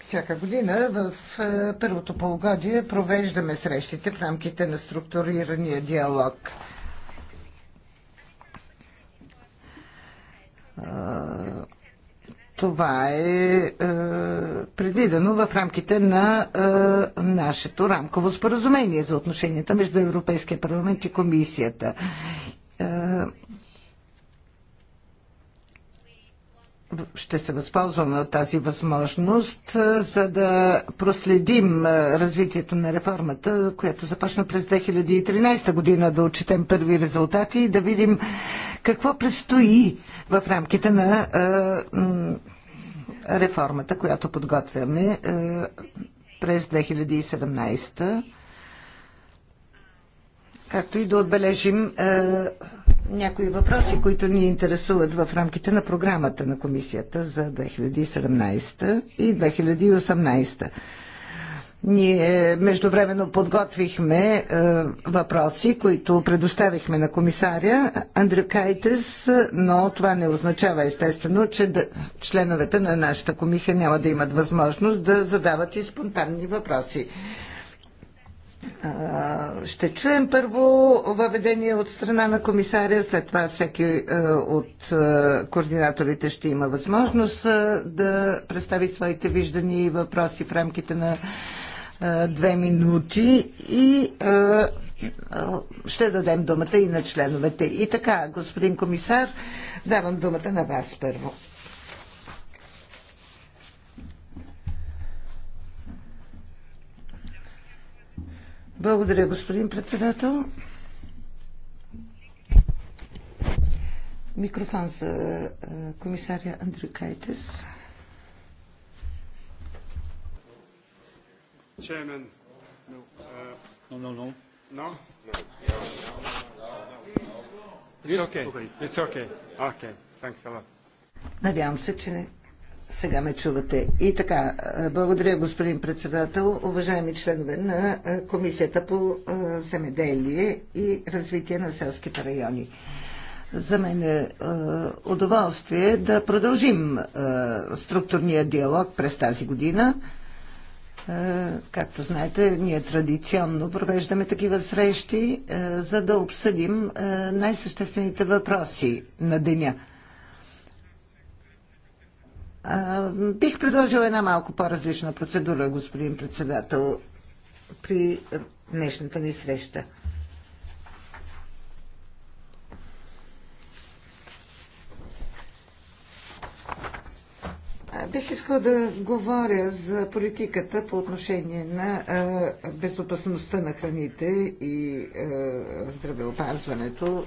всяка година в първото полугодие провеждаме срещите в рамките на структурирания диалог. Това е, предвидено в рамките на нашето рамково споразумение за отношенията между Европейския парламент и комисията. ще се възползваме от тази възможност, за да проследим развитието на реформата, която започна през 2013 година, да отчетем първи резултати и да видим какво предстои в рамките на реформата, която подготвяме през 2017 както и да отбележим някои въпроси, които ни интересуват в рамките на програмата на комисията за 2017 и 2018. Ние междувременно подготвихме е, въпроси, които предоставихме на комисаря Андрю Кайтес, но това не означава естествено, че да, членовете на нашата комисия няма да имат възможност да задават и спонтанни въпроси. Ще чуем първо въведение от страна на комисаря, след това всеки е, от е, координаторите ще има възможност е, да представи своите виждания и въпроси в рамките на две минути и ще дадем думата и на членовете. И така, господин комисар, давам думата на вас първо. Благодаря, господин председател. Микрофон за е, комисаря Андрю Кайтес. Chairman, Надявам се, че не. Сега ме чувате. И така, благодаря господин председател, уважаеми членове на Комисията по земеделие и развитие на селските райони. За мен е удоволствие да продължим структурния диалог през тази година. Както знаете, ние традиционно провеждаме такива срещи, за да обсъдим най-съществените въпроси на деня – Бих предложил една малко по-различна процедура, господин председател, при днешната ни среща. Бих искал да говоря за политиката по отношение на безопасността на храните и здравеопазването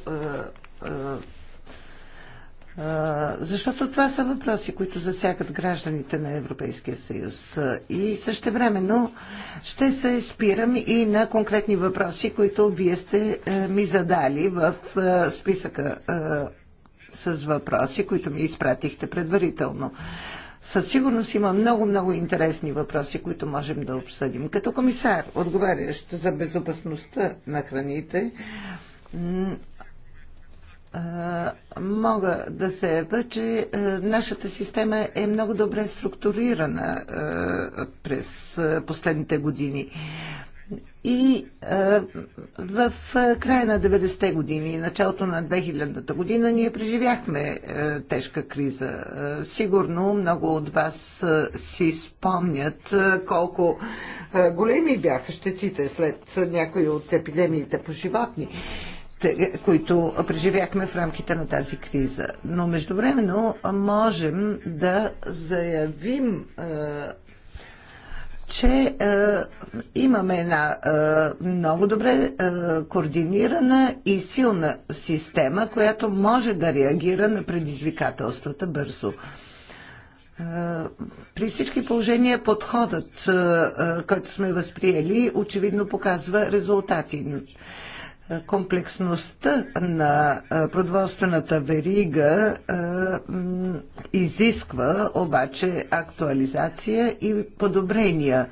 защото това са въпроси, които засягат гражданите на Европейския съюз. И същевременно ще се спирам и на конкретни въпроси, които вие сте ми задали в списъка с въпроси, които ми изпратихте предварително. Със сигурност има много-много интересни въпроси, които можем да обсъдим. Като комисар, отговарящ за безопасността на храните, мога да се ява, че нашата система е много добре структурирана през последните години. И в края на 90-те години началото на 2000-та година ние преживяхме тежка криза. Сигурно много от вас си спомнят колко големи бяха щетите след някои от епидемиите по животни които преживяхме в рамките на тази криза. Но междувременно можем да заявим че имаме една много добре координирана и силна система, която може да реагира на предизвикателствата бързо. при всички положения подходът, който сме възприели, очевидно показва резултати комплексността на продоволствената верига изисква обаче актуализация и подобрения.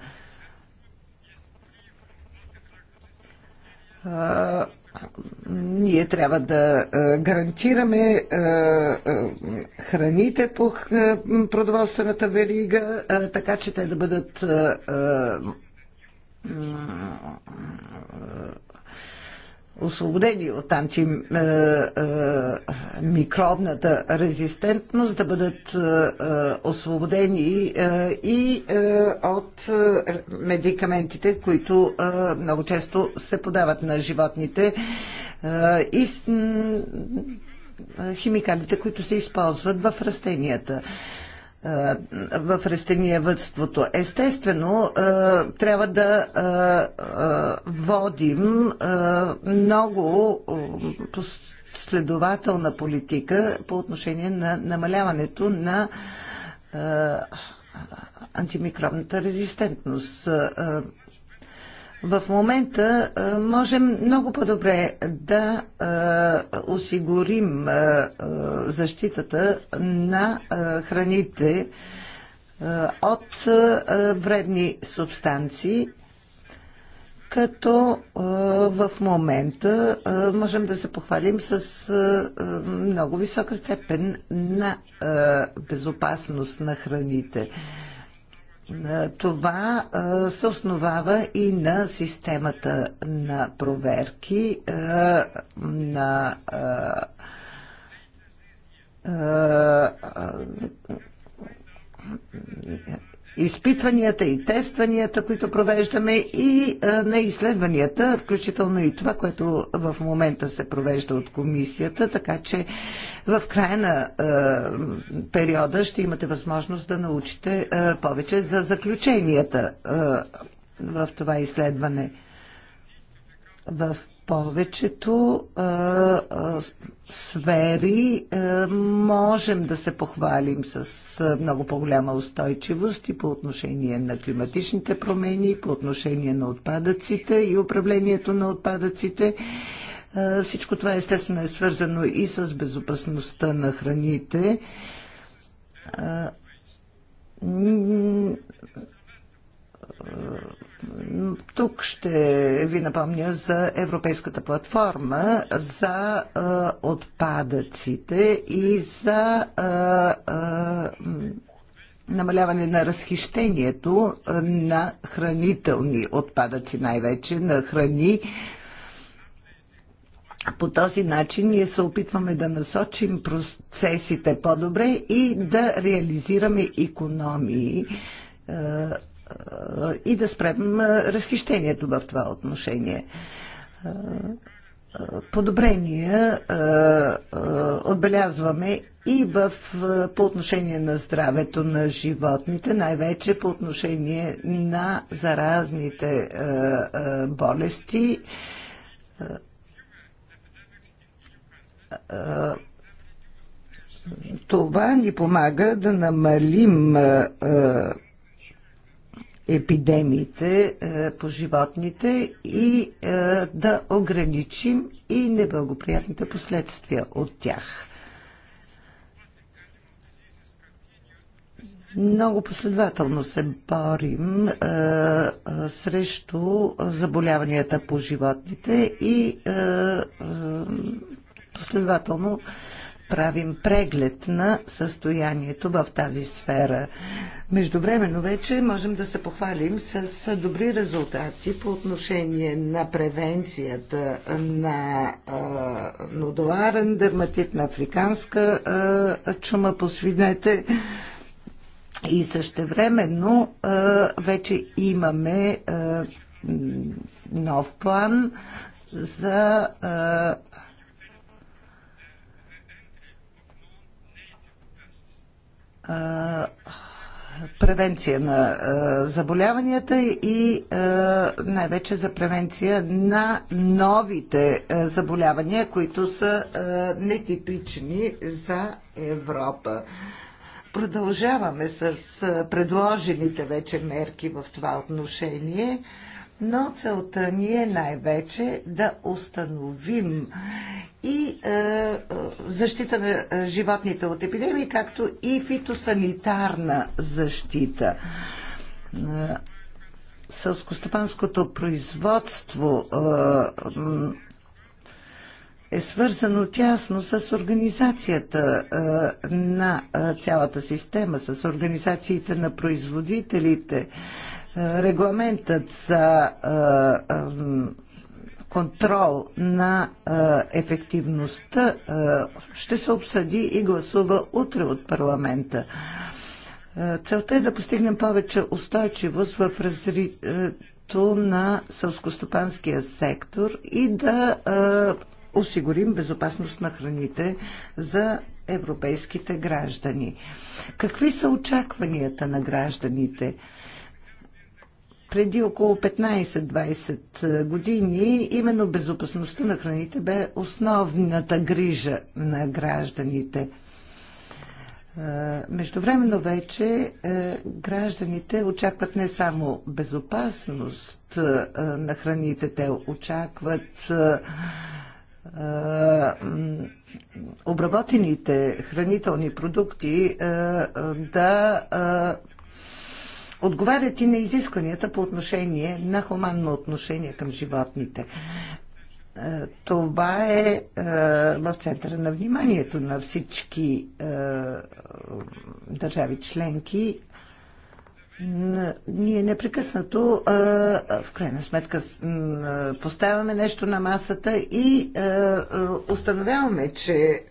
Ние трябва да гарантираме храните по продоволствената верига, така че те да бъдат освободени от антимикробната е, е, резистентност, да бъдат е, освободени и от медикаментите, които много често се подават на животните и химикалите, които се използват в растенията. Е, в растениевътството. Естествено, е, трябва да е, водим много последователна политика по отношение на намаляването на антимикробната резистентност в момента можем много по-добре да осигурим защитата на храните от вредни субстанции, като в момента можем да се похвалим с много висока степен на безопасност на храните. Е, това е, се основава и на системата на проверки е, на изпитванията и тестванията, които провеждаме и не изследванията, включително и това, което в момента се провежда от комисията, така че в края на периода ще имате възможност да научите повече за заключенията в това изследване. В повечето а, а, сфери а, можем да се похвалим с много по-голяма устойчивост и по отношение на климатичните промени, и по отношение на отпадъците и управлението на отпадъците. А, всичко това естествено е свързано и с безопасността на храните. А, тук ще ви напомня за Европейската платформа за а, отпадъците и за а, а, намаляване на разхищението на хранителни отпадъци, най-вече на храни. По този начин ние се опитваме да насочим процесите по-добре и да реализираме економии и да спрем разхищението в това отношение. Подобрения отбелязваме и в, по отношение на здравето на животните, най-вече по отношение на заразните болести това ни помага да намалим а, а, епидемиите е, по животните и е, да ограничим и неблагоприятните последствия от тях. Много последователно се борим е, е, срещу заболяванията по животните и е, е, последователно е, правим преглед на състоянието в тази сфера. Междувременно вече можем да се похвалим с добри резултати по отношение на превенцията на нодоларен дерматит, на африканска чума по свинете. И същевременно вече имаме нов план за превенция на заболяванията и най-вече за превенция на новите заболявания, които са нетипични за Европа. Продължаваме с предложените вече мерки в това отношение но целта ни е най-вече да установим и е, е, защита на животните от епидемии, както и фитосанитарна защита. Е, Сълскостопанското производство е, е свързано тясно с организацията на цялата система, с организациите на производителите, регламентът за контрол на ефективността ще се обсъди и гласува утре от парламента. Целта е да постигнем повече устойчивост в развитието на сълскостопанския сектор и да осигурим безопасност на храните за европейските граждани. Какви са очакванията на гражданите? преди около 15-20 години именно безопасността на храните бе основната грижа на гражданите. Е, междувременно вече е, гражданите очакват не само безопасност е, на храните, те очакват обработените хранителни продукти да отговарят и на изискванията по отношение на хуманно отношение към животните. Е, това е, е в центъра на вниманието на всички е, държави членки ние непрекъснато, в крайна сметка, поставяме нещо на масата и установяваме, че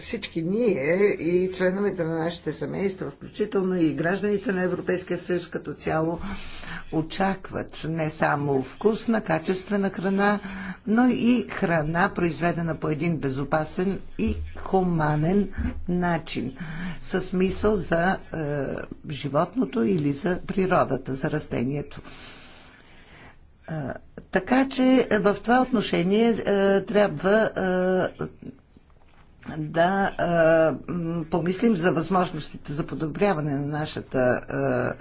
всички ние и членовете на нашите семейства, включително и гражданите на Европейския съюз като цяло, очакват не само вкусна, качествена храна, но и храна, произведена по един безопасен и хуманен начин, с мисъл за е, животното или за природата, за растението. Е, така че в това отношение е, трябва е, да а, помислим за възможностите за подобряване на нашата а,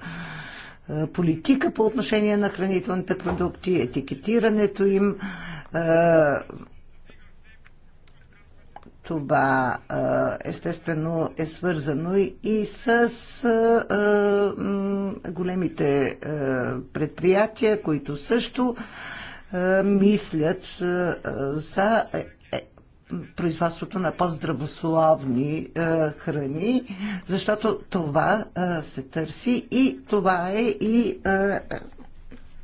политика по отношение на хранителните продукти, етикетирането им. А, това естествено е свързано и с големите предприятия, които също мислят за производството на по-здравословни е, храни, защото това е, се търси и това е и е,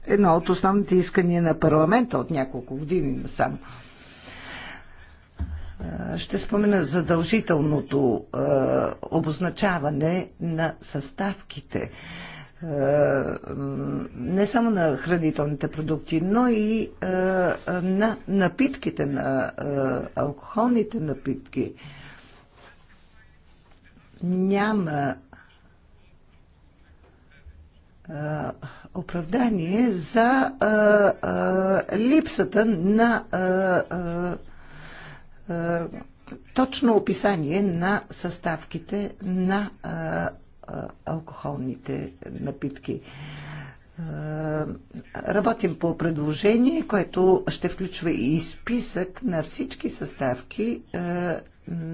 едно от основните искания на парламента от няколко години насам. Ще спомена задължителното обозначаване на съставките е, не само на хранителните продукти, но и е, на напитките, на е, алкохолните напитки. Няма оправдание за липсата на точно описание на съставките на алкохолните напитки. Е, работим по предложение, което ще включва и списък на всички съставки е,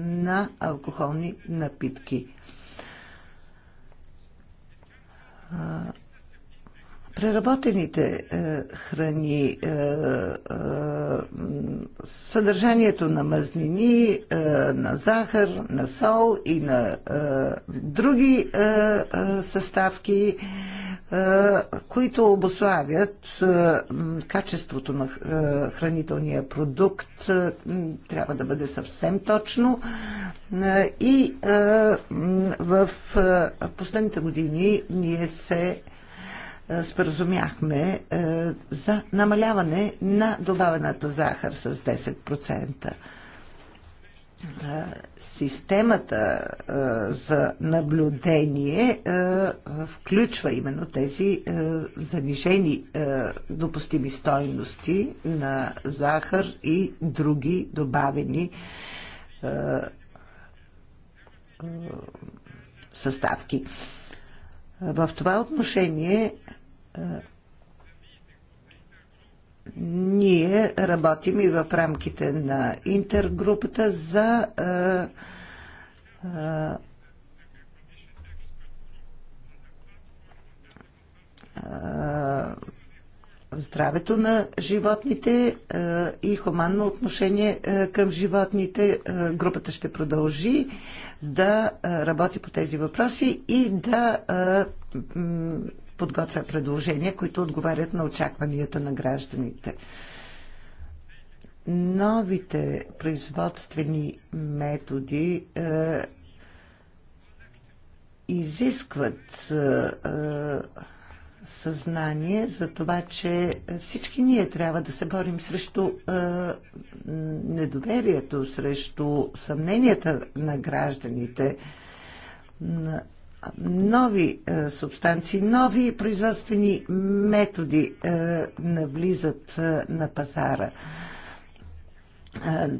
на алкохолни напитки е, преработените е, храни, е, е, съдържанието на мазнини, на захар, на сол и на други съставки, които обославят качеството на хранителния продукт, трябва да бъде съвсем точно. И в последните години ние се е, споразумяхме е, за намаляване на добавената захар с 10%. Е, системата за наблюдение включва именно тези занижени допустими стойности на захар и други добавени съставки. В това отношение ние работим и в рамките на интергрупата за здравето на животните и хуманно отношение към животните. групата ще продължи да работи по тези въпроси и да подготвя предложения, които отговарят на очакванията на гражданите. Новите производствени методи е, изискват е, е, съзнание за това, че всички ние трябва да се борим срещу е, недоверието, срещу съмненията на гражданите нови е, субстанции, нови производствени методи е, навлизат е, на пазара. Е,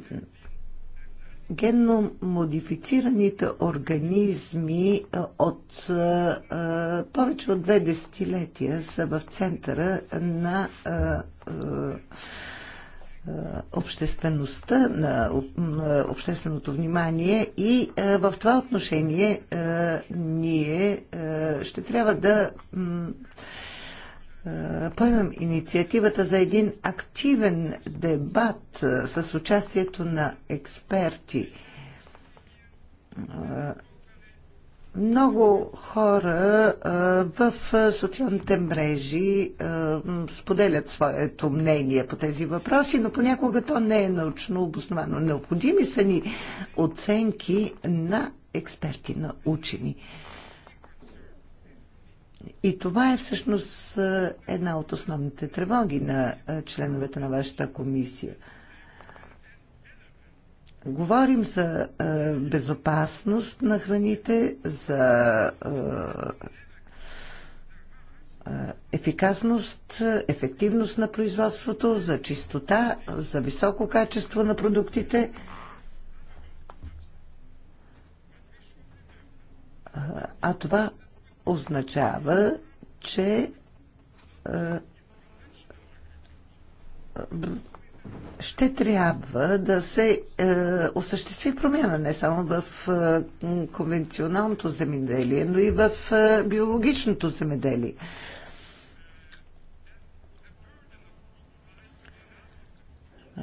генно модифицираните организми е, от е, е, повече от две десетилетия са в центъра на обществеността, на общественото внимание и в това отношение ние ще трябва да поемем инициативата за един активен дебат с участието на експерти много хора в социалните мрежи споделят своето мнение по тези въпроси, но понякога то не е научно обосновано. Необходими са ни оценки на експерти, на учени. И това е всъщност една от основните тревоги на членовете на вашата комисия – Говорим за е, безопасност на храните, за е, е, ефикасност, ефективност на производството, за чистота, за високо качество на продуктите. А това означава, че е, ще трябва да се е, осъществи промяна не само в е, конвенционалното земеделие, но и в е, биологичното земеделие. Е,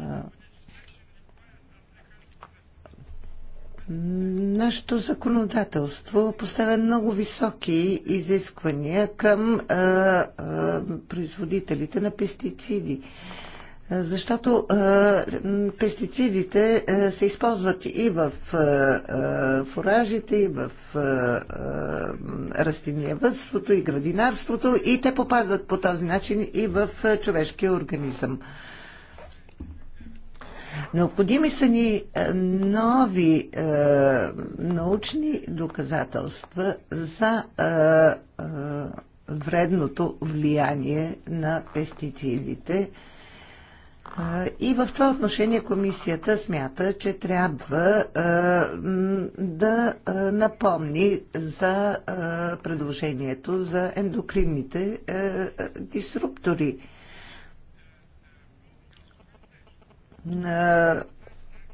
нашето законодателство поставя много високи изисквания към а, е, а, е, производителите на пестициди. А, е, защото а, е, пестицидите а, е, се използват и в а, фуражите, и в а, растениевътството, и градинарството, и те попадат по този начин и в а, човешкия организъм. Необходими са ни нови а, научни доказателства за а, а, вредното влияние на пестицидите. И в това отношение комисията смята, че трябва да напомни за предложението за ендокринните дисруптори.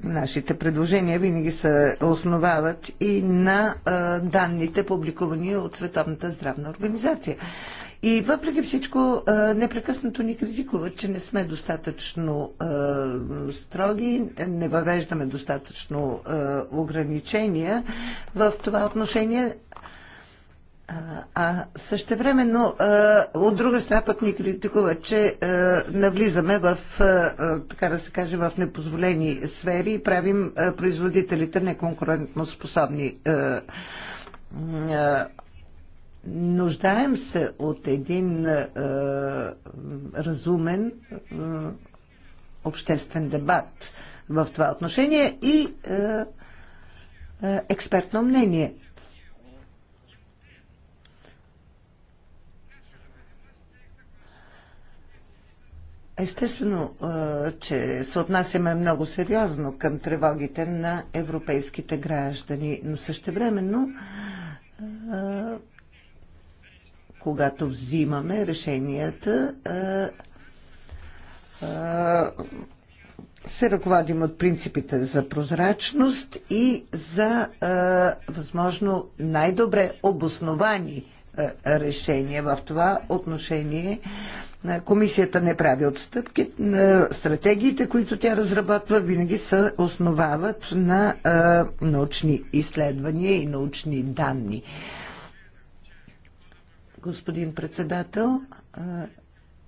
Нашите предложения винаги се основават и на данните, публикувани от Световната здравна организация. И въпреки всичко, непрекъснато ни критикуват, че не сме достатъчно строги, не въвеждаме достатъчно ограничения в това отношение. А същевременно, от друга страна пък ни критикуват, че навлизаме в, така да се каже, в непозволени сфери и правим производителите неконкурентно способни Нуждаем се от един а, е, разумен а, е, обществен дебат в това отношение и а, е, а, експертно мнение. Естествено, че се отнасяме много сериозно към тревогите на европейските граждани, но същевременно когато взимаме решенията, се ръководим от принципите за прозрачност и за възможно най-добре обосновани решения. В това отношение комисията не прави отстъпки. Стратегиите, които тя разработва, винаги се основават на научни изследвания и научни данни господин председател,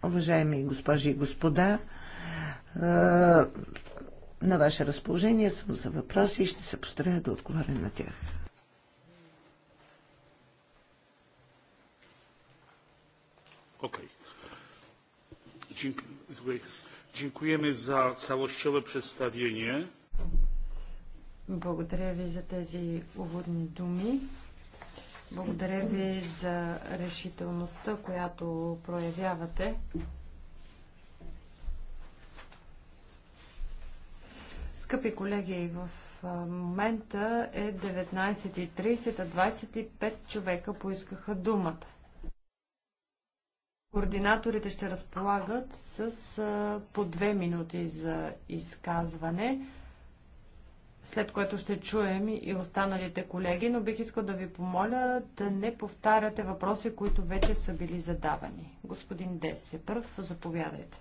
уважаеми госпожи и господа. На ваше разположение съм за въпроси и ще се постарая да отговоря на тях. Okay. Dziękujemy za całościowe Благодаря ви за тези уводни думи. Благодаря ви за решителността, която проявявате. Скъпи колеги, в момента е 19.30, а 25 човека поискаха думата. Координаторите ще разполагат с по две минути за изказване след което ще чуем и останалите колеги, но бих искал да ви помоля да не повтаряте въпроси, които вече са били задавани. Господин Десе, първ заповядайте.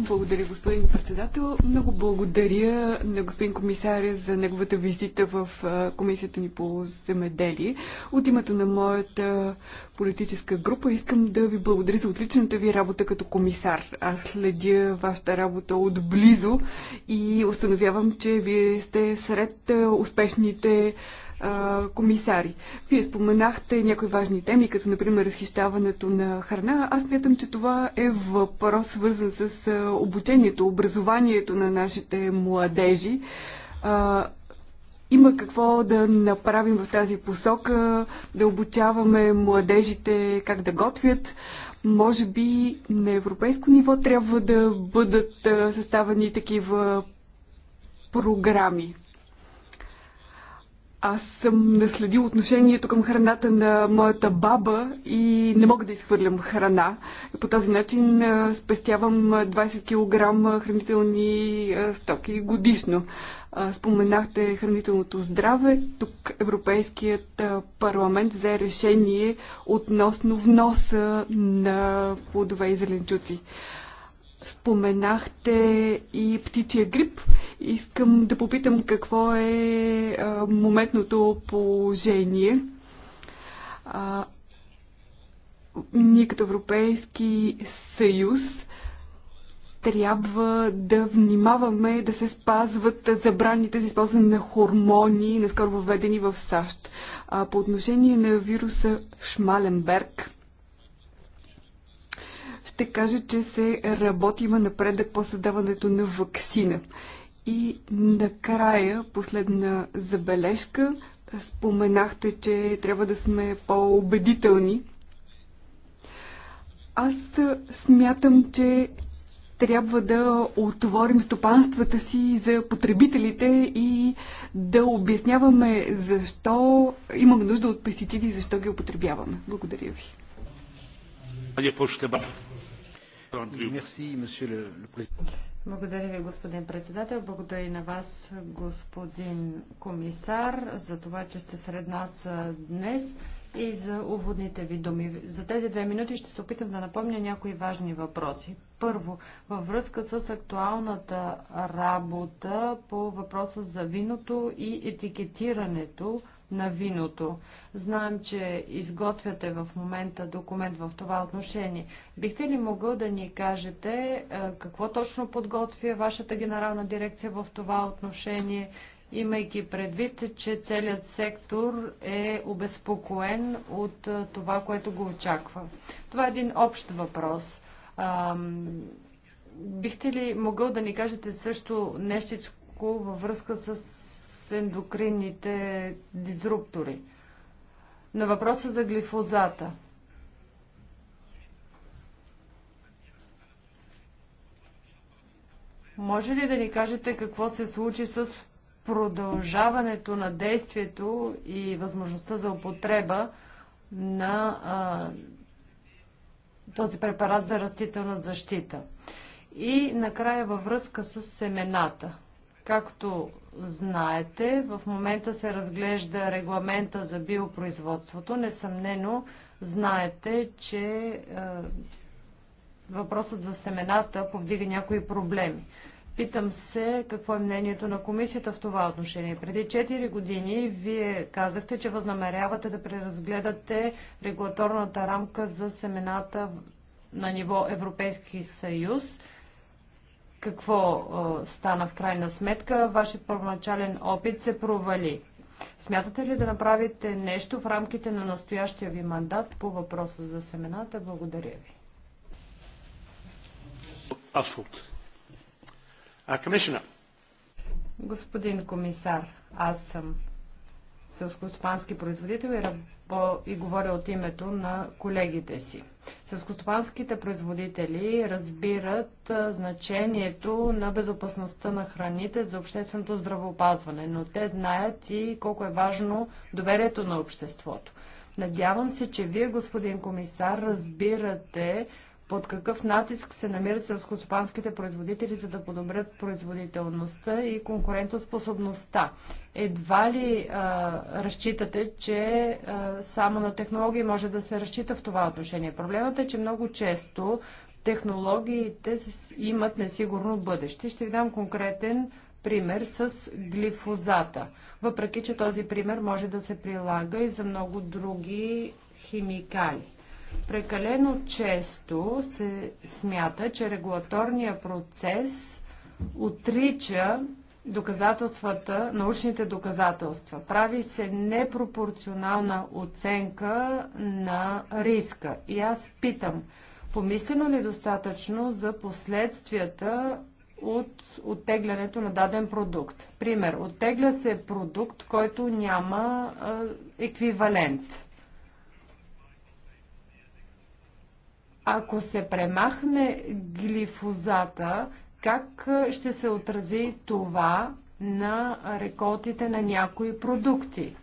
Благодаря, господин председател. Много благодаря на господин комисаря за неговата визита в комисията ни по земеделие. От името на моята политическа група искам да ви благодаря за отличната ви работа като комисар. Аз следя вашата работа отблизо и установявам, че вие сте сред успешните комисари. Вие споменахте някои важни теми, като например разхищаването на храна. Аз мятам, че това е въпрос свързан с обучението, образованието на нашите младежи. Има какво да направим в тази посока, да обучаваме младежите как да готвят. Може би на европейско ниво трябва да бъдат съставени такива програми. Аз съм наследил отношението към храната на моята баба и не мога да изхвърлям храна. По този начин спестявам 20 кг хранителни стоки годишно. Споменахте хранителното здраве. Тук Европейският парламент взе решение относно вноса на плодове и зеленчуци. Споменахте и птичия грип. Искам да попитам какво е а, моментното положение. А, ние като Европейски съюз трябва да внимаваме да се спазват забраните за използване на хормони, наскоро въведени в САЩ. А, по отношение на вируса Шмаленберг, ще кажа, че се работи, има напредък по създаването на вакцина. И накрая, последна забележка, споменахте, че трябва да сме по-убедителни. Аз смятам, че трябва да отворим стопанствата си за потребителите и да обясняваме защо имаме нужда от пестициди и защо ги употребяваме. Благодаря ви. Благодаря ви, господин председател. Благодаря и на вас, господин комисар, за това, че сте сред нас днес и за уводните ви думи. За тези две минути ще се опитам да напомня някои важни въпроси. Първо, във връзка с актуалната работа по въпроса за виното и етикетирането на виното. Знаем, че изготвяте в момента документ в това отношение. Бихте ли могъл да ни кажете е, какво точно подготвя вашата генерална дирекция в това отношение, имайки предвид, че целият сектор е обезпокоен от е, това, което го очаква? Това е един общ въпрос. Бихте ли могъл да ни кажете също нещичко във връзка с ендокринните дизруптори. На въпроса за глифозата. Може ли да ни кажете какво се случи с продължаването на действието и възможността за употреба на а, този препарат за растителна защита? И накрая във връзка с семената. Както знаете, в момента се разглежда регламента за биопроизводството. Несъмнено знаете, че е, въпросът за семената повдига някои проблеми. Питам се какво е мнението на комисията в това отношение. Преди 4 години вие казахте, че възнамерявате да преразгледате регулаторната рамка за семената на ниво Европейски съюз какво а, стана в крайна сметка? Вашият първоначален опит се провали. Смятате ли да направите нещо в рамките на настоящия ви мандат по въпроса за семената? Благодаря ви. Ашут. А, Господин комисар, аз съм селскостопански производител и, рабо... и говоря от името на колегите си. Селскостопанските производители разбират значението на безопасността на храните за общественото здравеопазване, но те знаят и колко е важно доверието на обществото. Надявам се, че вие, господин комисар, разбирате под какъв натиск се намират селскостопанските производители, за да подобрят производителността и конкурентоспособността. Едва ли а, разчитате, че а, само на технологии може да се разчита в това отношение. Проблемът е, че много често технологиите имат несигурно бъдеще. Ще ви дам конкретен пример с глифозата. Въпреки, че този пример може да се прилага и за много други химикали. Прекалено често се смята, че регулаторния процес отрича доказателствата, научните доказателства. Прави се непропорционална оценка на риска. И аз питам, помислено ли е достатъчно за последствията от оттеглянето на даден продукт? Пример, оттегля се продукт, който няма а, еквивалент. Ако се премахне глифозата, как ще се отрази това на реколтите на някои продукти?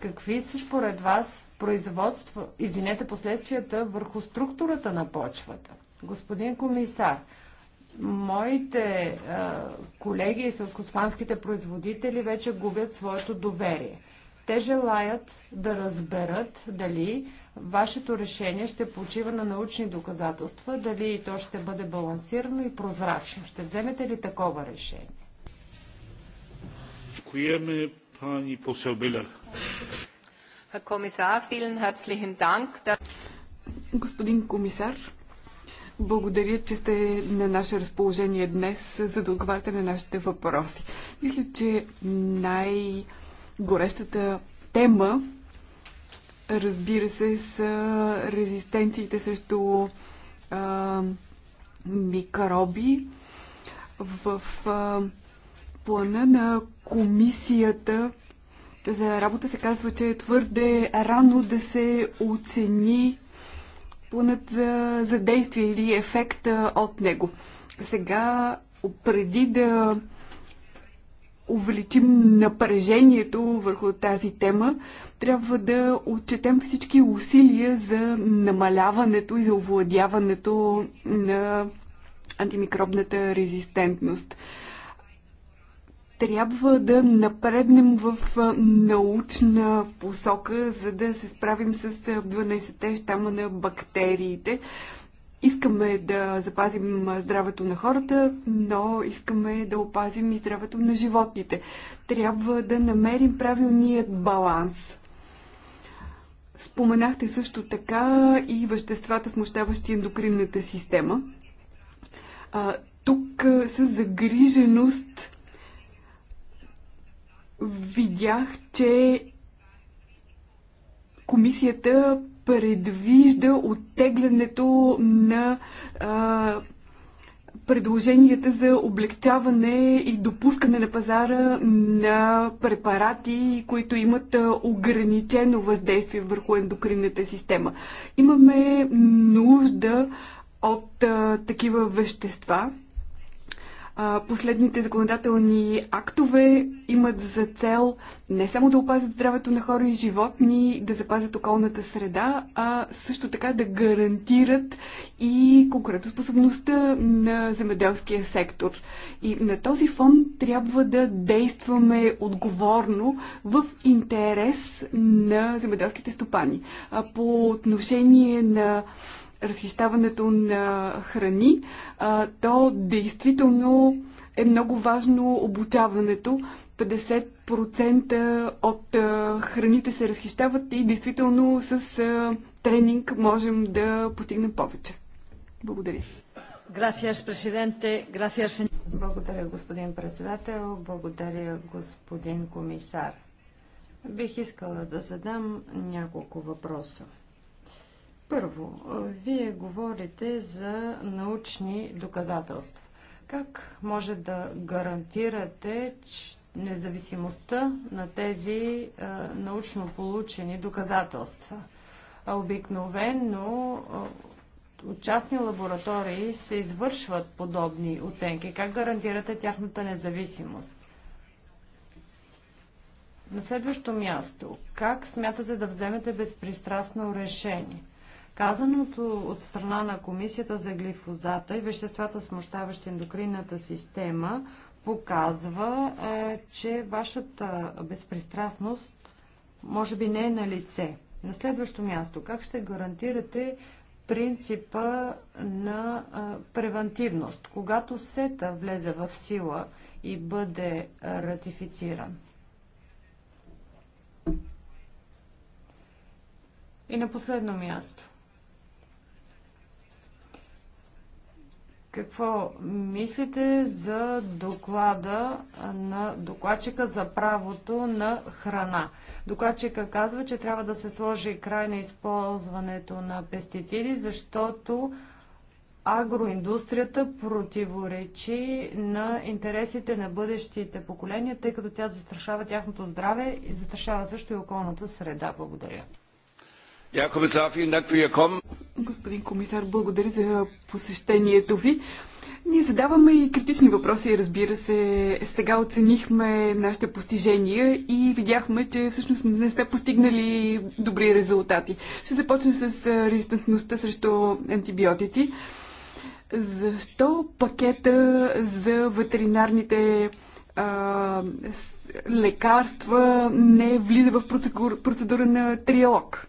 Какви са според вас производства, извинете, последствията върху структурата на почвата? Господин комисар, моите а, колеги и селскоспанските производители вече губят своето доверие. Те желаят да разберат дали Вашето решение ще почива на научни доказателства, дали то ще бъде балансирано и прозрачно. Ще вземете ли такова решение? Дякуваме, пани посел Господин комисар, благодаря, че сте на наше разположение днес, за да отговаряте на нашите въпроси. Мисля, че най-горещата тема разбира се, са резистенциите срещу а, микроби. В а, плана на комисията за работа се казва, че е твърде рано да се оцени планът за, за действие или ефекта от него. Сега, преди да увеличим напрежението върху тази тема, трябва да отчетем всички усилия за намаляването и за овладяването на антимикробната резистентност. Трябва да напреднем в научна посока, за да се справим с 12-те щама на бактериите. Искаме да запазим здравето на хората, но искаме да опазим и здравето на животните. Трябва да намерим правилният баланс. Споменахте също така и веществата, смущаващи ендокринната система. А, тук с загриженост видях, че комисията предвижда оттеглянето на а, предложенията за облегчаване и допускане на пазара на препарати, които имат ограничено въздействие върху ендокринната система. Имаме нужда от а, такива вещества, Последните законодателни актове имат за цел не само да опазят здравето на хора и животни, да запазят околната среда, а също така да гарантират и конкурентоспособността на земеделския сектор. И на този фон трябва да действаме отговорно в интерес на земеделските стопани. По отношение на разхищаването на храни, то действително е много важно обучаването. 50% от храните се разхищават и действително с тренинг можем да постигнем повече. Благодаря. Благодаря, господин председател. Благодаря, господин комисар. Бих искала да задам няколко въпроса. Първо, вие говорите за научни доказателства. Как може да гарантирате независимостта на тези научно получени доказателства? Обикновено от частни лаборатории се извършват подобни оценки. Как гарантирате тяхната независимост? На следващо място, как смятате да вземете безпристрастно решение? Казаното от страна на Комисията за глифозата и веществата, смущаващи ендокринната система, показва, е, че вашата безпристрастност може би не е на лице. На следващо място, как ще гарантирате принципа на е, превентивност, когато СЕТА влезе в сила и бъде е, ратифициран? И на последно място. Какво мислите за доклада на докладчика за правото на храна? Докладчика казва, че трябва да се сложи край на използването на пестициди, защото агроиндустрията противоречи на интересите на бъдещите поколения, тъй като тя застрашава тяхното здраве и застрашава също и околната среда. Благодаря. Господин комисар, благодаря за посещението ви. Ние задаваме и критични въпроси, разбира се. Сега оценихме нашите постижения и видяхме, че всъщност не сме постигнали добри резултати. Ще започнем с резистентността срещу антибиотици. Защо пакета за ветеринарните а, лекарства не влиза в процедура на триалог?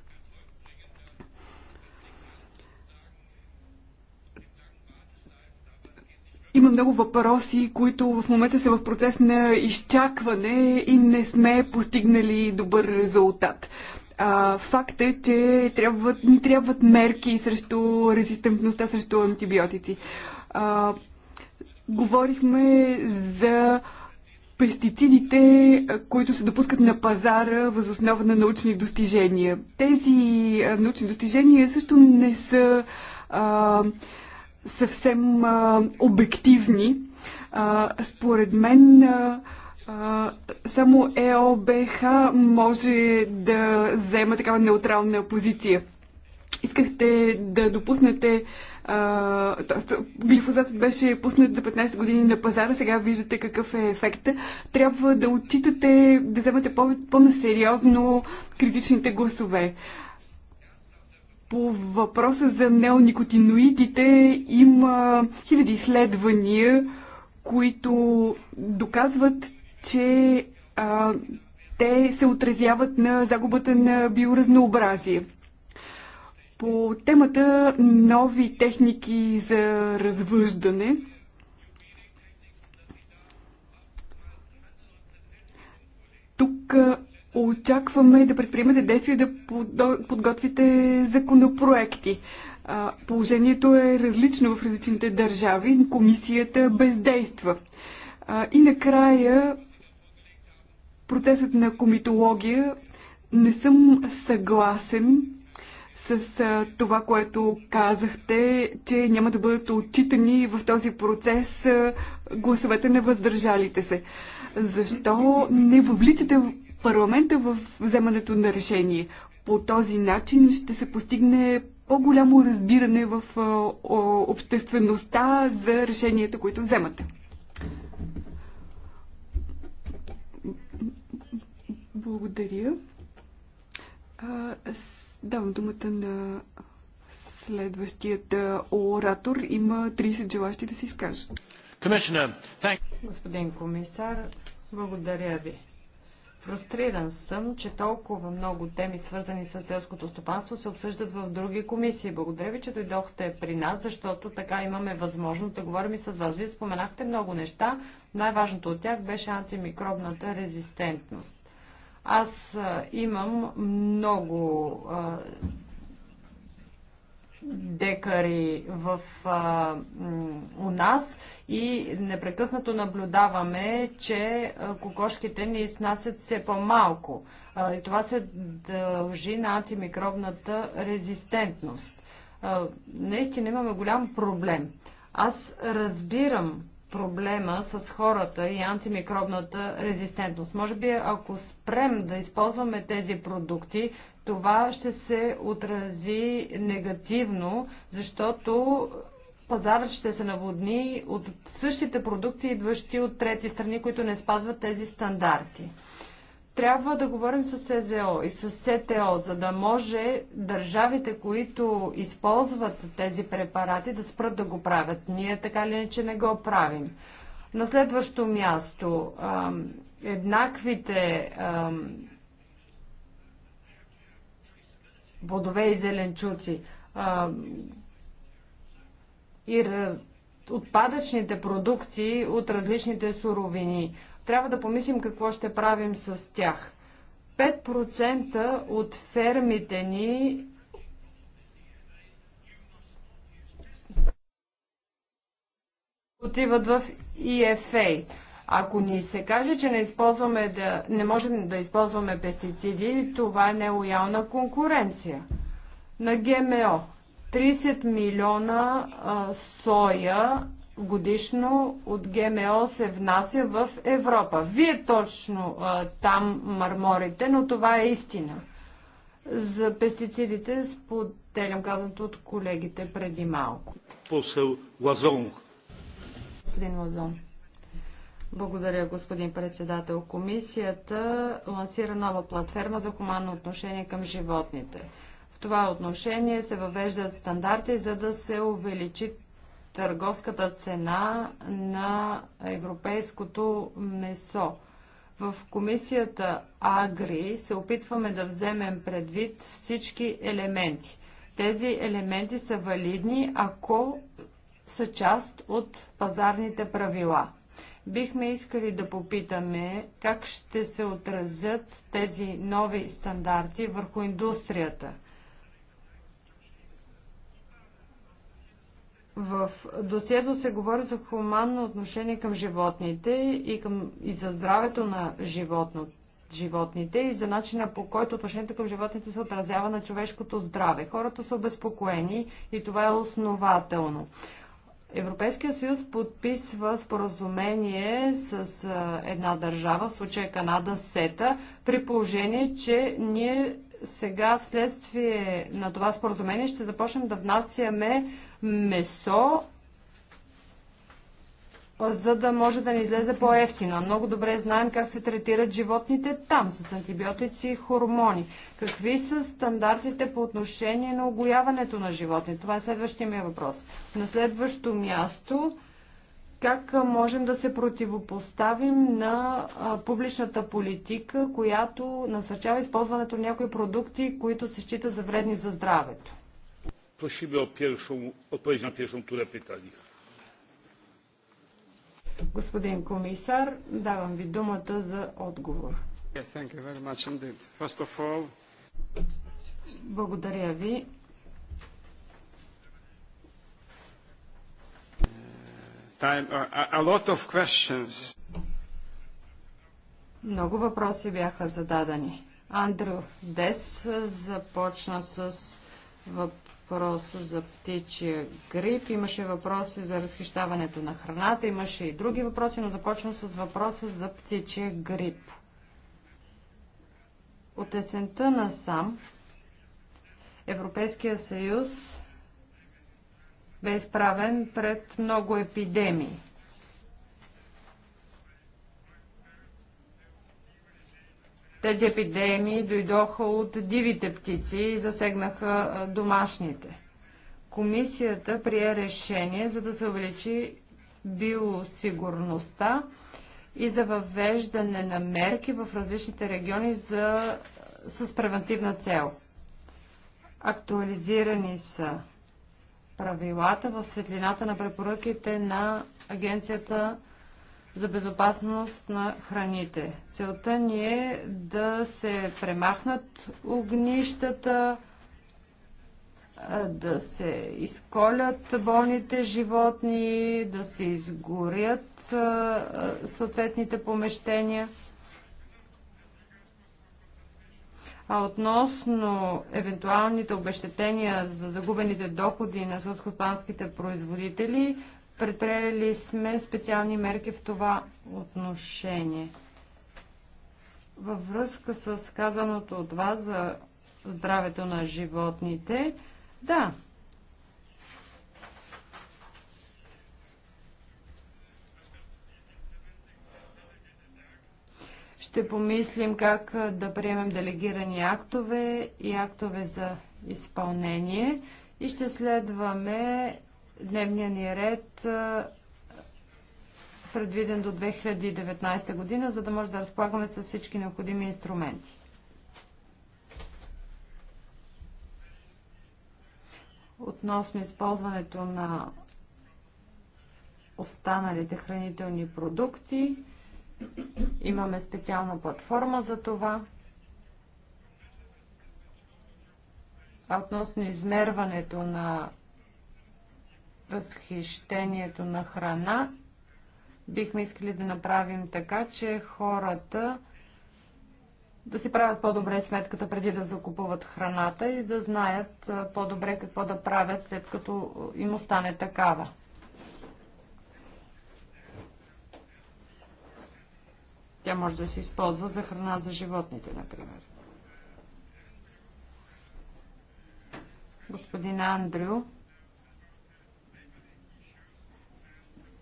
Има много въпроси, които в момента са в процес на изчакване и не сме постигнали добър резултат. А, факт е, че трябват, ни трябват мерки срещу резистентността срещу антибиотици. А, говорихме за пестицидите, които се допускат на пазара въз основа на научни достижения. Тези научни достижения също не са а, съвсем а, обективни. А, според мен а, а, само ЕОБХ може да заема такава неутрална позиция. Искахте да допуснете глифозатът беше пуснат за 15 години на пазара, сега виждате какъв е ефектът. Трябва да отчитате, да вземате по- по-насериозно критичните гласове. По въпроса за неоникотиноидите има хиляди изследвания, които доказват, че а, те се отразяват на загубата на биоразнообразие. По темата нови техники за развъждане. Тук Очакваме да предприемете действия да подготвите законопроекти. Положението е различно в различните държави. Комисията бездейства. И накрая процесът на комитология не съм съгласен с това, което казахте, че няма да бъдат отчитани в този процес гласовете на въздържалите се. Защо не въвличате парламента в вземането на решение. По този начин ще се постигне по-голямо разбиране в обществеността за решенията, които вземате. Благодаря. Давам думата на следващият оратор. Има 30 желащи да се изкажат. Господин комисар, благодаря ви. Фрустриран съм, че толкова много теми, свързани с селското стопанство, се обсъждат в други комисии. Благодаря ви, че дойдохте при нас, защото така имаме възможност да говорим и с вас. Вие споменахте много неща. Най-важното от тях беше антимикробната резистентност. Аз имам много декари в, а, у нас и непрекъснато наблюдаваме, че кокошките ни изнасят все по-малко. и това се дължи на антимикробната резистентност. А, наистина имаме голям проблем. Аз разбирам проблема с хората и антимикробната резистентност. Може би ако спрем да използваме тези продукти, това ще се отрази негативно, защото пазарът ще се наводни от същите продукти, идващи от трети страни, които не спазват тези стандарти. Трябва да говорим с СЗО и с СТО, за да може държавите, които използват тези препарати, да спрат да го правят. Ние така ли не, че не го правим. На следващо място, еднаквите плодове и зеленчуци. А, и отпадъчните продукти от различните суровини. Трябва да помислим какво ще правим с тях. 5% от фермите ни отиват в EFA. Ако ни се каже, че не, използваме да, не можем да използваме пестициди, това е нелоялна конкуренция. На ГМО 30 милиона а, соя годишно от ГМО се внася в Европа. Вие точно а, там марморите, но това е истина. За пестицидите споделям казаното от колегите преди малко. Посел Лазон. Господин Лазон. Благодаря, господин председател. Комисията лансира нова платформа за хуманно отношение към животните. В това отношение се въвеждат стандарти, за да се увеличи търговската цена на европейското месо. В комисията Агри се опитваме да вземем предвид всички елементи. Тези елементи са валидни, ако са част от пазарните правила. Бихме искали да попитаме как ще се отразят тези нови стандарти върху индустрията. В досието се говори за хуманно отношение към животните и, към, и за здравето на животно, животните и за начина по който отношението към животните се отразява на човешкото здраве. Хората са обезпокоени и това е основателно. Европейския съюз подписва споразумение с една държава, в случая Канада, СЕТА, при положение, че ние сега вследствие на това споразумение ще започнем да внасяме месо за да може да ни излезе по-ефтина. Много добре знаем как се третират животните там, с антибиотици и хормони. Какви са стандартите по отношение на огояването на животни? Това е следващия ми въпрос. На следващо място, как можем да се противопоставим на публичната политика, която насърчава използването на някои продукти, които се считат за вредни за здравето? Просиме о, о на първото питание. Господин комисар, давам ви думата за отговор. Благодаря ви. Uh, uh, Много въпроси бяха зададени. Андрю Дес започна с въпроса въпроса за птичия грип, имаше въпроси за разхищаването на храната, имаше и други въпроси, но започвам с въпроса за птичия грип. От есента на САМ Европейския съюз бе изправен пред много епидемии. Тези епидемии дойдоха от дивите птици и засегнаха домашните. Комисията прие решение за да се увеличи биосигурността и за въвеждане на мерки в различните региони за... с превентивна цел. Актуализирани са правилата в светлината на препоръките на Агенцията за безопасност на храните. Целта ни е да се премахнат огнищата, да се изколят болните животни, да се изгорят съответните помещения. А относно евентуалните обещетения за загубените доходи на сълскопанските производители, Предприели сме специални мерки в това отношение. Във връзка с казаното от вас за здравето на животните, да, ще помислим как да приемем делегирани актове и актове за изпълнение и ще следваме дневния ни ред предвиден до 2019 година, за да може да разполагаме с всички необходими инструменти. Относно използването на останалите хранителни продукти, имаме специална платформа за това. А относно измерването на разхищението на храна. Бихме искали да направим така, че хората да си правят по-добре сметката преди да закупуват храната и да знаят по-добре какво да правят след като им остане такава. Тя може да се използва за храна за животните, например. Господин Андрю,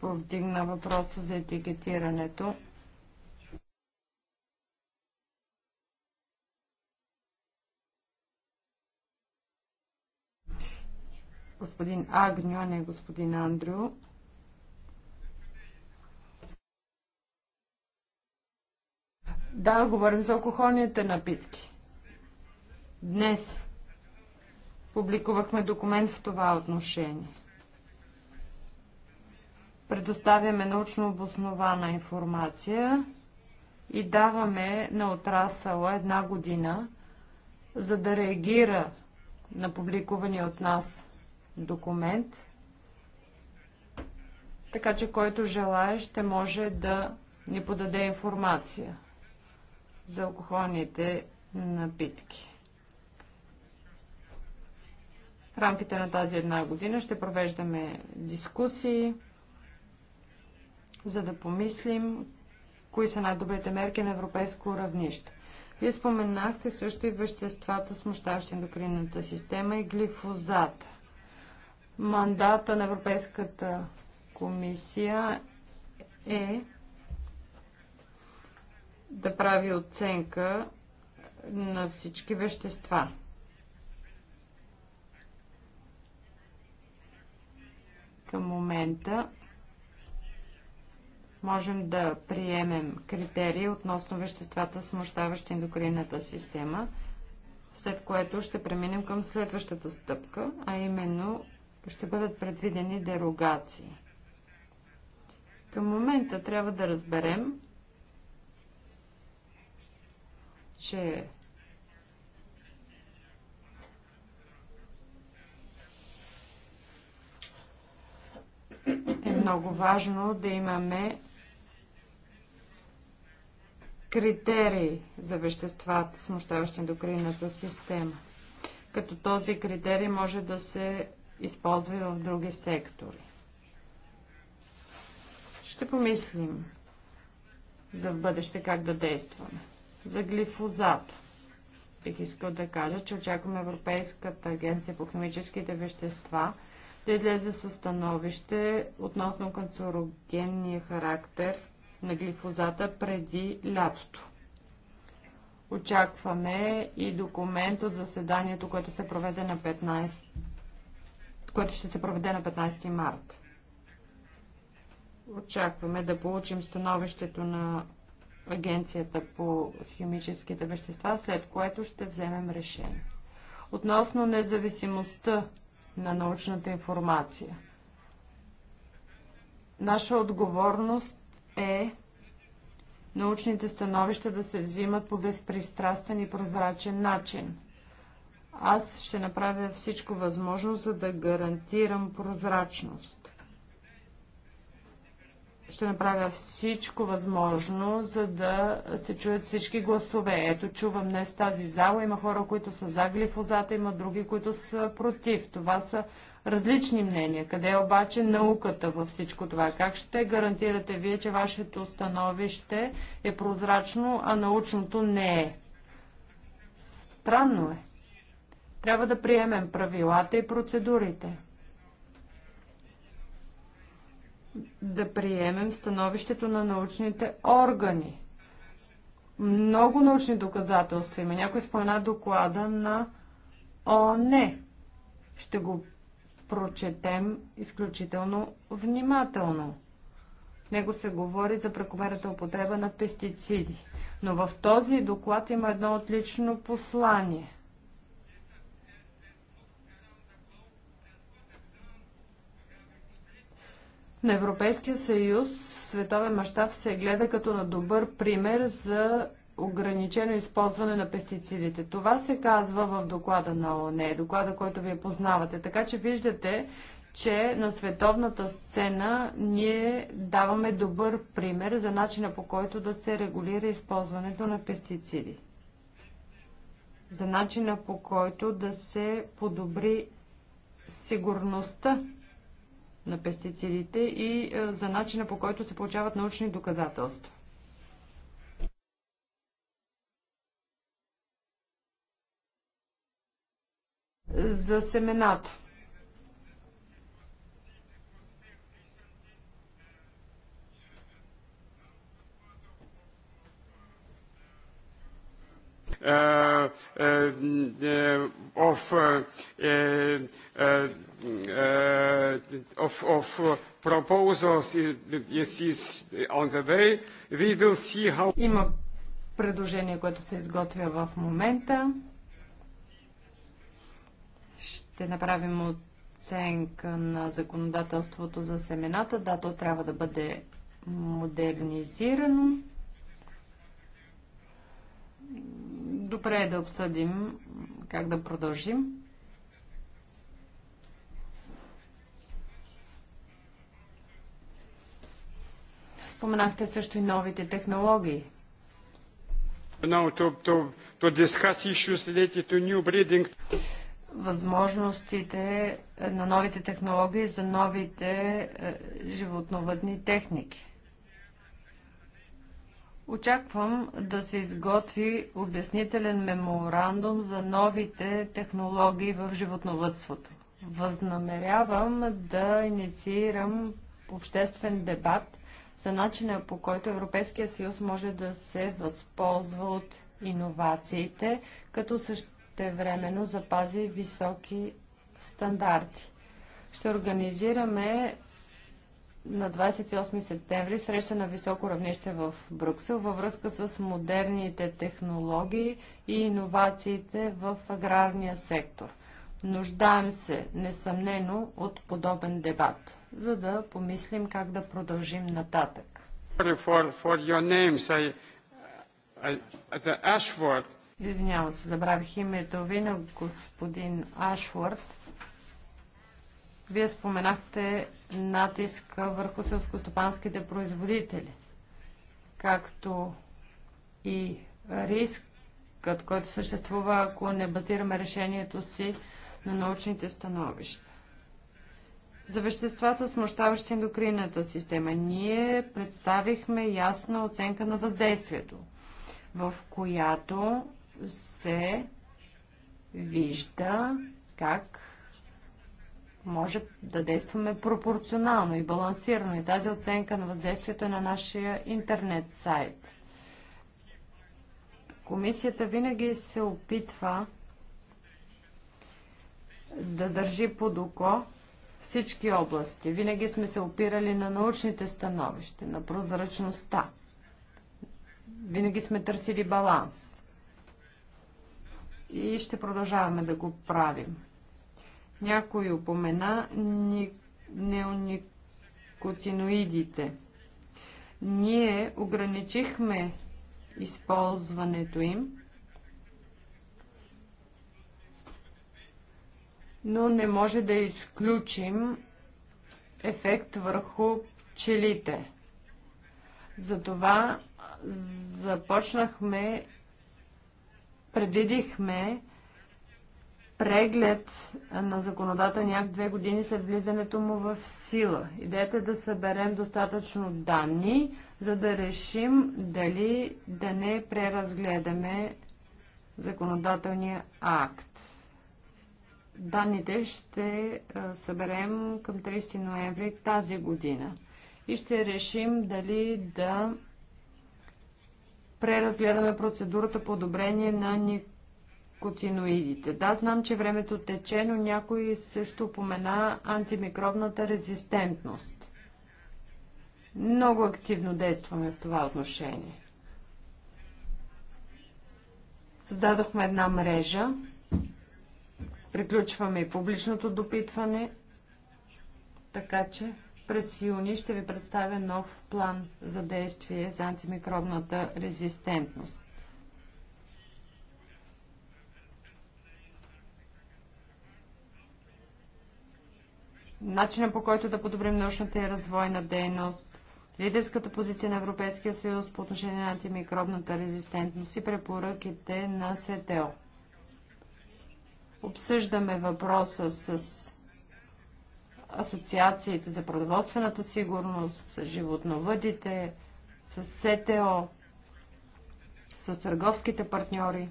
повдигна въпроса за етикетирането. Господин Агню, а не господин Андрю. Да, говорим за алкохолните напитки. Днес публикувахме документ в това отношение предоставяме научно обоснована информация и даваме на отрасъла една година, за да реагира на публикувания от нас документ, така че който желая ще може да ни подаде информация за алкохолните напитки. В рамките на тази една година ще провеждаме дискусии, за да помислим кои са най-добрите мерки на европейско равнище. Вие споменахте също и веществата, смущаващи ендокринната система и глифозата. Мандата на Европейската комисия е да прави оценка на всички вещества. Към момента можем да приемем критерии относно веществата, смущаващи ендокринната система, след което ще преминем към следващата стъпка, а именно ще бъдат предвидени дерогации. Към момента трябва да разберем, че е много важно да имаме критерии за веществата, смущаващи ендокринната система. Като този критерий може да се използва и в други сектори. Ще помислим за в бъдеще как да действаме. За глифозат бих искал да кажа, че очакваме Европейската агенция по химическите вещества да излезе със становище относно канцерогенния характер – на глифозата преди лятото. Очакваме и документ от заседанието, което, се проведе на 15, което ще се проведе на 15 март. Очакваме да получим становището на Агенцията по химическите вещества, след което ще вземем решение. Относно независимостта на научната информация. Наша отговорност е научните становища да се взимат по безпристрастен и прозрачен начин. Аз ще направя всичко възможно, за да гарантирам прозрачност ще направя всичко възможно, за да се чуят всички гласове. Ето, чувам днес тази зала. Има хора, които са за глифозата, има други, които са против. Това са различни мнения. Къде е обаче науката във всичко това? Как ще гарантирате вие, че вашето становище е прозрачно, а научното не е? Странно е. Трябва да приемем правилата и процедурите да приемем становището на научните органи. Много научни доказателства има. Някой спомена доклада на ОНЕ. Ще го прочетем изключително внимателно. В него се говори за прекомерната употреба на пестициди. Но в този доклад има едно отлично послание. На Европейския съюз в световен мащаб се гледа като на добър пример за ограничено използване на пестицидите. Това се казва в доклада на ООН, е доклада, който вие познавате. Така че виждате, че на световната сцена ние даваме добър пример за начина по който да се регулира използването на пестициди. За начина по който да се подобри сигурността на пестицидите и е, за начина по който се получават научни доказателства. За семената. Е, е, е, of proposals is on the way. We will see how... Има предложение, което се изготвя в момента. Ще направим оценка на законодателството за семената. Да, то трябва да бъде модернизирано. Добре е да обсъдим как да продължим. Споменахте също и новите технологии. Възможностите е, на новите технологии за новите е, животновъдни техники. Очаквам да се изготви обяснителен меморандум за новите технологии в животновътството. Възнамерявам да инициирам обществен дебат за начина по който Европейския съюз може да се възползва от иновациите, като същевременно запази високи стандарти. Ще организираме на 28 септември среща на високо равнище в Брюксел във връзка с модерните технологии и иновациите в аграрния сектор. Нуждаем се, несъмнено, от подобен дебат, за да помислим как да продължим нататък. Извинявам се, забравих името ви на господин Ашворд. Вие споменахте натиск върху селскостопанските производители, както и рискът, който съществува, ако не базираме решението си на научните становища. За веществата, смущаващи ендокринната система, ние представихме ясна оценка на въздействието, в която се вижда как може да действаме пропорционално и балансирано и тази оценка на въздействието е на нашия интернет сайт. Комисията винаги се опитва да държи под око всички области. Винаги сме се опирали на научните становища, на прозрачността. Винаги сме търсили баланс. И ще продължаваме да го правим. Някой упомена ни, неоникотиноидите. Ние ограничихме използването им, но не може да изключим ефект върху пчелите. Затова започнахме, предвидихме преглед на законодателния акт две години след влизането му в сила. Идеята е да съберем достатъчно данни, за да решим дали да не преразгледаме законодателния акт. Данните ще съберем към 30 ноември тази година и ще решим дали да преразгледаме процедурата по одобрение на неоникотиноидите. Да, знам, че времето тече, но някой също помена антимикробната резистентност. Много активно действаме в това отношение. Създадохме една мрежа. Приключваме и публичното допитване. Така че през юни ще ви представя нов план за действие за антимикробната резистентност. начина по който да подобрим научната и развойна дейност, лидерската позиция на Европейския съюз по отношение на антимикробната резистентност и препоръките на СТО. Обсъждаме въпроса с асоциациите за продоволствената сигурност, с животновъдите, с СТО, с търговските партньори.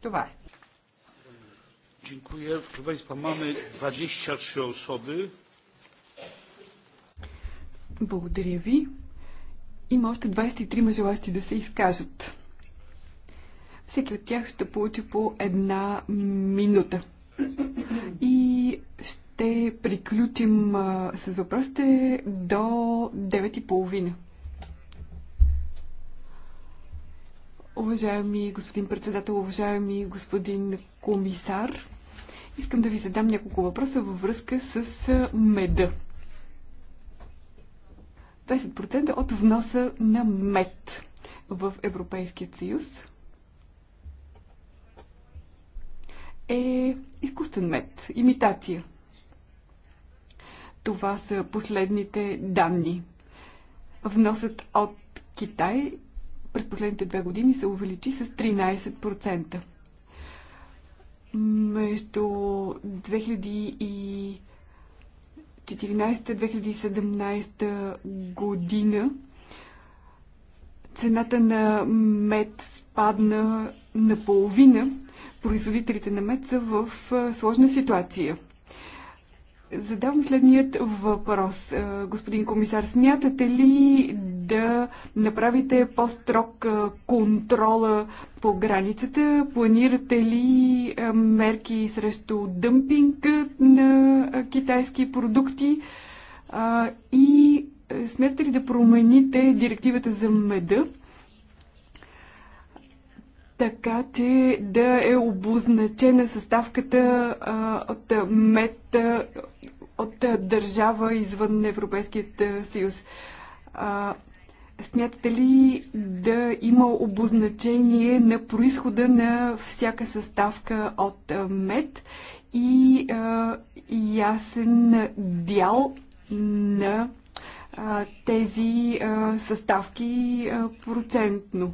Това е. Dziękuję. Proszę Państwa, mamy 23 osoby. Благодаря ви. Има още 23 желащи да се изкажат. Всеки от тях ще получи по една минута. И ще приключим а, с въпросите до 9.30. Уважаеми господин председател, уважаеми господин комисар, Искам да ви задам няколко въпроса във връзка с меда. 20% от вноса на мед в Европейския съюз е изкуствен мед, имитация. Това са последните данни. Вносът от Китай през последните две години се увеличи с 13% между 2014-2017 година цената на мед спадна наполовина. Производителите на мед са в сложна ситуация – задавам следният въпрос. Е, господин комисар, смятате ли да направите по-строг е, контрола по границата? Планирате ли е, мерки срещу дъмпинг на китайски продукти? И смятате ли да промените директивата за меда? така че да е обозначена съставката а, от мед от държава извън Европейският съюз. А, смятате ли да има обозначение на происхода на всяка съставка от мед и а, ясен дял на а, тези а, съставки а, процентно?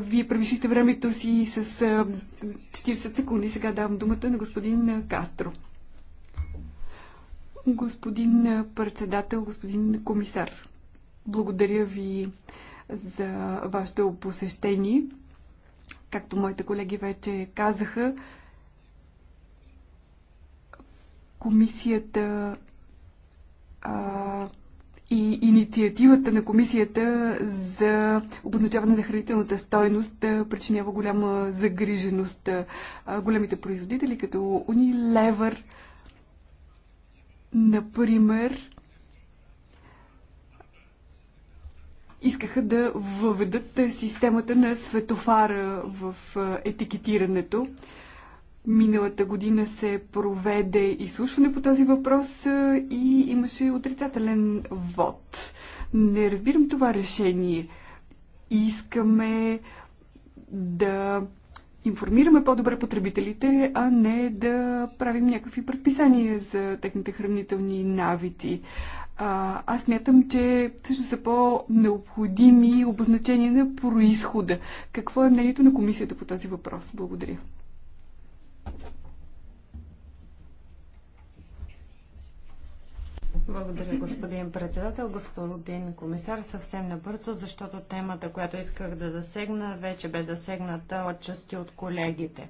вие превишите времето си с 40 секунди. Сега давам думата на господин Кастро. Господин председател, господин комисар, благодаря ви за вашето посещение. Както моите колеги вече казаха, комисията а, и инициативата на комисията за обозначаване на хранителната стойност причинява голяма загриженост. Големите производители, като Unilever, например, искаха да въведат системата на светофара в етикетирането. Миналата година се проведе изслушване по този въпрос и имаше отрицателен вод. Не разбирам това решение. Искаме да информираме по-добре потребителите, а не да правим някакви предписания за техните хранителни навици. А, аз мятам, че всъщност са по-необходими обозначения на происхода. Какво е мнението на комисията по този въпрос? Благодаря. Благодаря, господин председател. Господин комисар, съвсем набързо, защото темата, която исках да засегна, вече бе засегната от части от колегите.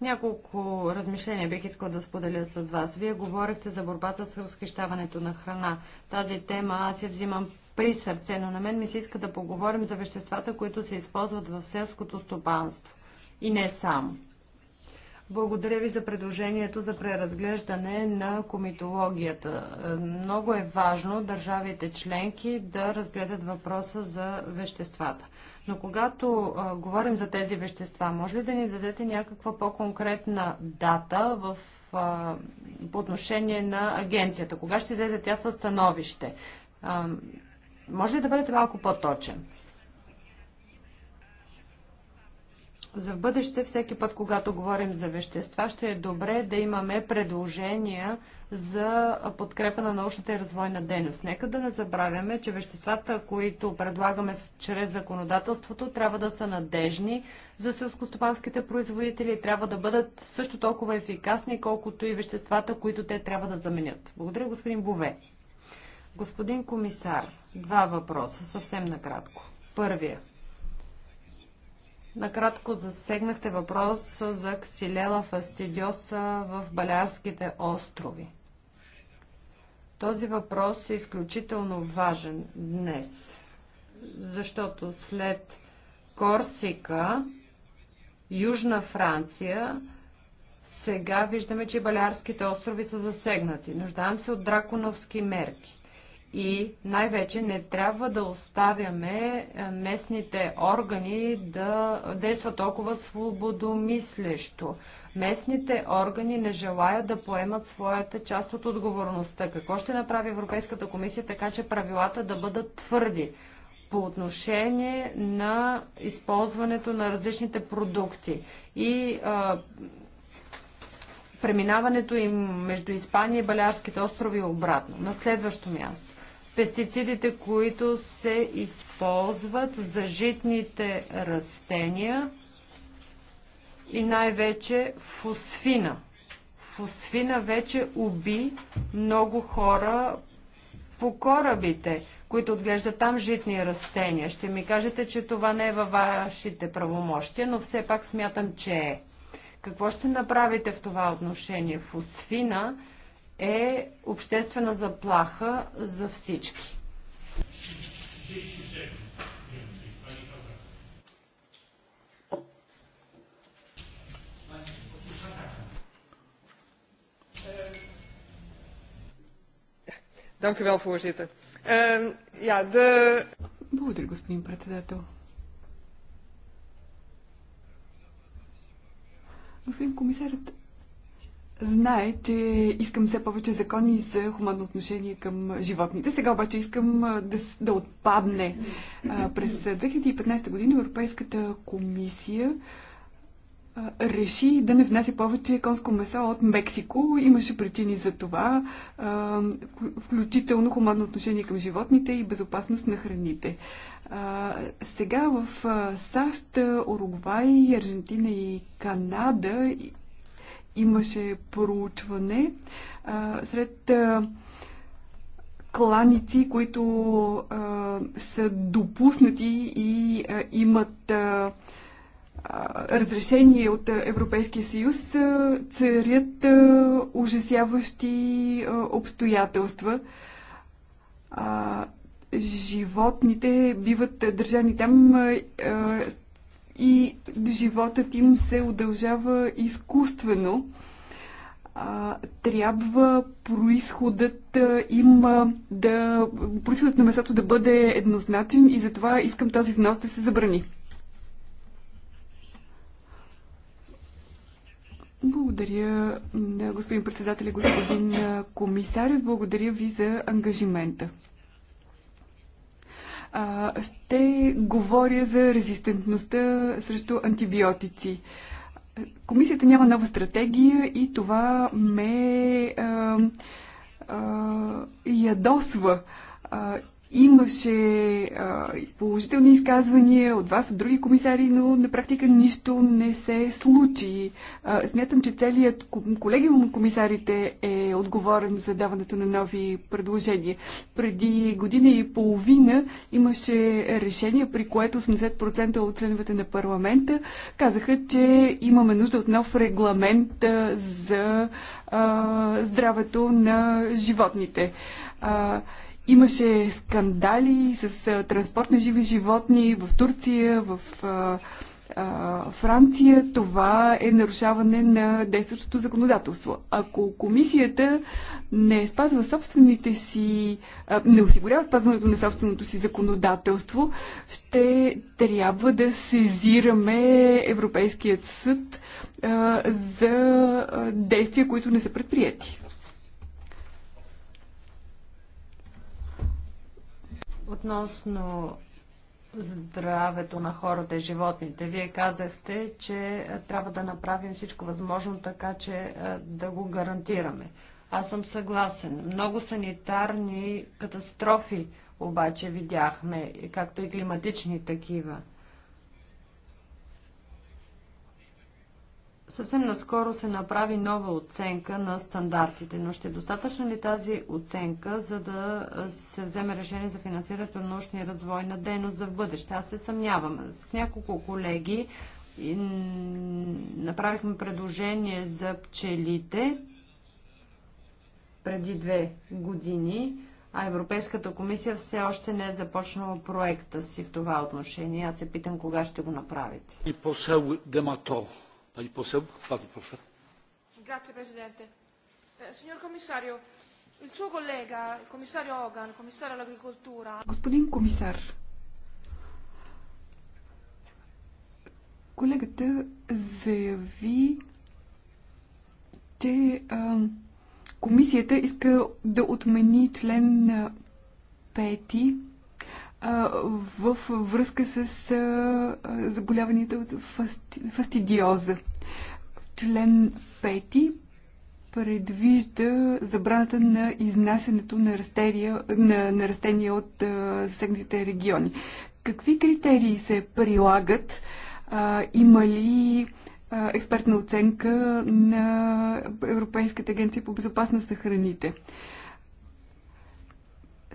Няколко размишления бих искал да споделя с вас. Вие говорихте за борбата с разхищаването на храна. Тази тема аз я взимам при сърце, но на мен ми се иска да поговорим за веществата, които се използват в селското стопанство. И не само. Благодаря ви за предложението за преразглеждане на комитологията. Е, много е важно държавите членки да разгледат въпроса за веществата. Но когато а, е, говорим за тези вещества, може ли да ни дадете някаква по-конкретна дата в а, е, по отношение на агенцията? Кога ще излезе тя със становище? А, може ли да бъдете малко по-точен? за в бъдеще, всеки път, когато говорим за вещества, ще е добре да имаме предложения за подкрепа на научната и развойна дейност. Нека да не забравяме, че веществата, които предлагаме чрез законодателството, трябва да са надежни за селскостопанските производители и трябва да бъдат също толкова ефикасни, колкото и веществата, които те трябва да заменят. Благодаря, господин Бове. Господин комисар, два въпроса, съвсем накратко. Първия. Накратко засегнахте въпрос за ксилела фастидиоса в Балярските острови. Този въпрос е изключително важен днес, защото след Корсика, Южна Франция, сега виждаме, че Балярските острови са засегнати. Нуждаем се от драконовски мерки и най-вече не трябва да оставяме е, местните органи да действат толкова свободомислещо. Местните органи не желаят да поемат своята част от отговорността. Какво ще направи Европейската комисия така, че правилата да бъдат твърди по отношение на използването на различните продукти и а, преминаването им между Испания и Балярските острови обратно. На следващо място пестицидите, които се използват за житните растения и най-вече фосфина. Фосфина вече уби много хора по корабите, които отглеждат там житни растения. Ще ми кажете, че това не е във вашите правомощия, но все пак смятам, че е. Какво ще направите в това отношение? Фосфина е обществена заплаха за всички. Dank u wel, voorzitter. Uh, ja, de... Boeder, господин председател. Господин комисарът знае, че искам все повече закони за хуманно отношение към животните. Сега обаче искам да, да отпадне. През 2015 година Европейската комисия реши да не внася повече конско месо от Мексико. Имаше причини за това, включително хуманно отношение към животните и безопасност на храните. Сега в САЩ, Уругвай, Аржентина и Канада имаше проучване а, сред а, кланици, които а, са допуснати и а, имат а, разрешение от Европейския съюз, а, царят а, ужасяващи а, обстоятелства. А, животните биват държани там. А, и животът им се удължава изкуствено. Трябва происходът им да. происходът на месото да бъде еднозначен и затова искам този внос да се забрани. Благодаря на господин председател и господин комисар. Благодаря ви за ангажимента а, ще говоря за резистентността срещу антибиотици. Комисията няма нова стратегия и това ме а, а, ядосва. А, Имаше а, положителни изказвания от вас, от други комисари, но на практика нищо не се случи. А, смятам, че целият колегиум на комисарите е отговорен за даването на нови предложения. Преди година и половина имаше решение, при което 80% от членовете на парламента казаха, че имаме нужда от нов регламент за а, здравето на животните. А, Имаше скандали с транспорт на живи животни в Турция, в Франция. Това е нарушаване на действащото законодателство. Ако комисията не спазва собствените си, не осигурява спазването на собственото си законодателство, ще трябва да сезираме Европейският съд за действия, които не са предприяти. Относно здравето на хората и животните. Вие казахте, че е, трябва да направим всичко възможно, така че е, да го гарантираме. Аз съм съгласен. Много санитарни катастрофи обаче видяхме, както и климатични такива. Съвсем наскоро се направи нова оценка на стандартите, но ще е достатъчна ли тази оценка, за да се вземе решение за финансирането на научния развой на дейност за бъдеще? Аз се съмнявам. С няколко колеги направихме предложение за пчелите преди две години, а Европейската комисия все още не е започнала проекта си в това отношение. Аз се питам кога ще го направите. И посел Демато. Pani poseł, bardzo proszę. Grazie Presidente. Signor Commissario, il suo collega, il Commissario Hogan, Commissario all'Agricoltura... Господин комисар, колегата заяви, че а, комисията иска да отмени член 5 в връзка с заболяванията от фастидиоза. Член 5 предвижда забраната на изнасянето на, растерия, на, на растения от а, засегнатите региони. Какви критерии се прилагат? А, има ли а, експертна оценка на Европейската агенция по безопасност на храните? А,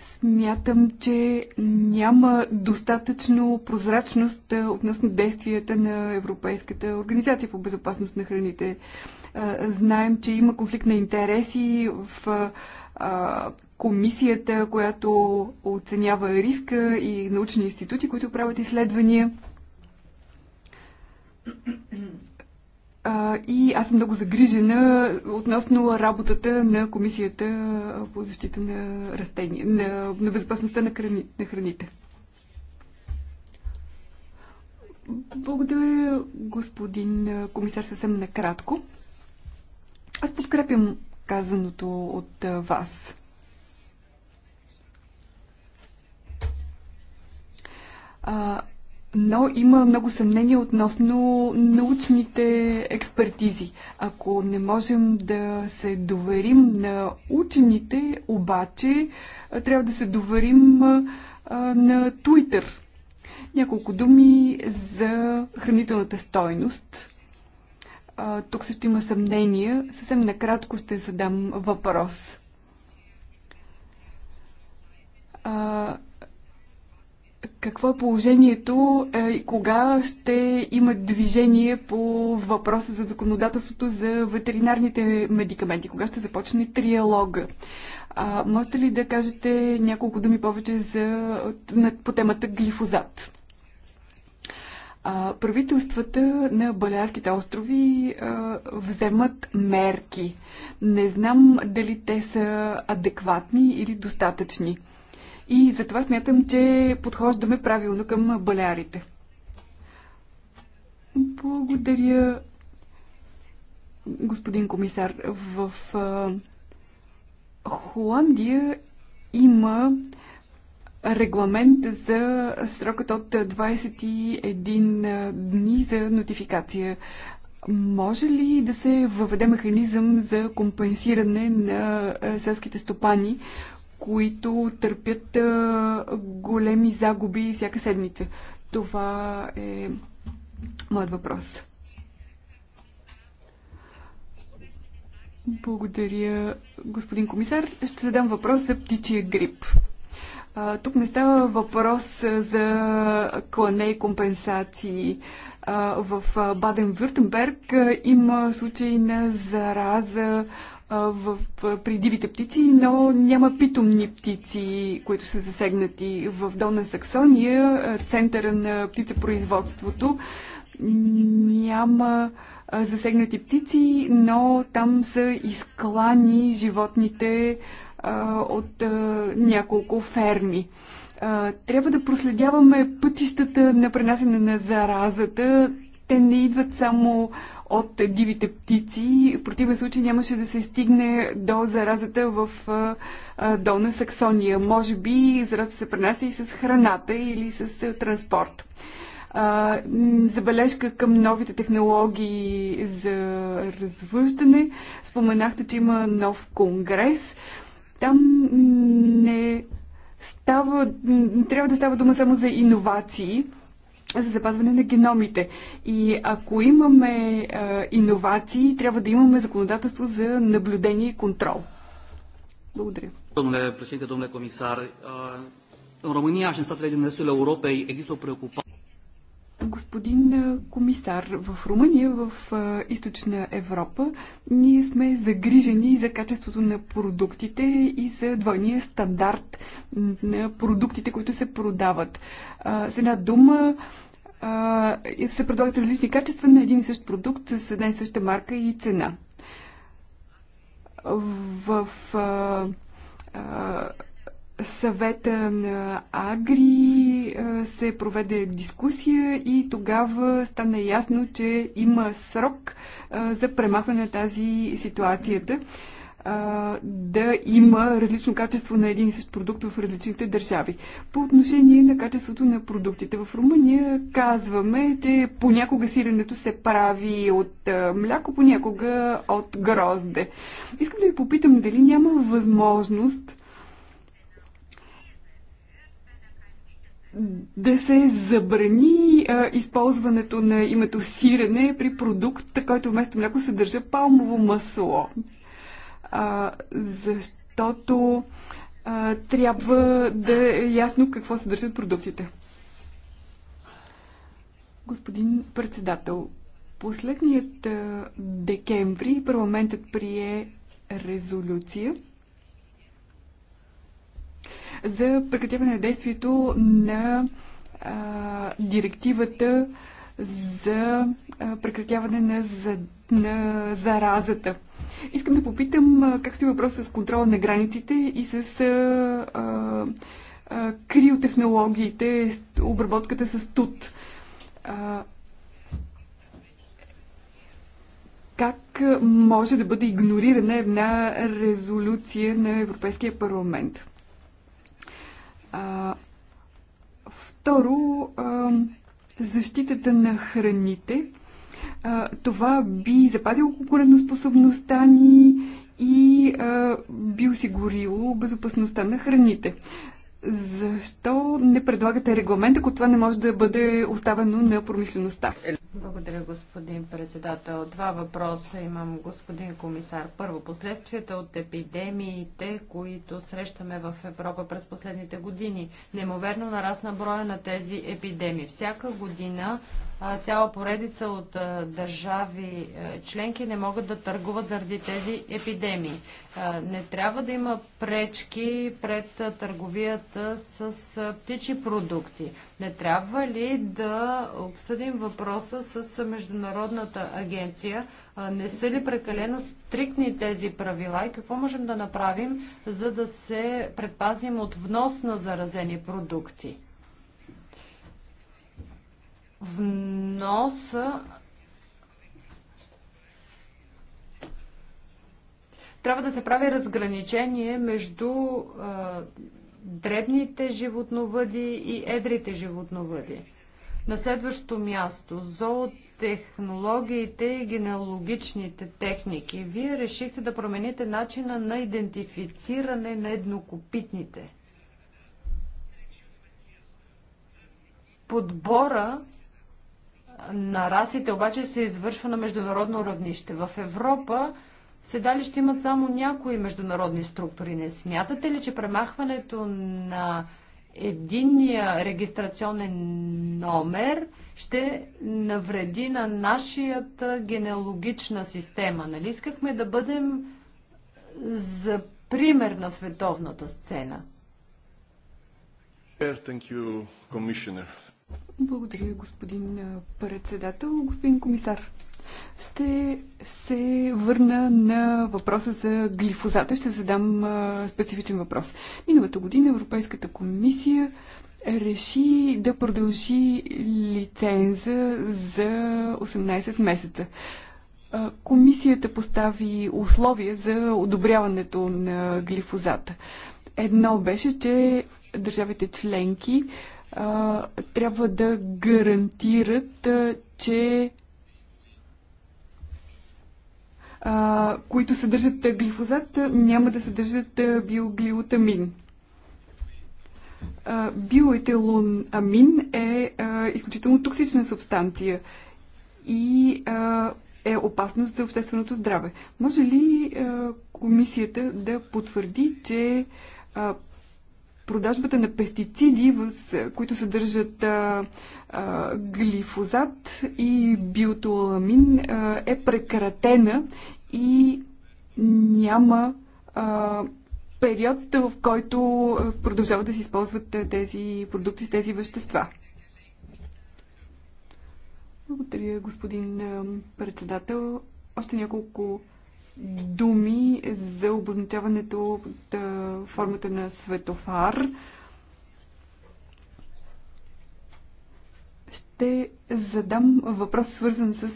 Смятам, че няма достатъчно прозрачност относно действията на Европейската организация по безопасност на храните. Знаем, че има конфликт на интереси в комисията, която оценява риска и научни институти, които правят изследвания. А, и аз съм много загрижена относно работата на Комисията по защита на растения, на, на безопасността на, храни, на храните. Благодаря, господин комисар, съвсем накратко. Аз подкрепям казаното от вас. А, но има много съмнения относно научните експертизи. Ако не можем да се доверим на учените, обаче трябва да се доверим на Twitter. Няколко думи за хранителната стойност. Тук също има съмнения. Съвсем накратко ще задам въпрос какво е положението е, и кога ще има движение по въпроса за законодателството за ветеринарните медикаменти? Кога ще започне триалога? А, можете ли да кажете няколко думи повече за, по темата глифозат? А, правителствата на Балярските острови а, вземат мерки. Не знам дали те са адекватни или достатъчни. И затова смятам, че подхождаме правилно към балярите. Благодаря, господин комисар. В Холандия има регламент за срокът от 21 дни за нотификация. Може ли да се въведе механизъм за компенсиране на селските стопани, които търпят големи загуби всяка седмица. Това е моят въпрос. Благодаря, господин комисар. Ще задам въпрос за птичия грип. А, тук не става въпрос за клане и компенсации. А, в Баден-Вюртенберг има случаи на зараза в, при дивите птици, но няма питомни птици, които са засегнати. В Долна Саксония, центъра на птицепроизводството, няма засегнати птици, но там са изклани животните а, от а, няколко ферми. А, трябва да проследяваме пътищата на пренасене на заразата. Те не идват само от дивите птици. В противен случай нямаше да се стигне до заразата в Долна Саксония. Може би заразата се пренася и с храната или с транспорт. Забележка към новите технологии за развъждане. Споменахте, че има нов конгрес. Там не става, не трябва да става дума само за иновации, за запазване на геномите. И ако имаме а, иновации, трябва да имаме законодателство за наблюдение и контрол. Благодаря. Domnule președinte, domnule comisar, în România și în statele din estul Europei există o preocupare господин комисар, в Румъния, в източна Европа, ние сме загрижени за качеството на продуктите и за двойния стандарт на продуктите, които се продават. С една дума, се предлагат различни качества на един и същ продукт с една и съща марка и цена. В съвета на Агри се проведе дискусия и тогава стана ясно, че има срок за премахване на тази ситуацията да има различно качество на един и същ продукт в различните държави. По отношение на качеството на продуктите в Румъния казваме, че понякога сиренето се прави от мляко, понякога от грозде. Искам да ви попитам дали няма възможност да се забрани а, използването на името сирене при продукт, който вместо мляко съдържа палмово масло. А, защото а, трябва да е ясно какво съдържат продуктите. Господин председател, последният декември парламентът прие резолюция за прекратяване на действието на а, директивата за прекратяване на, за, на заразата. Искам да попитам как стои въпрос с контрола на границите и с а, а, а, криотехнологиите, обработката с тут. А, как може да бъде игнорирана една резолюция на Европейския парламент? А, второ, а, защитата на храните. А, това би запазило конкурентоспособността ни и а, би осигурило безопасността на храните. Защо не предлагате регламент, ако това не може да бъде оставено на промишлеността? Благодаря, господин председател. Два въпроса имам, господин комисар. Първо, последствията от епидемиите, които срещаме в Европа през последните години. Неимоверно нарасна броя на тези епидемии. Всяка година цяла поредица от държави членки не могат да търгуват заради тези епидемии. Не трябва да има пречки пред търговията с птичи продукти. Не трябва ли да обсъдим въпроса с Международната агенция? Не са ли прекалено стриктни тези правила и какво можем да направим, за да се предпазим от внос на заразени продукти? вноса трябва да се прави разграничение между а, дребните животновъди и едрите животновъди. На следващо място, зоотехнологиите и генеалогичните техники. Вие решихте да промените начина на идентифициране на еднокопитните. Подбора на расите обаче се извършва на международно равнище. В Европа седалище имат само някои международни структури. Не смятате ли, че премахването на единния регистрационен номер ще навреди на нашията генеалогична система? Нали искахме да бъдем за пример на световната сцена? Thank you, Commissioner. Благодаря, господин председател. Господин комисар, ще се върна на въпроса за глифозата. Ще задам специфичен въпрос. Миналата година Европейската комисия реши да продължи лиценза за 18 месеца. Комисията постави условия за одобряването на глифозата. Едно беше, че държавите членки а, трябва да гарантират, а, че а, които съдържат глифозат, няма да съдържат биоглиотамин. амин е а, изключително токсична субстанция и а, е опасна за общественото здраве. Може ли а, комисията да потвърди, че а, продажбата на пестициди, които съдържат а, а, глифозат и биотоламин а, е прекратена и няма а, период, в който продължават да се използват тези продукти с тези вещества. Благодаря, господин председател. Още няколко думи за обозначаването от формата на светофар. Ще задам въпрос, свързан с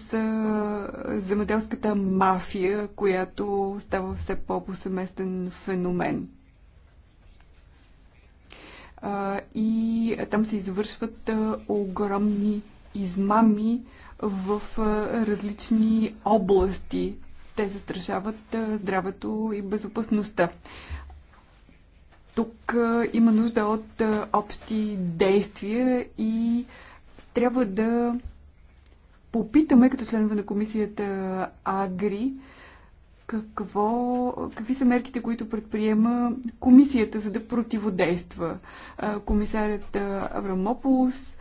земеделската мафия, която става все по-посеместен феномен и там се извършват огромни измами в различни области те застрашават здравето и безопасността. Тук има нужда от общи действия и трябва да попитаме като членове на комисията Агри какво, какви са мерките, които предприема комисията, за да противодейства. Комисарят Аврамополос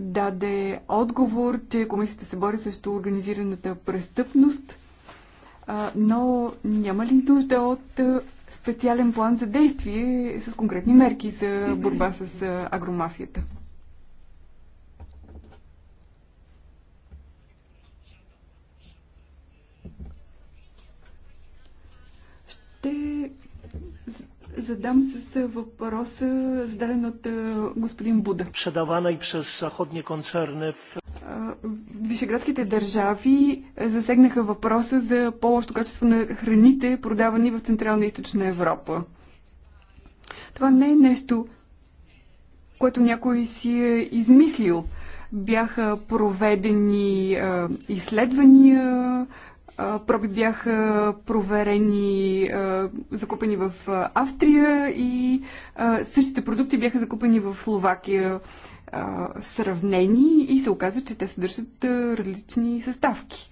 даде отговор, че комисията се бори срещу организираната престъпност, но няма ли нужда от специален план за действие с конкретни мерки за борба с агромафията? Ще задам с въпроса, зададен от господин Буда. Предавана и през заходни концерни в... Вишеградските държави засегнаха въпроса за по-лошо качество на храните, продавани в Централна и Източна Европа. Това не е нещо, което някой си е измислил. Бяха проведени изследвания, проби бяха проверени, закупени в Австрия и същите продукти бяха закупени в Словакия сравнени и се оказа, че те съдържат различни съставки.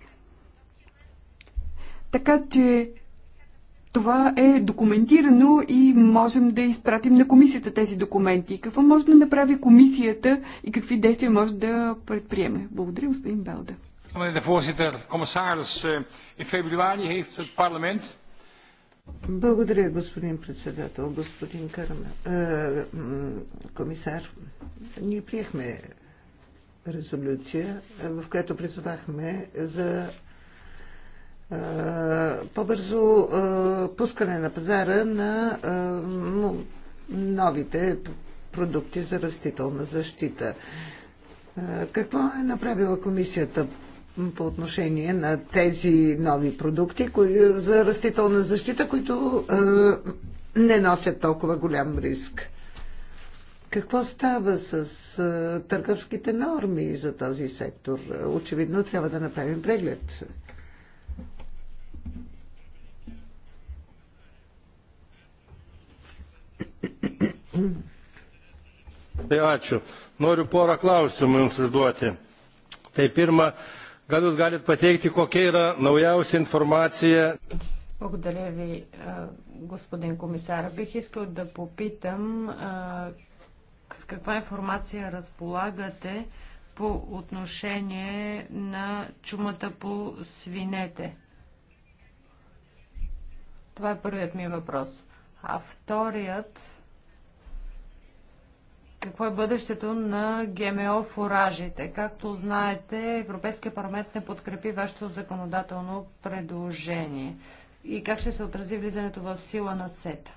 Така че това е документирано и можем да изпратим на комисията тези документи. Какво може да направи комисията и какви действия може да предприеме? Благодаря, господин Белда. Eh, Благодаря, господин председател, господин Карма, е, комисар. Ние приехме резолюция, е, в която призовахме за е, по-бързо пускане на пазара на новите продукти за растителна защита. Какво е направила комисията по отношение на тези нови продукти кои, за растителна защита, които е, не носят толкова голям риск. Какво става с е, търговските норми за този сектор? Очевидно трябва да направим преглед. Tai ačiū. Noriu porą klausimų Jums užduoti. Tai pirma, Gal jūs galite pateikti, kokia yra naujausia информация? Благодаря ви, господин комисар. Бих искал да попитам с каква информация разполагате по отношение на чумата по свинете. Това е първият ми въпрос. А вторият какво е бъдещето на ГМО фуражите. Както знаете, Европейския парламент не подкрепи вашето законодателно предложение. И как ще се отрази влизането в сила на СЕТА?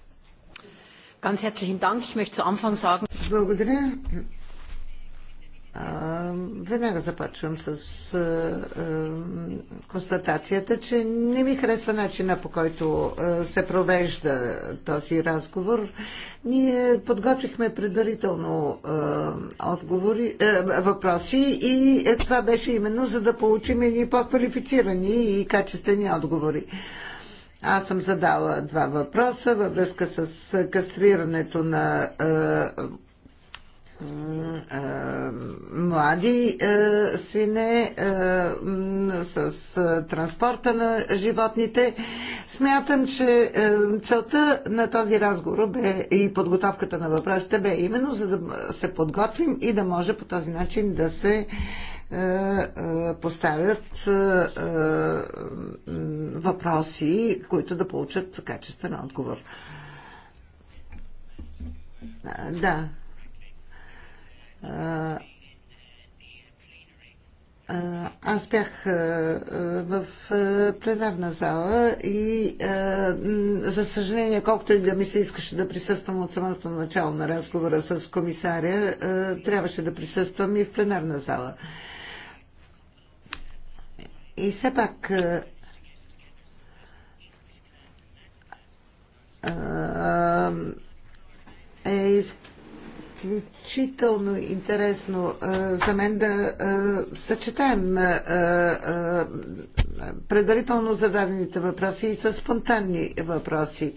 Благодаря веднага започвам с констатацията, че не ми харесва начина по който се провежда този разговор. Ние подготвихме предварително отговори, въпроси и е, това беше именно за да получим и по-квалифицирани и качествени отговори. Аз съм задала два въпроса във връзка с кастрирането на млади е, свине е, с е, транспорта на животните. Смятам, че целта на този разговор бе и подготовката на въпросите бе именно за да се подготвим и да може по този начин да се поставят въпроси, които да получат качествен отговор. Да. Аз бях в пленарна зала и за съжаление, колкото и да ми се искаше да присъствам от самото начало на разговора с комисаря, трябваше да присъствам и в пленарна зала. И все пак е изключително интересно за мен да съчетаем предварително зададените въпроси и с спонтанни въпроси.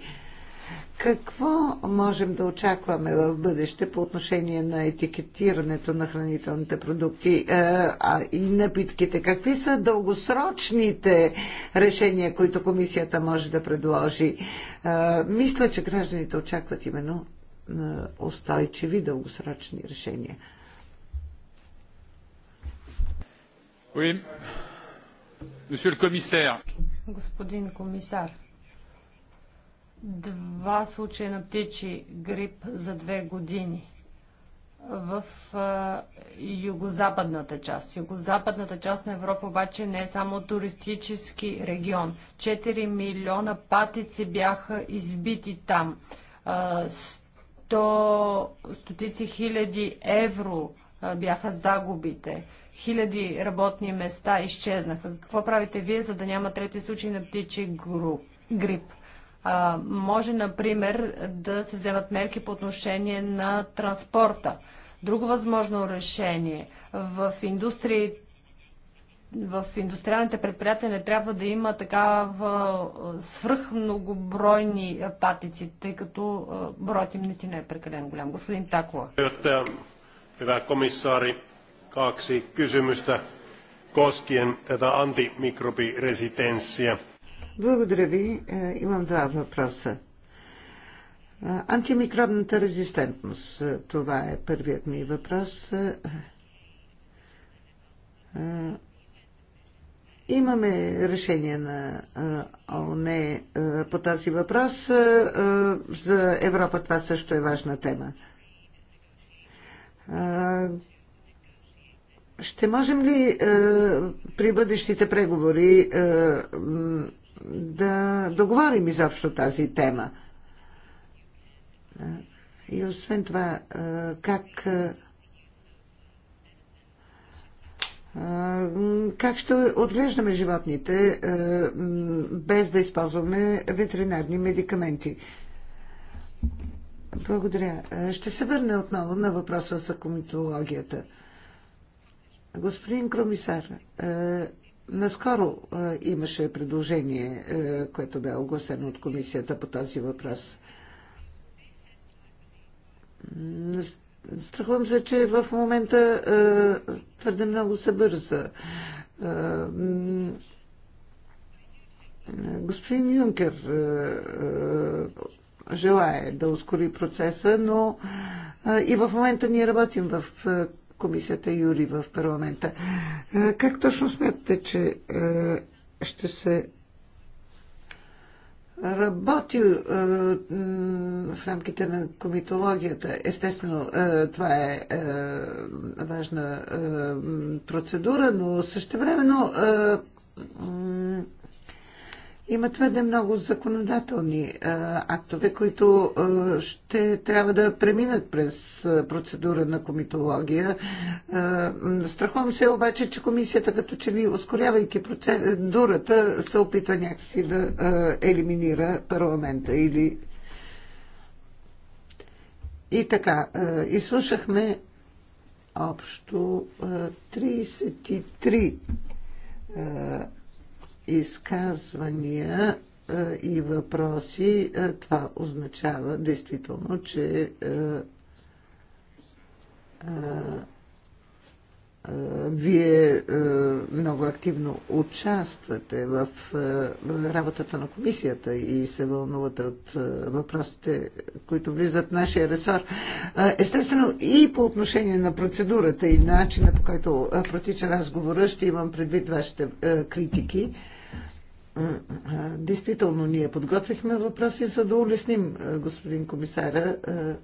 Какво можем да очакваме в бъдеще по отношение на етикетирането на хранителните продукти а, и напитките? Какви са дългосрочните решения, които комисията може да предложи? А, мисля, че гражданите очакват именно на е, устойчиви дългосрочни решения. Oui. Господин комисар, два случая на птичи грип за две години в а, е, югозападната част. Югозападната част на Европа обаче не е само туристически регион. 4 милиона патици бяха избити там. А, е, то стотици хиляди евро бяха загубите. Хиляди работни места изчезнаха. Какво правите вие, за да няма трети случай на птичи грип? А, може, например, да се вземат мерки по отношение на транспорта. Друго възможно решение в индустриите в индустриалните предприятия не трябва да има такава свръх многобройни патици, тъй като броят им наистина е прекалено голям. Господин Такова. Hyvä komissaari, kaksi kysymystä koskien tätä antimikrobiresistenssiä. Благодаря ви. Е, имам два въпроса. Е, антимикробната резистентност. Е, това е първият ми въпрос Имаме решение на ОНЕ по този въпрос. За Европа това също е важна тема. Ще можем ли при бъдещите преговори да договорим изобщо тази тема? И освен това, как Как ще отглеждаме животните без да използваме ветеринарни медикаменти? Благодаря. Ще се върна отново на въпроса за комитологията. Господин Кромисар, наскоро имаше предложение, което бе огласено от комисията по този въпрос. Страхувам се, че в момента е, твърде много се бърза. Е, господин Юнкер е, желае да ускори процеса, но и в момента ние работим в комисията Юли в парламента. Как точно смятате, че ще се работи е, в рамките на комитологията. Естествено, е, това е, е важна процедура, но времено има твърде много законодателни е, актове, които е, ще трябва да преминат през е, процедура на комитология. страхувам се обаче, че комисията като че ли ускорявайки процедурата се опитва някакси да елиминира парламента или и така, изслушахме общо 33 изказвания е, и въпроси, е, това означава действително, че е, вие много активно участвате в работата на комисията и се вълнувате от въпросите, които влизат в нашия ресор. Естествено, и по отношение на процедурата и начина, по който протича разговора, ще имам предвид вашите критики действително ние подготвихме въпроси, за да улесним е, господин комисара. Е,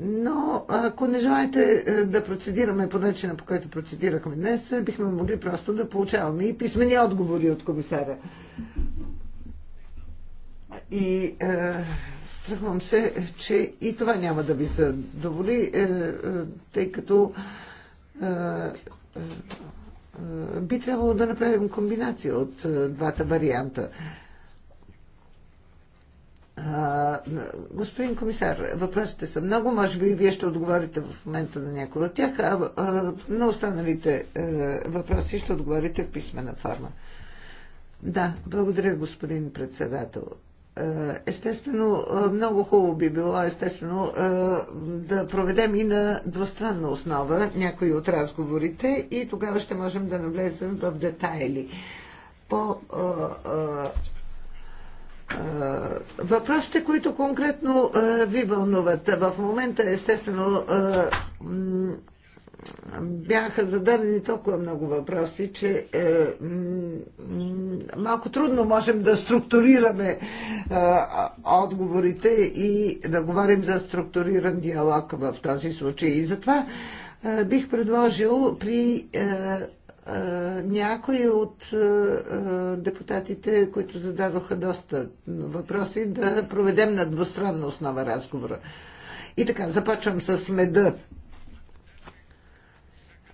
но ако не желаете е, да процедираме по начина, по който процедирахме днес, бихме могли просто да получаваме и писмени отговори от комисара. И е, страхувам се, че и това няма да ви задоволи, е, е, тъй като е, е, е, би трябвало да направим комбинация от е, двата варианта. Е, господин комисар, въпросите са много. Може би вие ще отговорите в момента на някои от тях, а на останалите въпроси ще отговорите в писмена форма. Да, благодаря, господин председател. Е, естествено, е, много хубаво би било, естествено, е, да проведем и на двустранна основа някои от разговорите и тогава ще можем да навлезем в детайли. По Въпросите, които конкретно ви вълнуват в момента, естествено, бяха зададени толкова много въпроси, че е, малко трудно можем да структурираме е, отговорите и да говорим за структуриран диалог в този случай. И затова е, бих предложил при е, е, някои от е, е депутатите, които зададоха доста въпроси, да проведем на двустранна основа разговора. И така, започвам с меда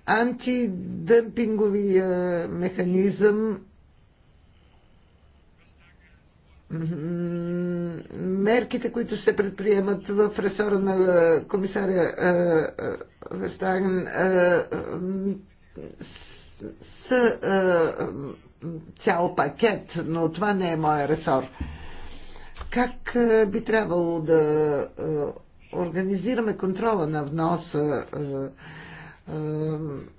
антидъмпинговия механизъм мерките, които се предприемат в ресора на комисаря Вестаген са цял пакет, но това не е моя ресор. Как би трябвало да организираме контрола на вноса е,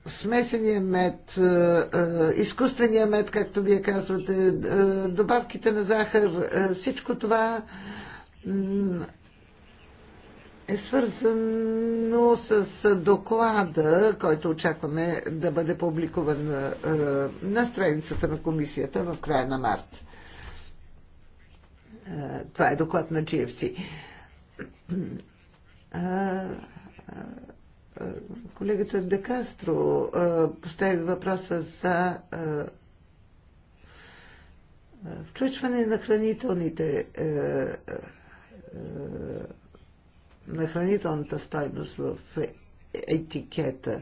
смесения мед, е, е, изкуствения мед, както вие казвате, добавките на захар, всичко това е свързано с доклада, който очакваме да бъде публикуван на страницата на комисията в края на март. Това е доклад на GFC Колегата Декастро постави въпроса за включване на хранителните на хранителната стойност в етикета.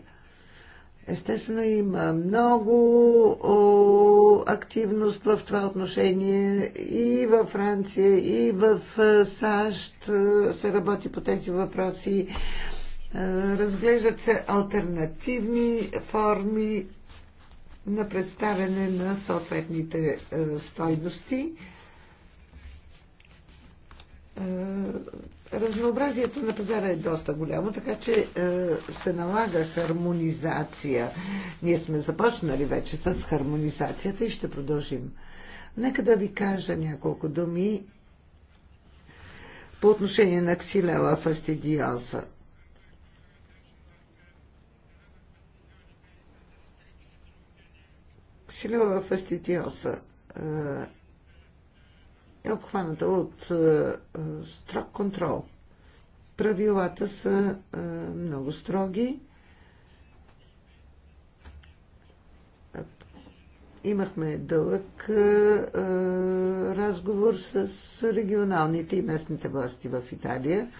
Естествено има много о, активност в това отношение и във Франция, и в САЩ се работи по тези въпроси. Е, разглеждат се альтернативни форми на представяне на съответните е, стойности. Е, разнообразието на пазара е доста голямо, така че се налага хармонизация. Ние сме започнали вече с хармонизацията и ще продължим. Нека да ви кажа няколко думи по отношение на ксилела фастидиоза. ксилила фастидиоса е, е обхваната от е, е, строг контрол. Правилата са много строги. Имахме дълъг разговор с регионалните и местните власти в Италия,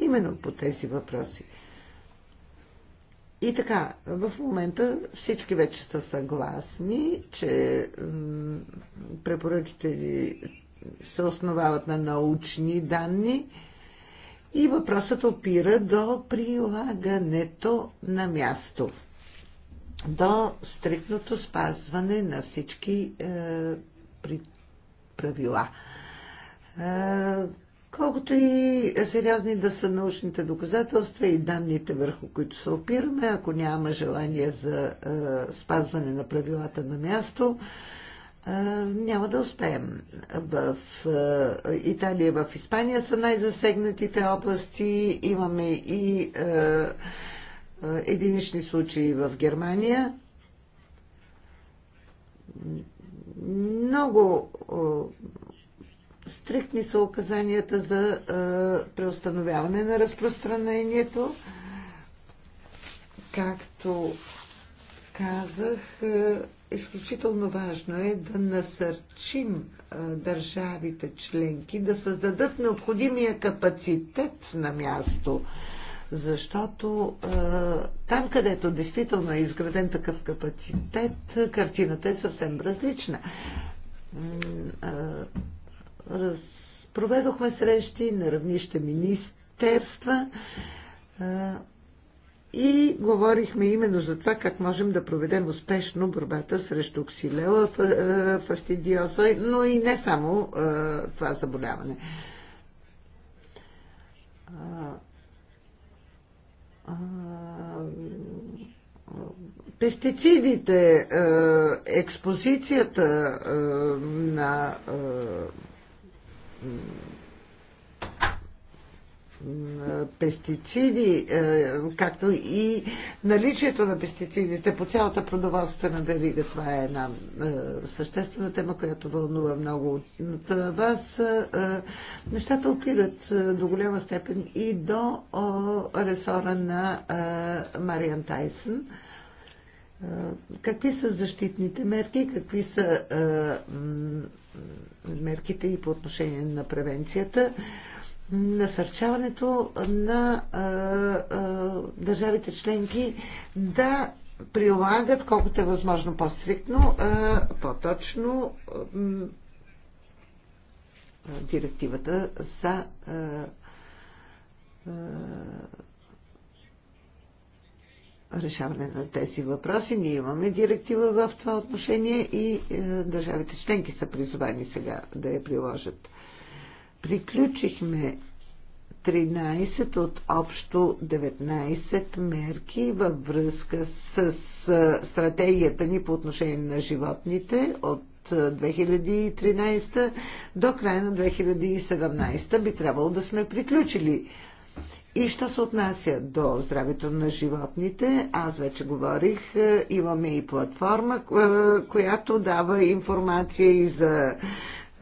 именно по тези въпроси. И така, в момента всички вече са съгласни, че препоръките се основават на научни данни и въпросът опира до прилагането на място, до стриктното спазване на всички е, правила. Е, Колкото и сериозни да са научните доказателства и данните върху които се опираме, ако няма желание за е, спазване на правилата на място, е, няма да успеем. В е, Италия, в Испания са най-засегнатите области. Имаме и е, е, единични случаи в Германия. Много. Е, Стриктни са указанията за е, преустановяване на разпространението. Както казах, е, изключително важно е да насърчим е, държавите членки да създадат необходимия капацитет на място защото а, там, където действително е изграден такъв капацитет, картината е съвсем различна. Раз... Проведохме срещи на равнище министерства а, и говорихме именно за това как можем да проведем успешно борбата срещу ксилела, фастидиоза, но и не само а, това заболяване. пестицидите, експозицията на пестициди, е, както и наличието на пестицидите по цялата продоволствена верига. Това е една е, съществена тема, която вълнува много от вас. Е, нещата опират до голяма степен и до ресора на Мариан Тайсън. Какви са защитните мерки, какви са мерките и по отношение на превенцията насърчаването на а, а, държавите членки да прилагат колкото е възможно по-стриктно, по-точно директивата за а, решаване на тези въпроси. Ние имаме директива в това отношение и е, държавите членки са призовани сега да я приложат. Приключихме 13 от общо 19 мерки във връзка с, с е, стратегията ни по отношение на животните от 2013 е, до края на 2017 би трябвало да сме приключили и що се отнася до здравето на животните, аз вече говорих, е, имаме и платформа, е, която дава информация и за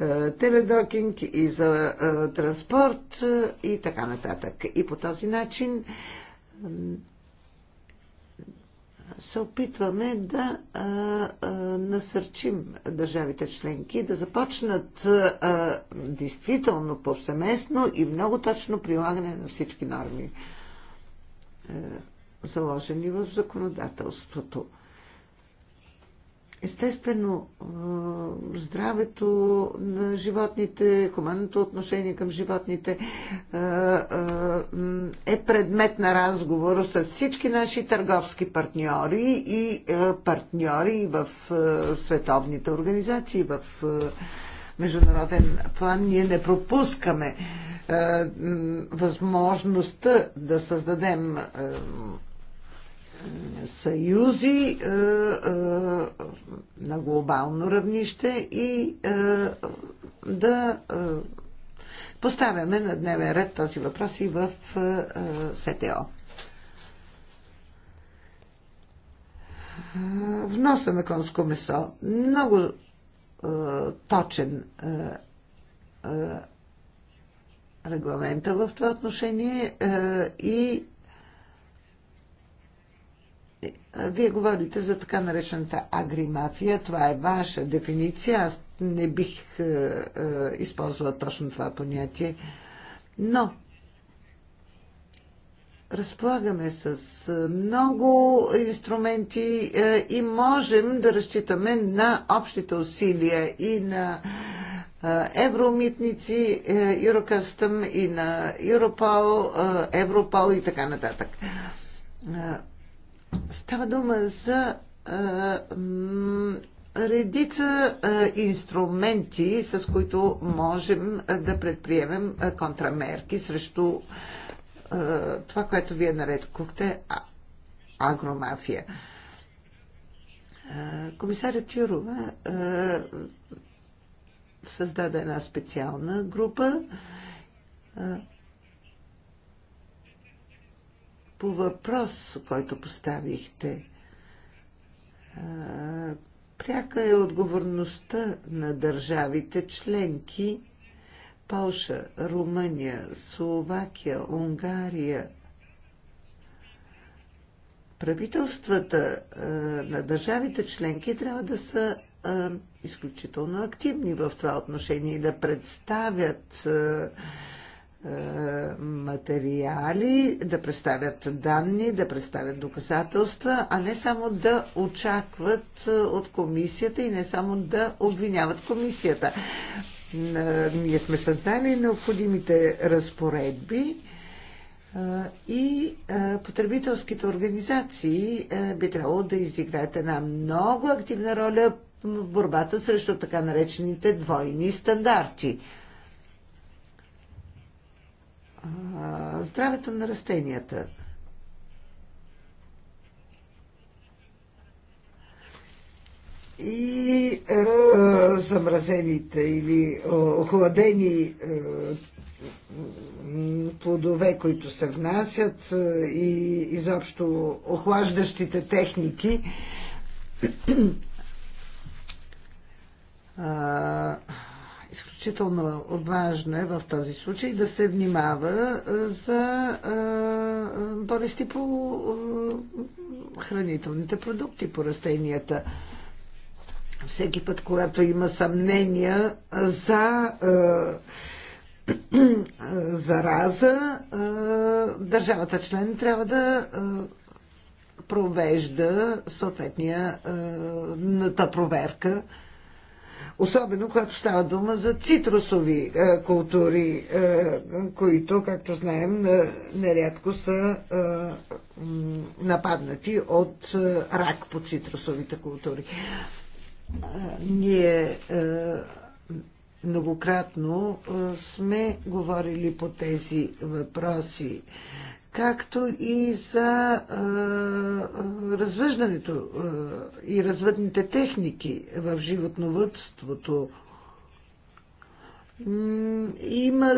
е, теледокинг, и за транспорт и така нататък. И по този начин се опитваме да а, а, насърчим държавите членки да започнат а, действително повсеместно и много точно прилагане на всички норми, а, е, заложени в законодателството. А, Естествено, е, здравето на животните, хуманното отношение към животните е, е, е предмет на разговор с всички наши търговски партньори и партньори в световните организации, в международен план. Ние не пропускаме възможността да създадем съюзи е, е, на глобално равнище и е, да поставяме на дневен ред този въпрос и в СТО. Вноса на конско месо. Много точен регламента в това отношение и вие говорите за така наречената агримафия. Това е ваша дефиниция. Аз не бих е, е, използвала точно това понятие. Но разполагаме с е, много инструменти е, и можем да разчитаме на общите усилия и на е, евромитници, е, Eurocustom и на Европол, Европол и така нататък. Става дума за редица инструменти, с които можем да предприемем контрамерки срещу това, което вие нарекохте агромафия. комисаря Тюрова създаде една специална група по въпрос, който поставихте. Пряка е отговорността на държавите членки Полша, Румъния, Словакия, Унгария. Правителствата на държавите членки трябва да са изключително активни в това отношение и да представят е, материали, да представят данни, да представят доказателства, а не само да очакват е, от комисията и не само да обвиняват комисията. Е, ние сме създали необходимите разпоредби и потребителските организации би трябвало да изиграят една много активна роля в борбата срещу така наречените двойни стандарти здравето на растенията. И е, замразените или е, охладени е, плодове, които се внасят е, и изобщо охлаждащите техники. А, изключително важно е в този случай да се внимава е, за е, болести по е, хранителните продукти, по растенията. Всеки път, когато има съмнения за зараза, държавата член трябва да провежда съответния проверка Особено, когато става дума за цитрусови е, култури, е, които, както знаем, е, нерядко са е, нападнати от е, рак по цитрусовите култури. Е, ние е, многократно е, сме говорили по тези въпроси. Е, както и за а, развъждането а, и развъдните техники в животновътството. Има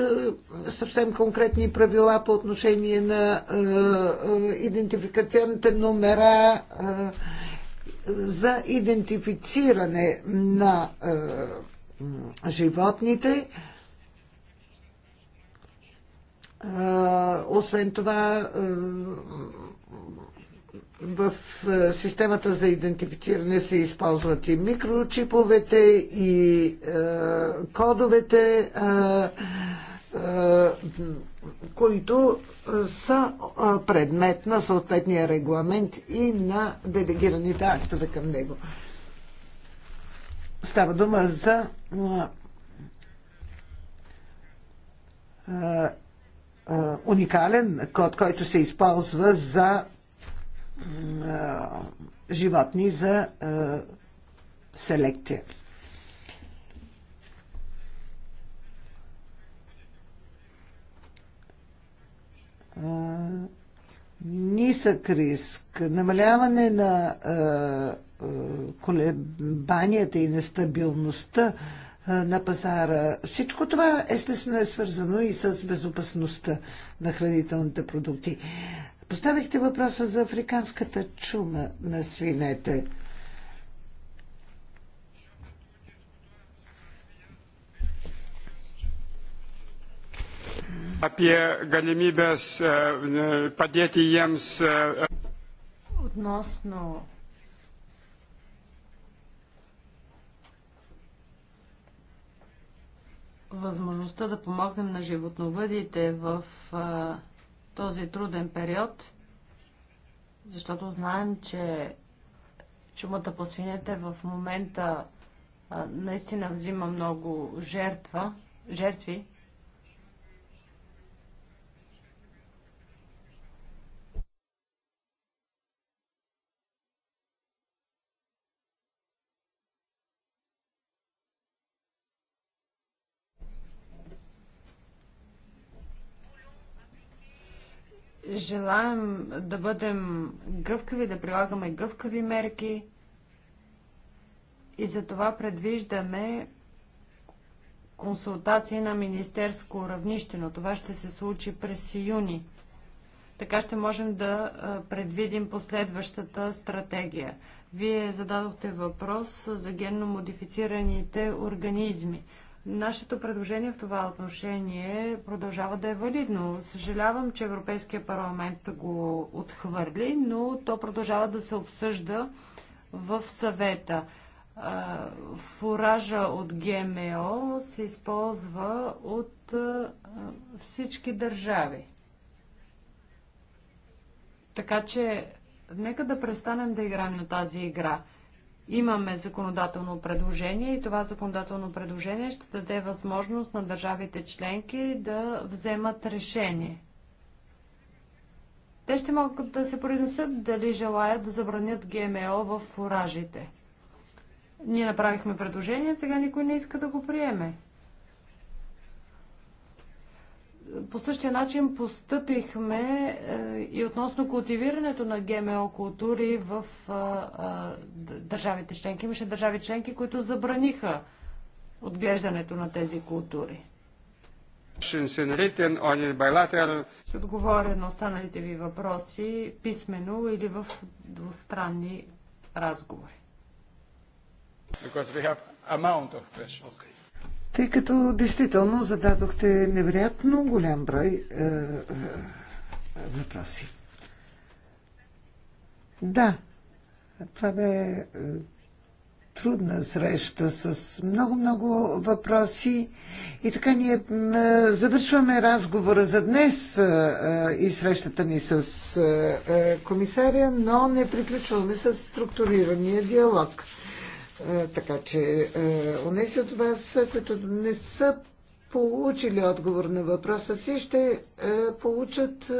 съвсем конкретни правила по отношение на а, идентификационните номера а, за идентифициране на а, животните. А, освен това, в системата за идентифициране се използват и микрочиповете, и кодовете, които са предмет на съответния регламент и на делегираните актове към него. Става дума за уникален код, който се използва за животни за селекция. нисък риск, намаляване на колебанията и нестабилността на пазара. Всичко това естествено е свързано и с безопасността на хранителните продукти. Поставихте въпроса за африканската чума на свинете. E, e, Относно възможността да помогнем на животновъдите в а, този труден период, защото знаем, че чумата по свинете в момента а, наистина взима много жертва, жертви желаем да бъдем гъвкави, да прилагаме гъвкави мерки и за това предвиждаме консултации на министерско равнище, но това ще се случи през юни. Така ще можем да предвидим последващата стратегия. Вие зададохте въпрос за генно модифицираните организми. Нашето предложение в това отношение продължава да е валидно. Съжалявам, че Европейския парламент го отхвърли, но то продължава да се обсъжда в съвета. Фуража от ГМО се използва от всички държави. Така че, нека да престанем да играем на тази игра – Имаме законодателно предложение и това законодателно предложение ще даде възможност на държавите членки да вземат решение. Те ще могат да се произнесат дали желаят да забранят ГМО в фуражите. Ние направихме предложение, сега никой не иска да го приеме по същия начин постъпихме е, и относно култивирането на ГМО култури в е, е, държавите членки. Имаше държави членки, които забраниха отглеждането на тези култури. Ще отговоря на останалите ви въпроси писменно или в двустранни разговори. Because we have amount of questions. Okay. Тъй като действително зададохте невероятно голям брой е, е, въпроси. Да, това бе е, трудна среща с много-много въпроси. И така ние е, завършваме разговора за днес е, и срещата ни с комисаря, но не приключваме с структурирания диалог. Така че, унеси от вас, които не са получили отговор на въпроса си, ще получат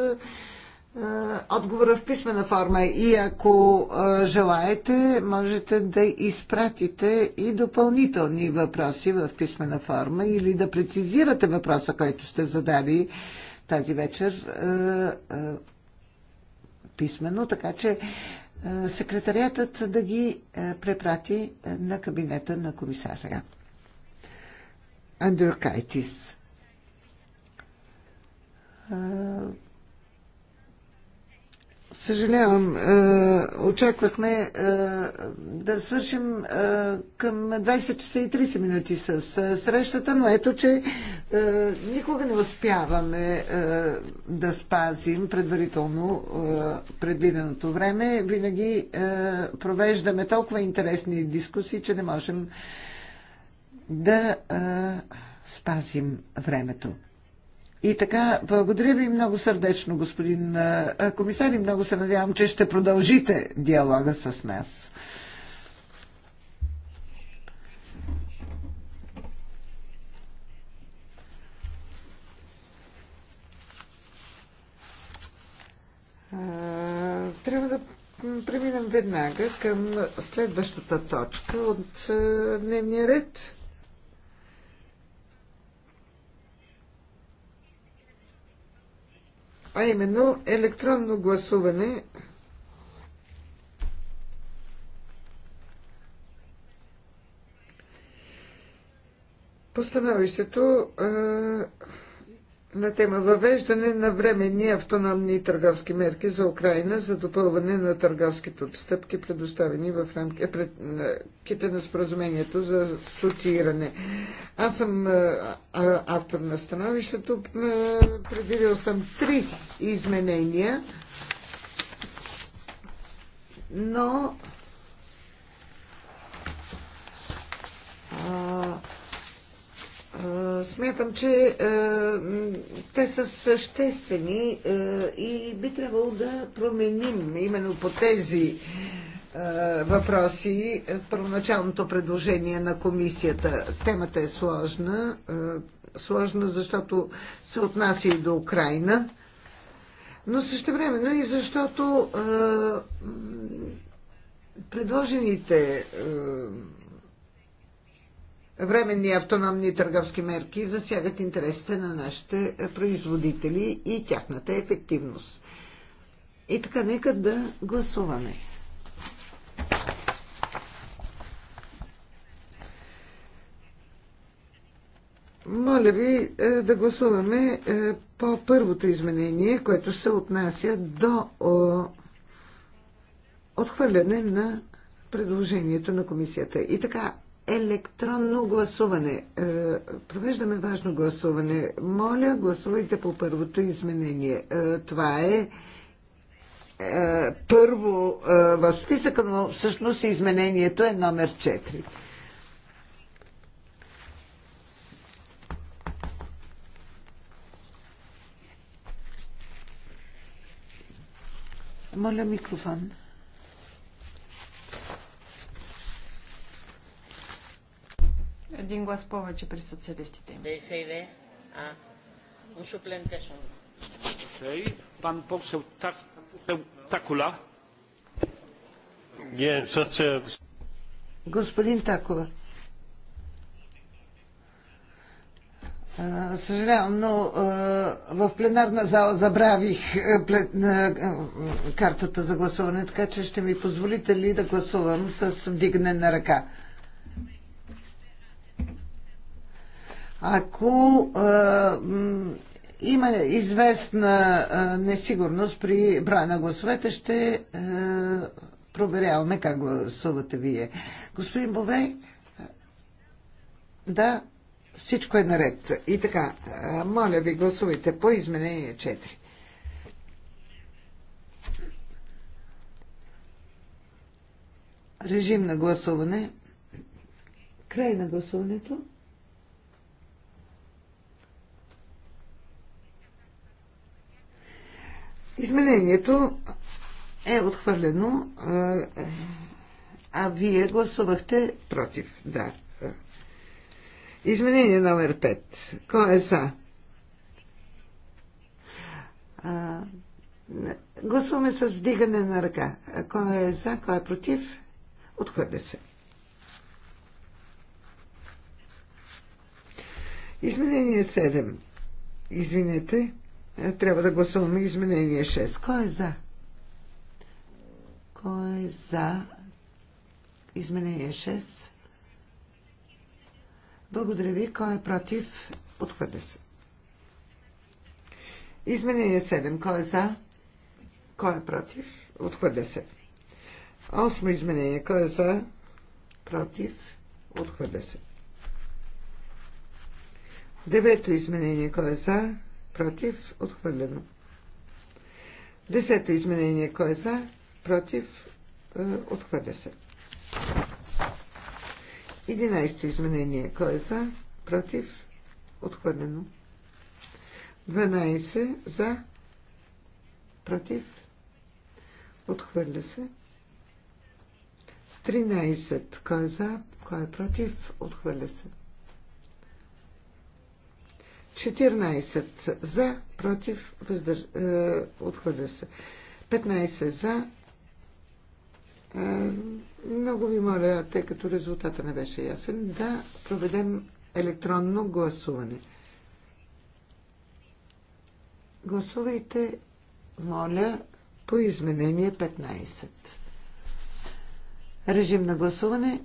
отговора в писмена форма. И ако желаете, можете да изпратите и допълнителни въпроси в писмена форма или да прецизирате въпроса, който сте задали тази вечер писмено, Така че е, секретариатът да ги е, препрати е, на кабинета на комисаря. Андрюкайтис. Съжалявам. Е, очаквахме е, да свършим е, към 20 часа и 30 минути с срещата, но ето, че никога не успяваме да спазим предварително предвиденото време. Винаги провеждаме толкова интересни дискусии, че не можем да спазим времето. И така, благодаря ви много сърдечно, господин комисар, и много се надявам, че ще продължите диалога с нас. Трябва да преминем веднага към следващата точка от дневния ред. а именно електронно гласуване Постановището на тема въвеждане на временни автономни търговски мерки за Украина за допълване на търговските отстъпки, предоставени в рамките е, на споразумението за асоцииране. Аз съм е, автор на становището. Е, предвидил съм три изменения, но а, смятам, че те са съществени и би трябвало да променим именно по тези въпроси първоначалното предложение на комисията. Темата е сложна. Сложна, защото се отнася и до Украина, но също времено и защото предложените временни автономни търговски мерки засягат интересите на нашите производители и тяхната ефективност. И така, нека да гласуваме. Моля ви е, да гласуваме е, по първото изменение, което се отнася до отхвърляне на предложението на комисията. И така, електронно гласуване. Е, провеждаме важно гласуване. Моля, гласувайте по първото изменение. Е, това е, е първо в списъка, но всъщност изменението е номер 4. Моля микрофон. Един глас повече при социалистите. Okay. Господин Такова, Съжалявам, но в пленарна зала забравих картата за гласуване, така че ще ми позволите ли да гласувам с вдигнена на ръка? ако има известна несигурност при брая на гласовете, ще проверяваме как гласувате вие. Господин Бове, да, всичко е наред. И така, моля ви, гласувайте по изменение 4. Режим на гласуване. Край на гласуването. Изменението е отхвърлено, а вие гласувахте против. Да. Изменение номер 5. Кой е за? гласуваме с вдигане на ръка. Кой е за, кой е против? Отхвърля се. Изменение 7. Извинете. Е, трябва да гласуваме изменение 6. Кой е за? Кой е за изменение 6? Благодаря ви. Кой е против? Отхвърля се. Изменение 7. Кой е за? Кой е против? Отхвърля се. Осмо изменение. Кой е за? Против? Отхвърля се. Девето изменение. Кой е за? против, отхвърлено. Десето изменение, кой е за, против, е, отхвърля се. Единайсто изменение, кой е за, против, отхвърлено. 12 за, против, отхвърля се. 13, кой е за, кой е против, отхвърля се. 14 за, против, въздърж... Е, отхвърля се. 15 за. Е, много ви моля, тъй като резултата не беше ясен, да проведем електронно гласуване. Гласувайте, моля, по изменение 15. Режим на гласуване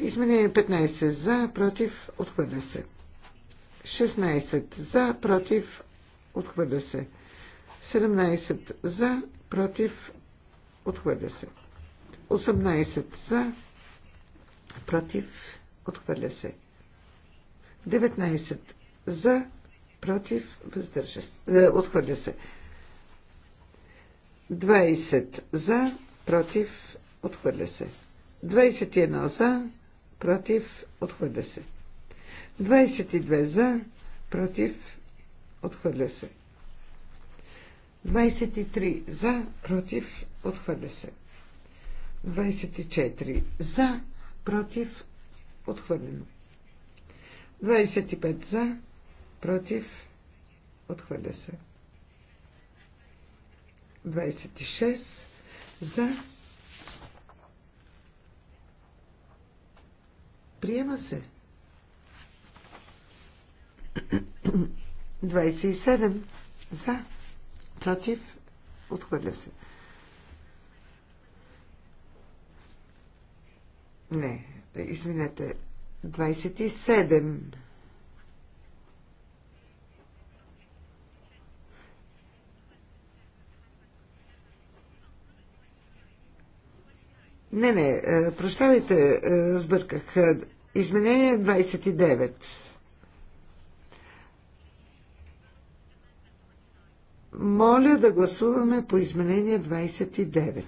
Изменение 15 за, против, отхвърля се. 16 за, против, отхвърля се. 17 за, против, отхвърля се. 18 за, против, отхвърля се. 19 за, против, въздържа се. Е, отхвърля се. 20 за, против, отхвърля се. 21 за, против, отхвърля се. 22 за, против, отхвърля се. 23 за, против, отхвърля се. 24 за, против, отхвърлено. 25 за, против, отхвърля се. 26 за, Приема се. 27 за. Против. Отхвърля се. Не, извинете. 27 Не, не, е, прощавайте, е, сбърках. Е, изменение 29. Моля да гласуваме по изменение 29.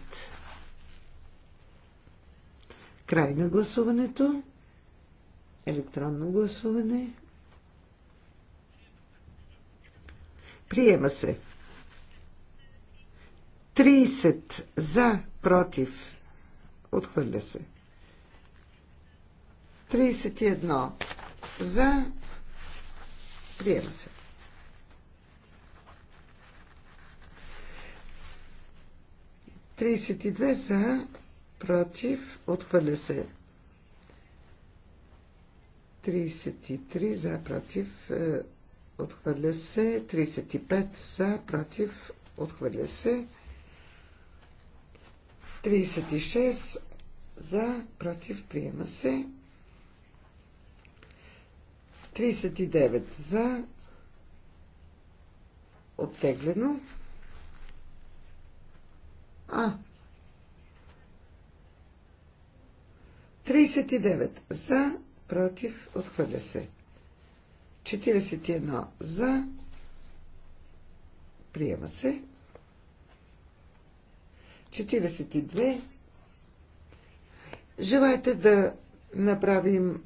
Край на гласуването. Електронно гласуване. Приема се. 30 за, против Отхвърля се. 31 за. Приема се. Тридесет и две за, против, отхвърля се. 33 е, за, против, отхвърля се. 35 за, против, отхвърля се. 36 за, против, приема се. 39 за, оттеглено. А. 39 за, против, отхвърля се. 41 за, приема се. 42. Желаете да направим е,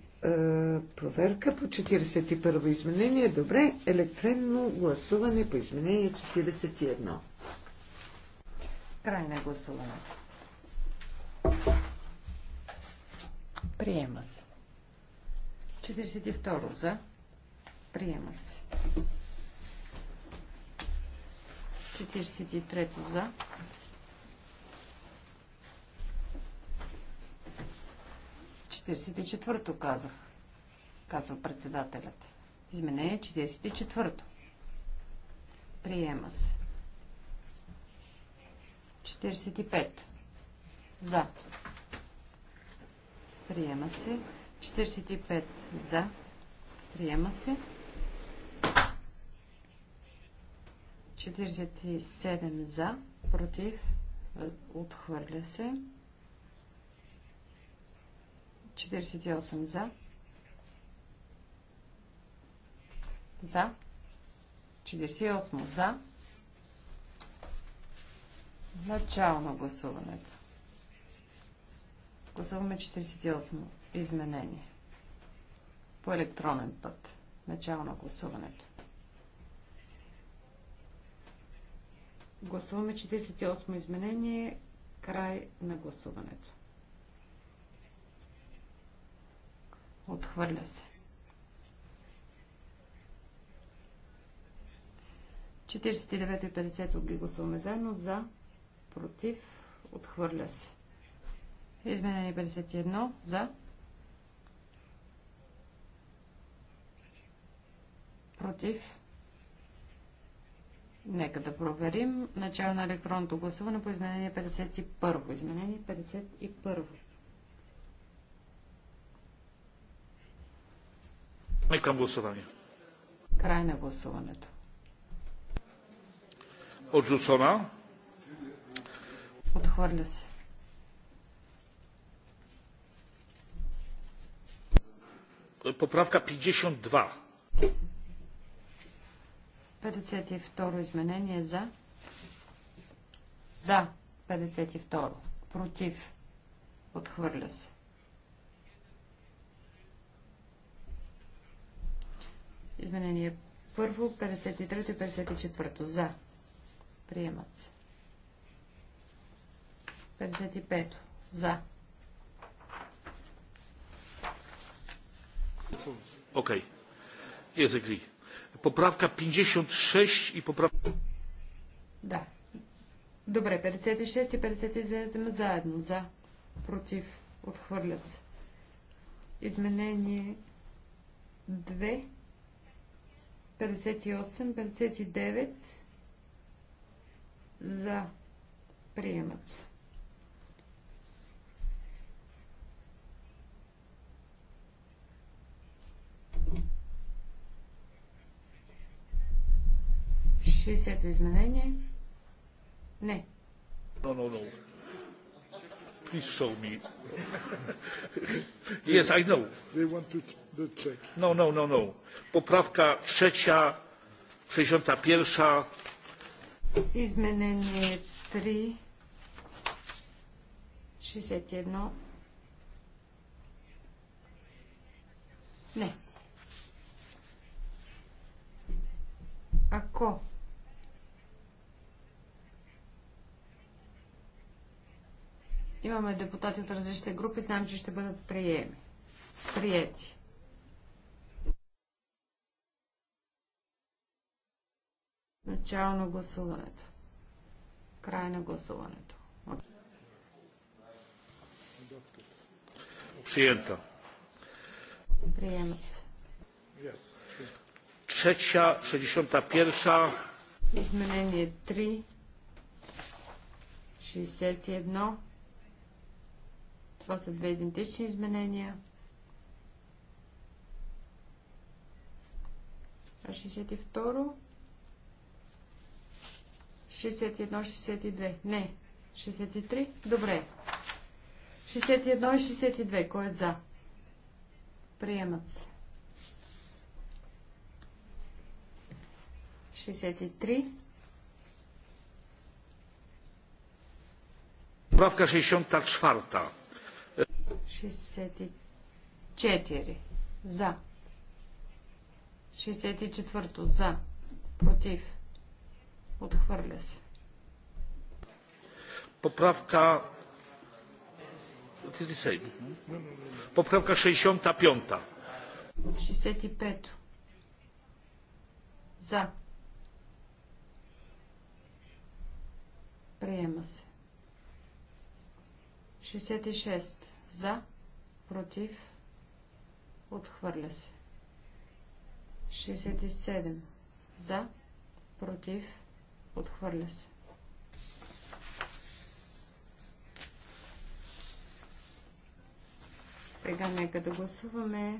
проверка по 41 изменение. Добре, електронно гласуване по изменение 41. Край на гласуването. Приема се. 42 за. Приема се. 43 за. 44-то казах, казва председателят. Изменение 44-то. Приема се. 45. За. Приема се. 45 за. Приема се. 47 за. Против. Отхвърля се. 48 за. За. 48 за. Начало на гласуването. Гласуваме 48 изменение. По електронен път. Начало на гласуването. Гласуваме 48 изменение. Край на гласуването. Отхвърля се. 49 и 50 ги гласуваме заедно. За, против, отхвърля се. Изменение 51. За. Против. Нека да проверим. Начало на електронното гласуване по изменение 51. Изменение 51. Към гласуване. Край на гласуването. Отжусона. Отхвърля се. Поправка 52. 52 изменение за. За 52. Против. Отхвърля се. Изменение първо, 53 и 54. За. Приемат се. 55. За. Окей. Okay. Jest agri. 56 и поправка. Да. Добре, 56 и 57 заедно. За. Против. Отхвърлят се. Изменение 2 58, 59 за приемат се. Шестдесето изменение. Не. No, no, no. Please show me. yes, I know. They want to Poprawka trzecia, 61. Изменение 3, 61. Не. имаме депутати от различните групи, знам, че ще бъдат приеми. Приети. Начало на гласуването. Край на гласуването. Przyjęto. Приемат се. Trzecia, 61. Изменение 3. 61. Това са две идентични изменения. А 62. 61-62. Не. 63. Добре. 61 и 62. Кой е за? Приемат се. 63. Правка 64. 64. За. 64. За. Против. Отхвърля се. Поправка... Поправка 65. 65. За. Приема се. 66. За. Против. Отхвърля се. 67. За. Против. Отхвърля се. Сега нека да гласуваме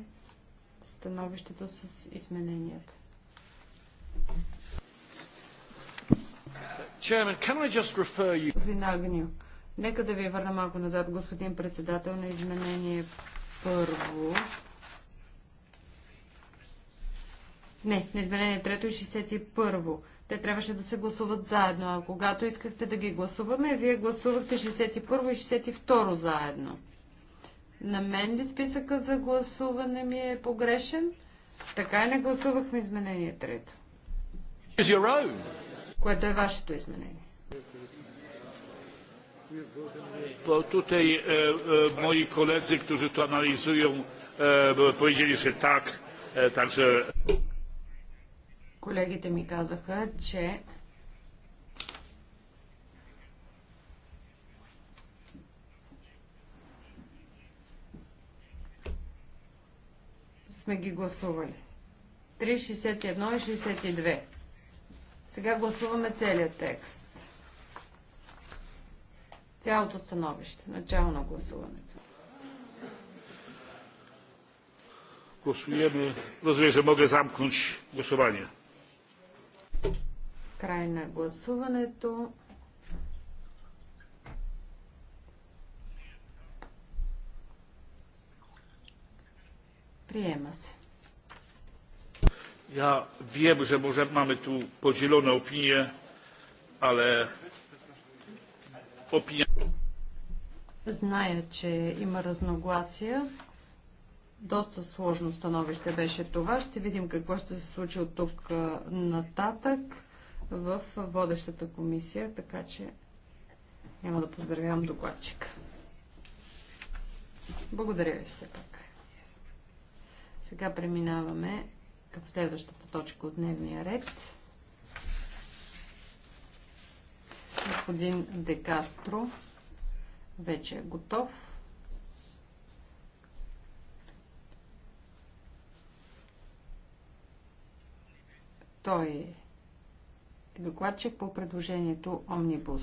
становището с измененията. Господин Агнио, нека да ви върна малко назад, господин председател, на изменение първо. Не, на изменение трето и 61 те трябваше да се гласуват заедно, а когато искахте да ги гласуваме, вие гласувахте 61 и 62 заедно. На мен ли списъка за гласуване ми е погрешен? Така и не гласувахме изменение трето. Което е вашето изменение. Bo tutaj e, e, moi koledzy, którzy to analizują, e, powiedzieli, że tak, e, także... Колегите ми казаха, че сме ги гласували. 3,61 и 62. Сега гласуваме целият текст. Цялото становище. Начало на гласуването. Głosujemy. Rozumiem, że mogę zamknąć głosowanie. Край на гласуването. Приема се. Я wiem, że może mamy tu podzielone opinie, ale opinia... Зная, че има разногласия. Доста сложно становище беше това. Ще видим какво ще се случи от тук нататък в водещата комисия, така че няма да поздравявам докладчика. Благодаря ви все пак. Сега преминаваме към следващата точка от дневния ред. Господин Декастро вече е готов. Той докладчик по предложението Омнибус.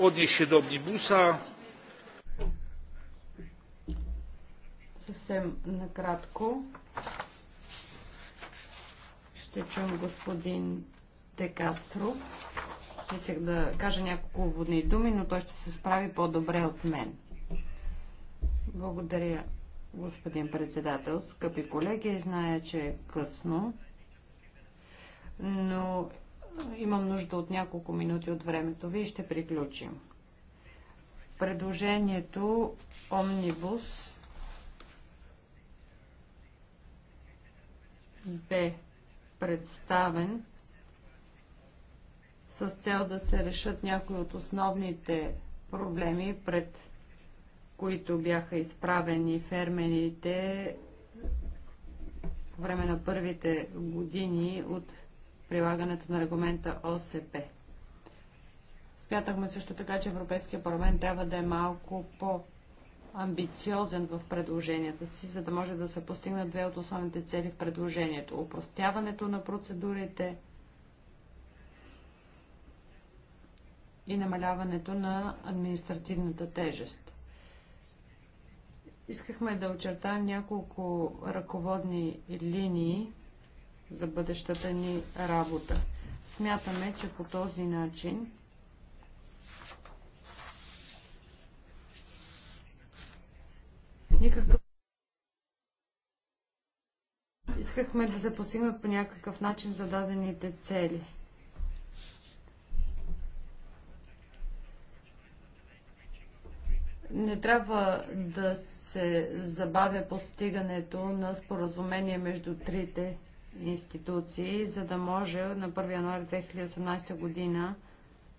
Odnieść е, до Омнибуса. Съвсем накратко ще чум господин Текастро. Исках да кажа няколко водни думи, но той ще се справи по-добре от мен. Благодаря господин председател. Скъпи колеги, зная, че е късно, но имам нужда от няколко минути от времето ви и ще приключим. Предложението Омнибус бе представен с цел да се решат някои от основните проблеми пред които бяха изправени фермените по време на първите години от прилагането на регламента ОСП. Смятахме също така, че Европейския парламент трябва да е малко по- амбициозен в предложенията си, за да може да се постигнат две от основните цели в предложението. Опростяването на процедурите и намаляването на административната тежест. Искахме да очертаем няколко ръководни линии за бъдещата ни работа. Смятаме, че по този начин никакъв искахме да се постигнат по някакъв начин зададените цели. Не трябва да се забавя постигането на споразумение между трите институции, за да може на 1 януари 2018 година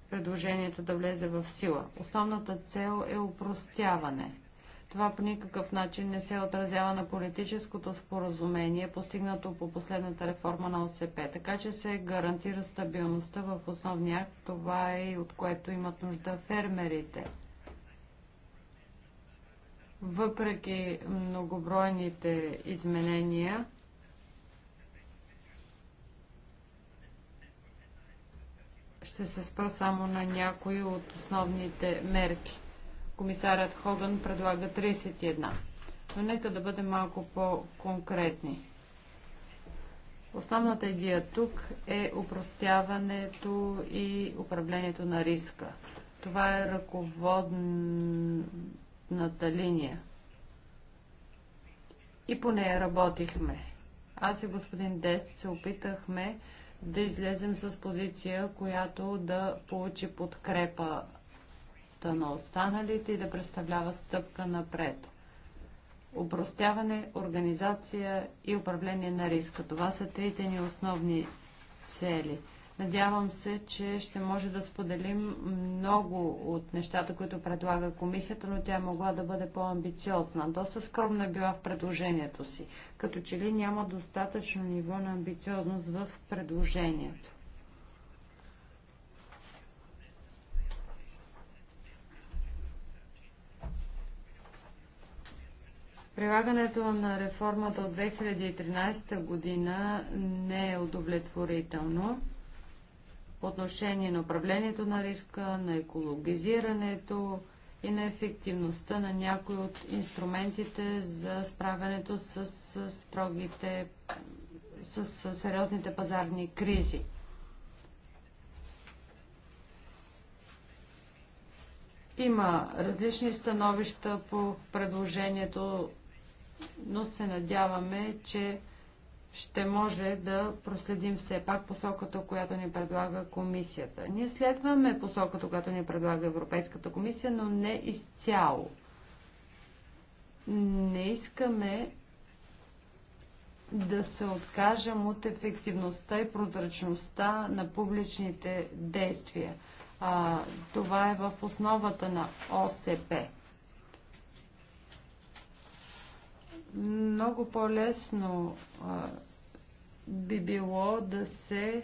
предложението да влезе в сила. Основната цел е упростяване. Това по никакъв начин не се отразява на политическото споразумение, постигнато по последната реформа на ОСП. Така че се гарантира стабилността в основния. Това е и от което имат нужда фермерите. Въпреки многобройните изменения, ще се спра само на някои от основните мерки. Комисарят Хоган предлага 31. Но нека да бъдем малко по-конкретни. Основната идея тук е упростяването и управлението на риска. Това е ръководно пътната линия. И по нея работихме. Аз и господин Дес се опитахме да излезем с позиция, която да получи подкрепа на останалите и да представлява стъпка напред. Опростяване, организация и управление на риска. Това са трите ни основни цели – Надявам се, че ще може да споделим много от нещата, които предлага комисията, но тя могла да бъде по-амбициозна. Доста скромна е била в предложението си, като че ли няма достатъчно ниво на амбициозност в предложението. Прилагането на реформата от 2013 година не е удовлетворително по отношение на управлението на риска, на екологизирането и на ефективността на някои от инструментите за справянето с, с строгите, с, с сериозните пазарни кризи. Има различни становища по предложението, но се надяваме, че ще може да проследим все пак посоката, която ни предлага комисията. Ние следваме посоката, която ни предлага Европейската комисия, но не изцяло. Не искаме да се откажем от ефективността и прозрачността на публичните действия. А, това е в основата на ОСП. Много по-лесно би било да се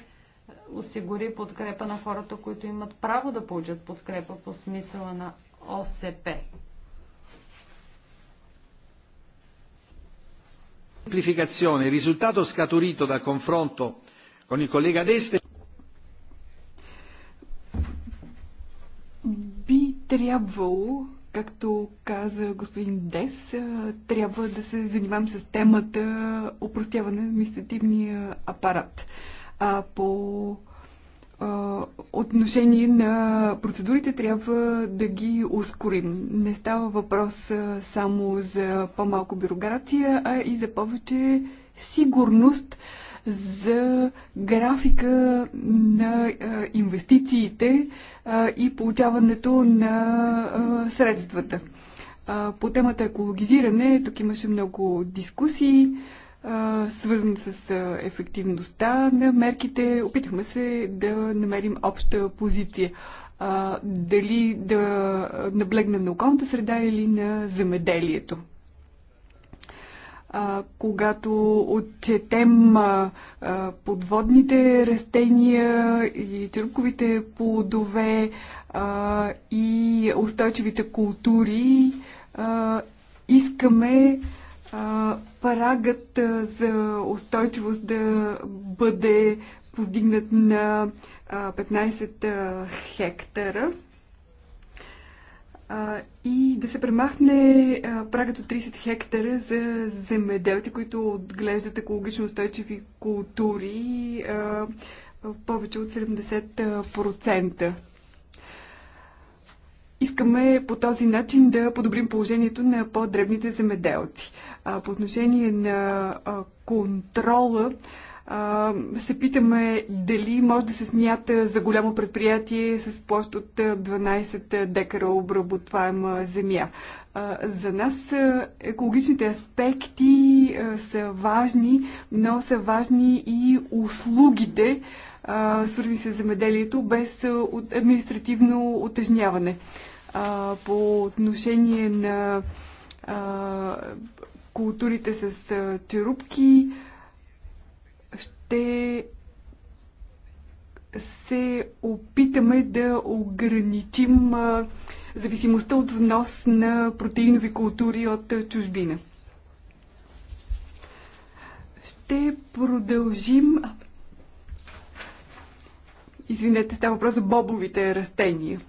осигури подкрепа на хората, които имат право да получат подкрепа по смисъла на ОСП. Semplificazione, il risultato scaturito dal confronto con il collega Deste. Би трябвало Както каза господин Дес, трябва да се занимавам с темата упростяване на административния апарат. А по отношение на процедурите трябва да ги ускорим. Не става въпрос само за по-малко бюрокрация, а и за повече сигурност за графика на инвестициите и получаването на средствата. По темата екологизиране, тук имаше много дискусии, свързани с ефективността на мерките. Опитахме се да намерим обща позиция. Дали да наблегнем на околната среда или на замеделието а, когато отчетем а, а, подводните растения и черупковите плодове а, и устойчивите култури, а, искаме а, парагът а, за устойчивост да бъде повдигнат на а, 15 а, хектара и да се премахне прагът от 30 хектара за земеделци, които отглеждат екологично устойчиви култури повече от 70%. Искаме по този начин да подобрим положението на по-дребните земеделци. По отношение на контрола, се питаме дали може да се смята за голямо предприятие с площ от 12 декара обработваема земя. За нас екологичните аспекти са важни, но са важни и услугите, свързани с земеделието, без административно отежняване. По отношение на културите с черупки, ще се опитаме да ограничим зависимостта от внос на протеинови култури от чужбина. Ще продължим. Извинете, става въпрос за бобовите растения.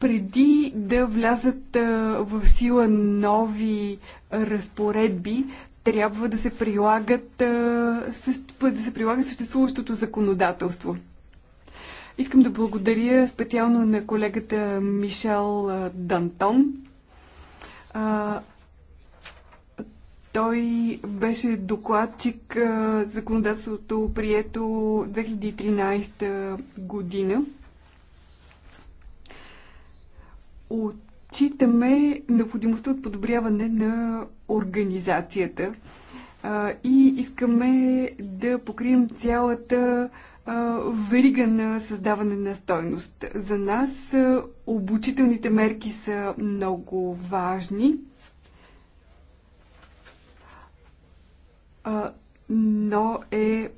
Преди да влязат в сила нови разпоредби, трябва да се, прилагат, да се прилага съществуващото законодателство. Искам да благодаря специално на колегата Мишел Дантон. Той беше докладчик законодателството прието 2013 година. отчитаме необходимостта от подобряване на организацията а, и искаме да покрием цялата верига на създаване на стойност. За нас обучителните мерки са много важни. но е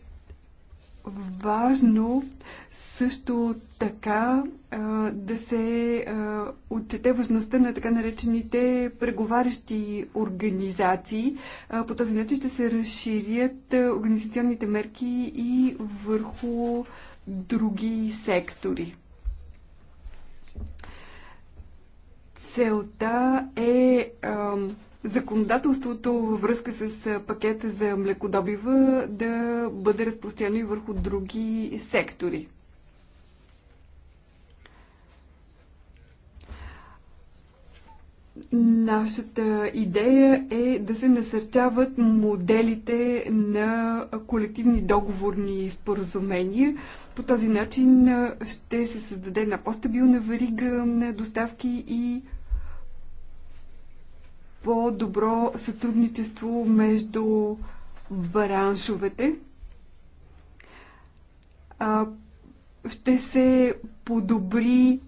важно също така а, да се а, отчете важността на така наречените преговарящи организации. А, по този начин ще се разширят организационните мерки и върху други сектори. Целта е а, законодателството във връзка с пакета за млекодобива да бъде разпространено и върху други сектори. Нашата идея е да се насърчават моделите на колективни договорни споразумения. По този начин ще се създаде една по-стабилна варига на доставки и по-добро сътрудничество между браншовете. Ще се подобри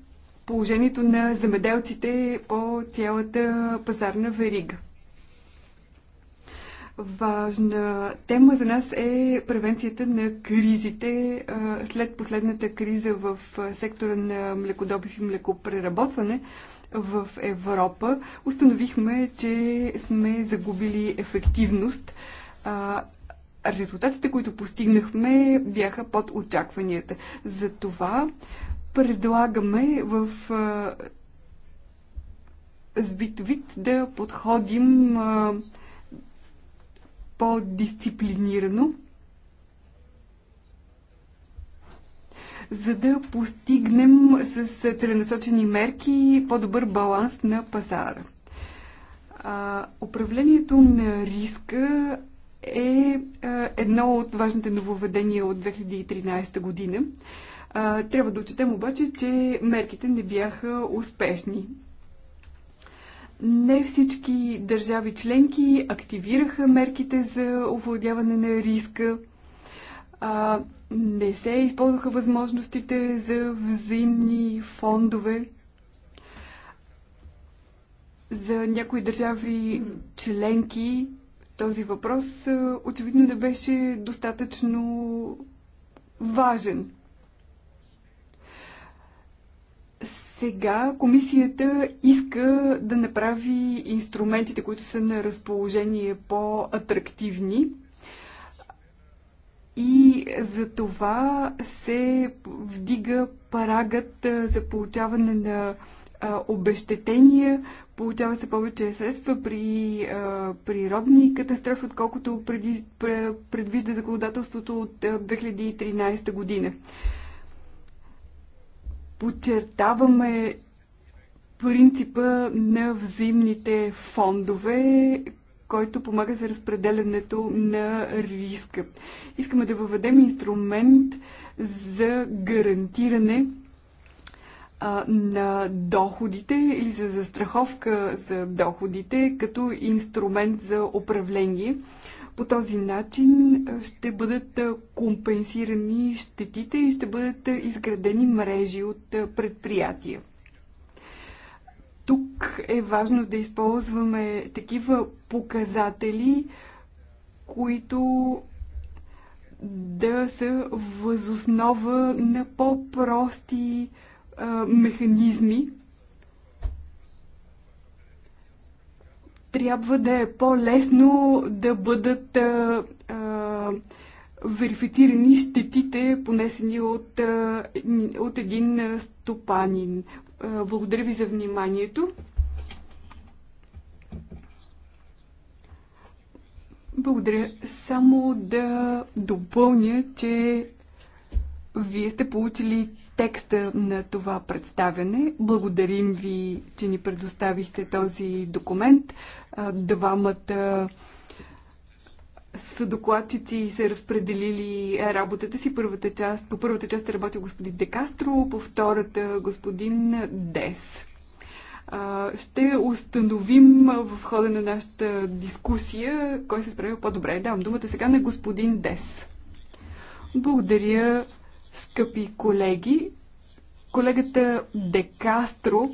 положението на земеделците по цялата пазарна верига. Важна тема за нас е превенцията на кризите. След последната криза в сектора на млекодобив и млекопреработване, в Европа, установихме, че сме загубили ефективност. А, резултатите, които постигнахме, бяха под очакванията. Затова предлагаме в а, да подходим а, по-дисциплинирано за да постигнем с целенасочени мерки по-добър баланс на пазара. А, управлението на риска е а, едно от важните нововведения от 2013 година. А, трябва да отчетем обаче, че мерките не бяха успешни. Не всички държави членки активираха мерките за овладяване на риска а, не се използваха възможностите за взаимни фондове. За някои държави членки този въпрос очевидно не беше достатъчно важен. Сега комисията иска да направи инструментите, които са на разположение по-атрактивни – и за това се вдига парагът за получаване на обещетения, получават се повече средства при природни катастрофи, отколкото предвижда законодателството от 2013 година. Подчертаваме принципа на взаимните фондове, който помага за разпределянето на риска. Искаме да въведем инструмент за гарантиране на доходите или за застраховка за доходите като инструмент за управление. По този начин ще бъдат компенсирани щетите и ще бъдат изградени мрежи от предприятия. Тук е важно да използваме такива показатели, които да са възоснова на по-прости механизми. Трябва да е по-лесно да бъдат а, а, верифицирани щетите, понесени от, а, от един стопанин. Благодаря ви за вниманието. Благодаря. Само да допълня, че вие сте получили текста на това представяне. Благодарим ви, че ни предоставихте този документ. Двамата са докладчици и са разпределили е, работата си. Първата част, по първата част е работил господин Декастро, по втората господин Дес. Ще установим в хода на нашата дискусия кой се справил по-добре. Давам думата сега на господин Дес. Благодаря, скъпи колеги. Колегата Декастро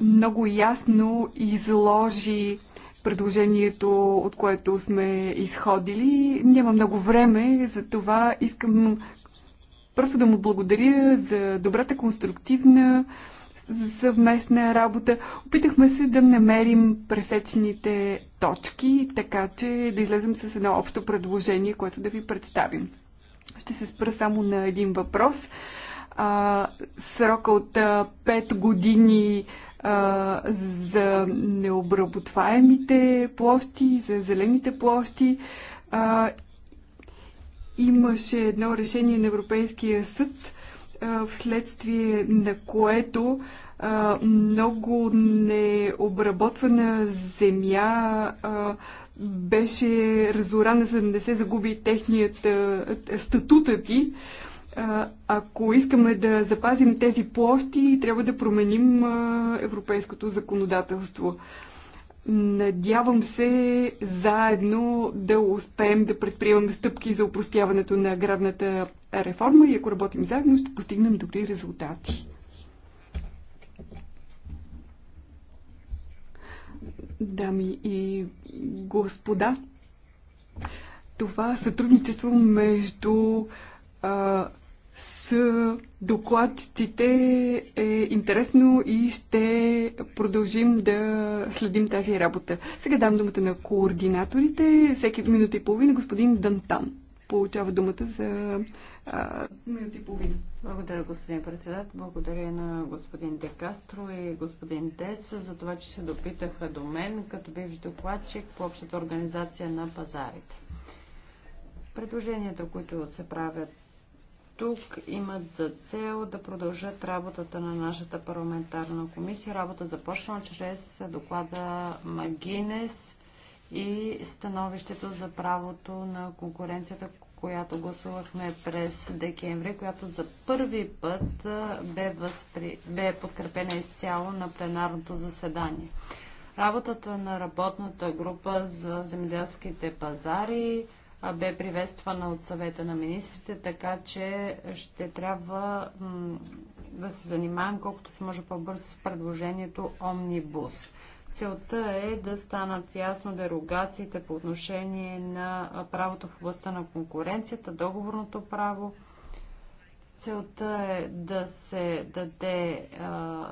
много ясно изложи предложението, от което сме изходили. Няма много време, за това искам просто да му благодаря за добрата, конструктивна, за съвместна работа. Опитахме се да намерим пресечните точки, така че да излезем с едно общо предложение, което да ви представим. Ще се спра само на един въпрос. А, срока от 5 години а, за необработваемите площи, за зелените площи. А, имаше едно решение на Европейския съд, а, вследствие на което а, много необработвана земя а, беше разорана, за да не се загуби техният а, статутът ти. А, ако искаме да запазим тези площи, трябва да променим европейското законодателство. Надявам се заедно да успеем да предприемаме стъпки за упростяването на аграрната реформа и ако работим заедно, ще постигнем добри резултати. Дами и господа, това сътрудничество между а, докладчиците е интересно и ще продължим да следим тази работа. Сега дам думата на координаторите. Всеки минута и половина господин Дантан получава думата за а, минута и половина. Благодаря, господин председател. Благодаря на господин Декастро и господин Дес за това, че се допитаха до мен като бивш докладчик по общата организация на пазарите. Предложенията, които се правят тук имат за цел да продължат работата на нашата парламентарна комисия. Работа започна чрез доклада Магинес и становището за правото на конкуренцията, която гласувахме през декември, която за първи път бе, възпри... бе подкрепена изцяло на пленарното заседание. Работата на работната група за земеделските пазари бе приветствана от съвета на министрите, така че ще трябва да се занимаем колкото се може по-бързо с предложението Омнибус. Целта е да станат ясно дерогациите по отношение на правото в областта на конкуренцията, договорното право, Целта е да се, даде,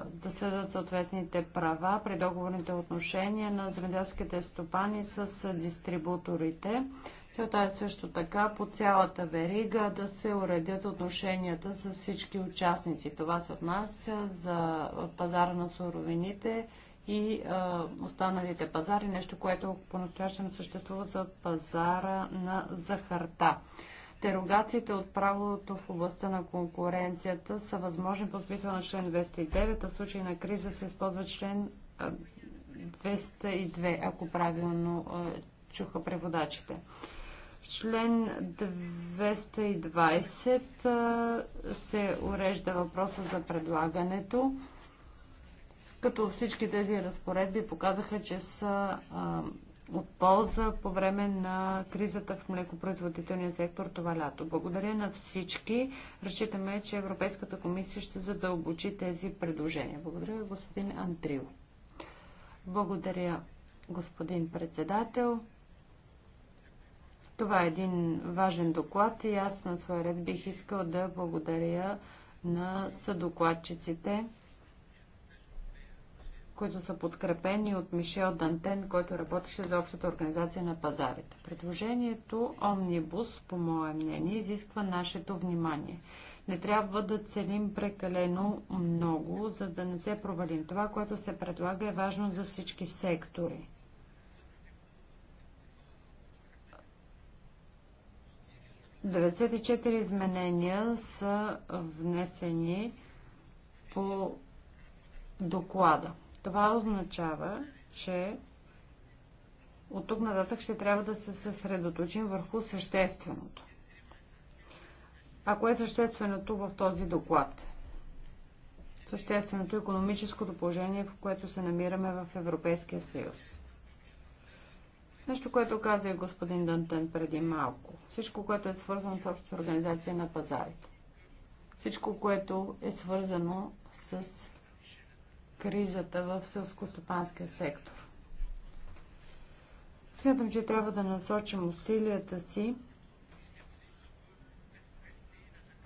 да се дадат съответните права при договорните отношения на земеделските стопани с дистрибуторите. Целта е също така по цялата верига да се уредят отношенията с всички участници. Това се отнася за пазара на суровините и останалите пазари, нещо, което по-настоящем съществува за пазара на захарта. Дерогациите от правото в областта на конкуренцията са възможни по смисъл на член 209, а в случай на криза се използва член 202, ако правилно чуха преводачите. В член 220 се урежда въпроса за предлагането, като всички тези разпоредби показаха, че са от полза по време на кризата в млекопроизводителния сектор това лято. Благодаря на всички. Разчитаме, че Европейската комисия ще задълбочи тези предложения. Благодаря, господин Андрил. Благодаря, господин председател. Това е един важен доклад и аз на своя ред бих искал да благодаря на съдокладчиците които са подкрепени от Мишел Дантен, който работеше за общата организация на пазарите. Предложението Омнибус, по мое мнение, изисква нашето внимание. Не трябва да целим прекалено много, за да не се провалим. Това, което се предлага, е важно за всички сектори. Деветдесет изменения са внесени по доклада. Това означава, че от тук нататък ще трябва да се съсредоточим върху същественото. А кое е същественото в този доклад? Същественото економическото положение, в което се намираме в Европейския съюз. Нещо, което каза и господин Дантен преди малко. Всичко, което е свързано с общата организация на пазарите. Всичко, което е свързано с кризата в селскостопанския сектор. Смятам, че трябва да насочим усилията си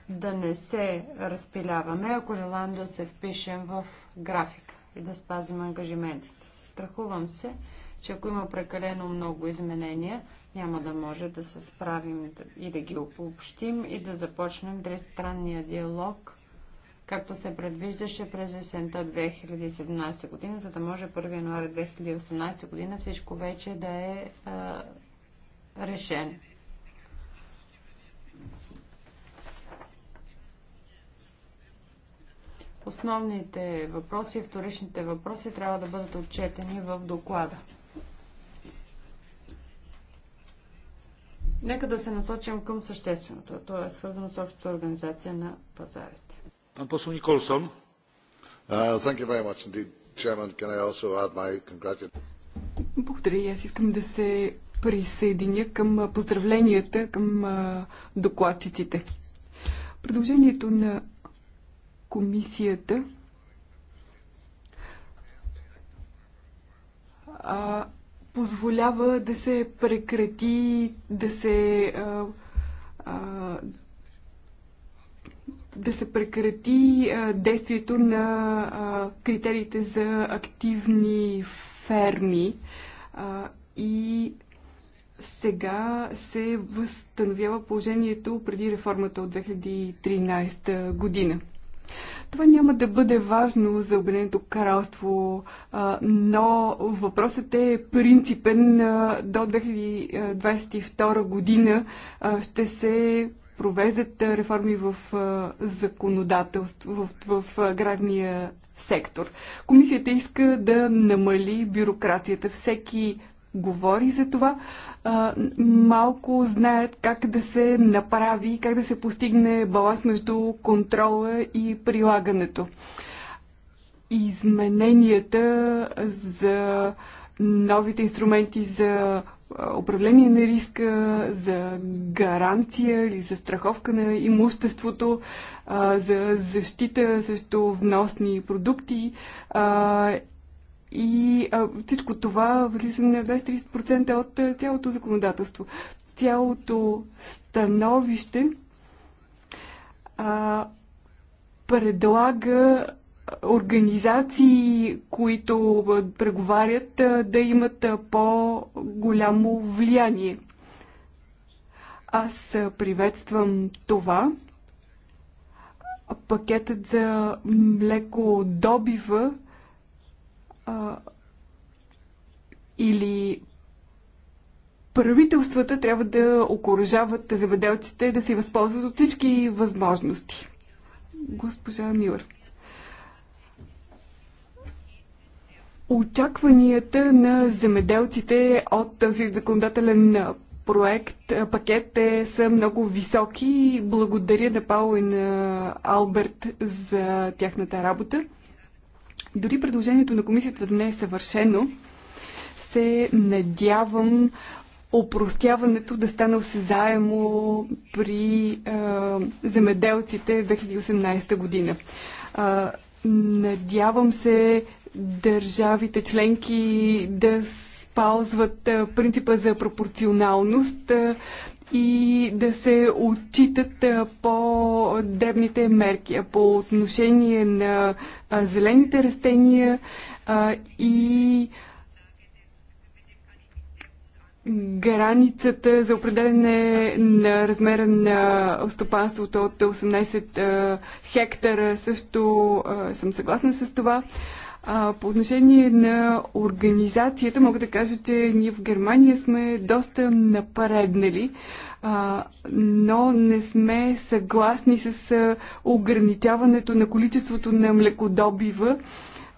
да не се разпиляваме, ако желаем да се впишем в графика и да спазим ангажиментите си. Страхувам се, че ако има прекалено много изменения, няма да може да се справим и да ги обобщим и да започнем тристранния диалог както се предвиждаше през есента 2017 година, за да може 1 януаря 2018 година всичко вече да е а, решено. Основните въпроси и вторичните въпроси трябва да бъдат отчетени в доклада. Нека да се насочим към същественото. т.е. е свързано с общата организация на пазарите. Uh, Благодаря и аз искам да се присъединя към поздравленията към докладчиците. Предложението на комисията позволява да се прекрати, да се а, а, да се прекрати а, действието на а, критериите за активни ферми а, и сега се възстановява положението преди реформата от 2013 година. Това няма да бъде важно за Обединеното кралство, но въпросът е принципен. До 2022 година ще се провеждат реформи в законодателство, в, аграрния сектор. Комисията иска да намали бюрокрацията. Всеки говори за това. Малко знаят как да се направи, как да се постигне баланс между контрола и прилагането. Измененията за новите инструменти за управление на риска, за гаранция или за страховка на имуществото, за защита срещу вносни продукти. И всичко това възлиза на 20-30% от цялото законодателство. Цялото становище предлага организации, които преговарят, да имат по-голямо влияние. Аз приветствам това. Пакетът за млеко добива а, или правителствата трябва да окоръжават заведелците да се възползват от всички възможности. Госпожа Милър. очакванията на земеделците от този законодателен проект, пакет е, са много високи. Благодаря на Пао и на Алберт за тяхната работа. Дори предложението на комисията не е съвършено, се надявам опростяването да стане осезаемо при е, земеделците 2018 година. Е, надявам се държавите членки да спазват принципа за пропорционалност и да се отчитат по-дребните мерки. По отношение на зелените растения и границата за определене на размера на стопанството от 18 хектара също съм съгласна с това. А, по отношение на организацията, мога да кажа, че ние в Германия сме доста напреднали, а, но не сме съгласни с а, ограничаването на количеството на млекодобива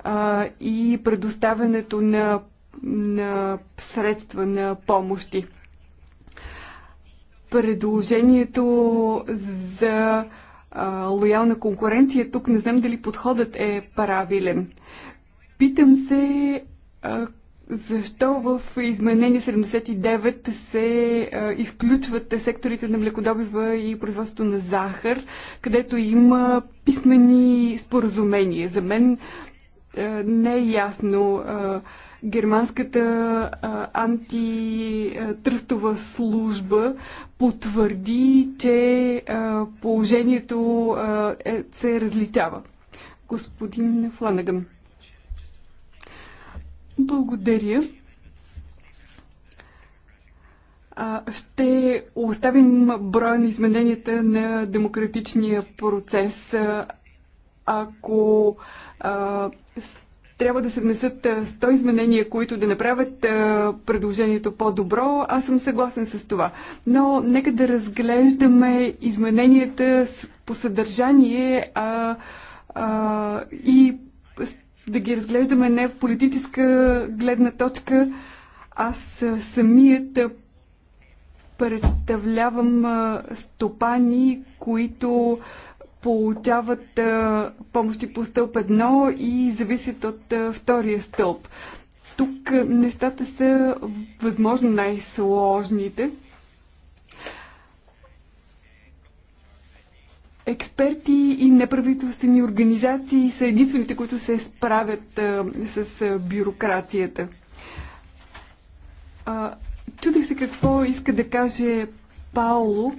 а, и предоставянето на, на средства на помощи. Предложението за лоялна конкуренция, тук не знам дали подходът е правилен. Питам се а, защо в изменение 79 се а, изключват секторите на млекодобива и производството на захар, където има писмени споразумения. За мен а, не е ясно. А, германската антитръстова служба потвърди, че положението е, се различава. Господин Фланаган. Благодаря. Ще оставим броя на измененията на демократичния процес. Ако а, трябва да се внесат 100 изменения, които да направят предложението по-добро. Аз съм съгласен с това. Но нека да разглеждаме измененията по съдържание а, а, и да ги разглеждаме не в политическа гледна точка. Аз самият представлявам стопани, които получават помощи по стълб 1 и зависят от втория стълб. Тук нещата са възможно най-сложните. Експерти и неправителствени организации са единствените, които се справят а, с а, бюрокрацията. чудих се какво иска да каже Пауло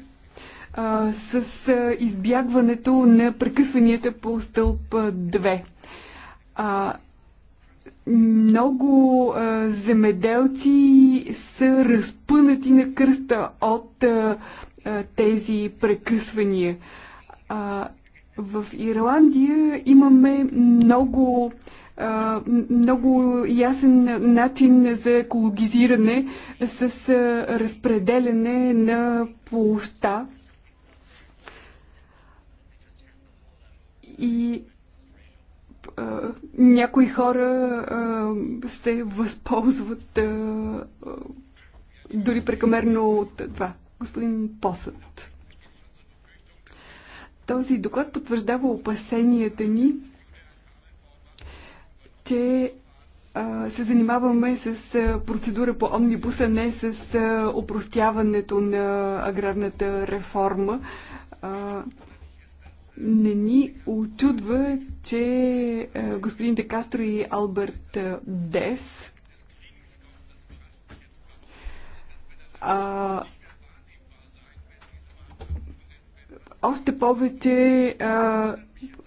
а, с а, избягването на прекъсванията по стълб 2. А, много а, земеделци са разпънати на кръста от а, а, тези прекъсвания. А, в Ирландия имаме много, а, много ясен начин за екологизиране с а, разпределяне на площа и а, някои хора а, се възползват а, дори прекомерно от това. Господин Посът. Този доклад потвърждава опасенията ни, че се занимаваме с процедура по омнибуса, не с опростяването на аграрната реформа. Не ни очудва, че е, господин Декастро и Алберт Дес а, още повече а,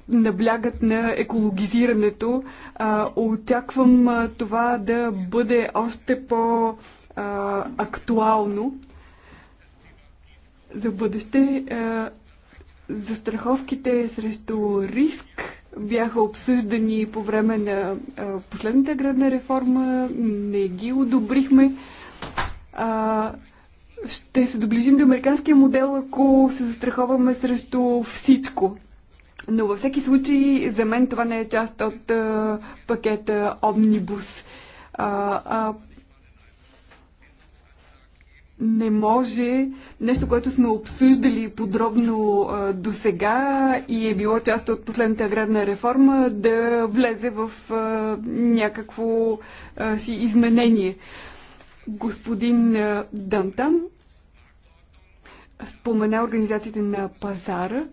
наблягат на екологизирането. А, очаквам а, това да бъде още по-актуално за бъдеще. А, Застраховките срещу риск бяха обсъждани по време на последната градна реформа, не ги одобрихме. Ще се доближим до американския модел, ако се застраховаме срещу всичко. Но във всеки случай, за мен това не е част от а, пакета Omnibus. А, а не може нещо, което сме обсъждали подробно до сега и е било част от последната аграрна реформа, да влезе в а, някакво а, си изменение. Господин а, Дантан спомена организациите на пазара.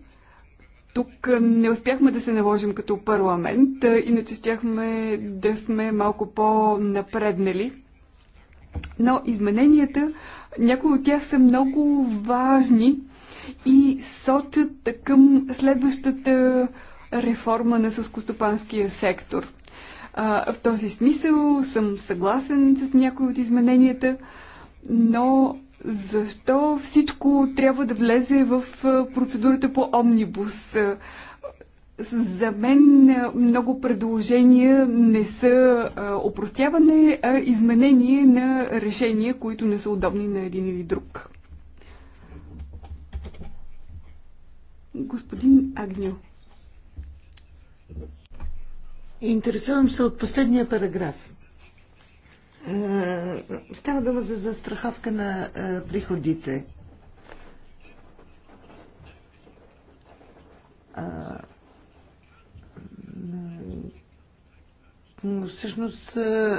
Тук не успяхме да се наложим като парламент, иначе щяхме да сме малко по-напреднали но измененията, някои от тях са много важни и сочат към следващата реформа на съскостопанския сектор. А, в този смисъл съм съгласен с някои от измененията, но защо всичко трябва да влезе в процедурата по омнибус? за мен е, много предложения не са е, опростяване, а изменение на решения, които не са удобни на един или друг. Господин Агню. Интересувам се от последния параграф. Е, става дума за застраховка на приходите. всъщност е, е,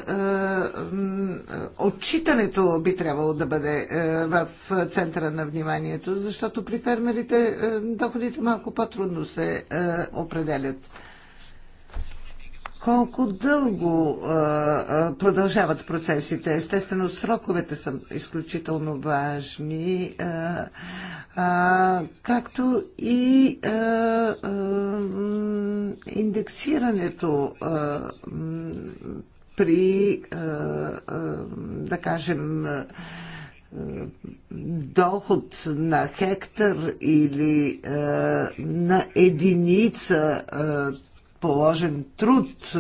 отчитането би трябвало да бъде е, в центъра на вниманието, защото при фермерите доходите малко по-трудно се определят колко дълго продължават процесите. Естествено, сроковете са изключително важни, както и индексирането при, да кажем, доход на хектар или на единица положен труд.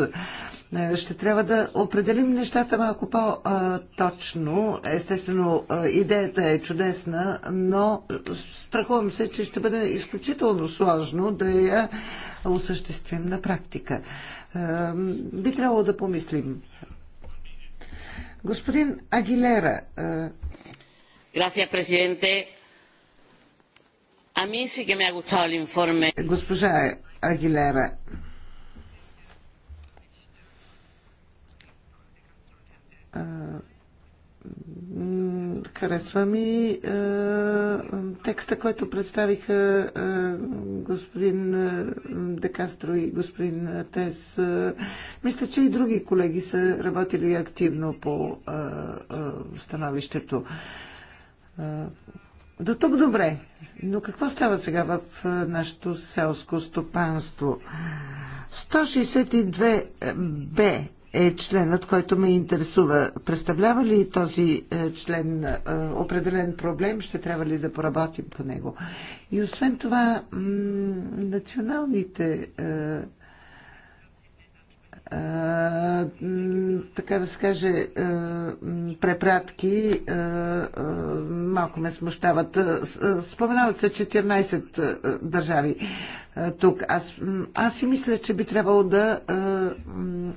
Е, ще трябва да определим нещата малко по-точно. Естествено, е, идеята е чудесна, но страхувам се, че ще бъде изключително сложно да я осъществим на практика. Е, би трябвало да помислим. Господин Агилера. Грация, президенте. Ами си sí Госпожа Агилера, Харесва ми е, текста, който представиха е, господин е, Декастро и господин Тес. Е, мисля, че и други колеги са работили активно по е, е, становището. Е, до тук добре, но какво става сега в е, нашето селско стопанство? 162 е, Б е членът, който ме интересува. Представлява ли този е, член е, определен проблем? Ще трябва ли да поработим по него? И освен това, националните е, така да се каже, препратки малко ме смущават. Споменават се 14 държави тук. Аз, аз и мисля, че би трябвало да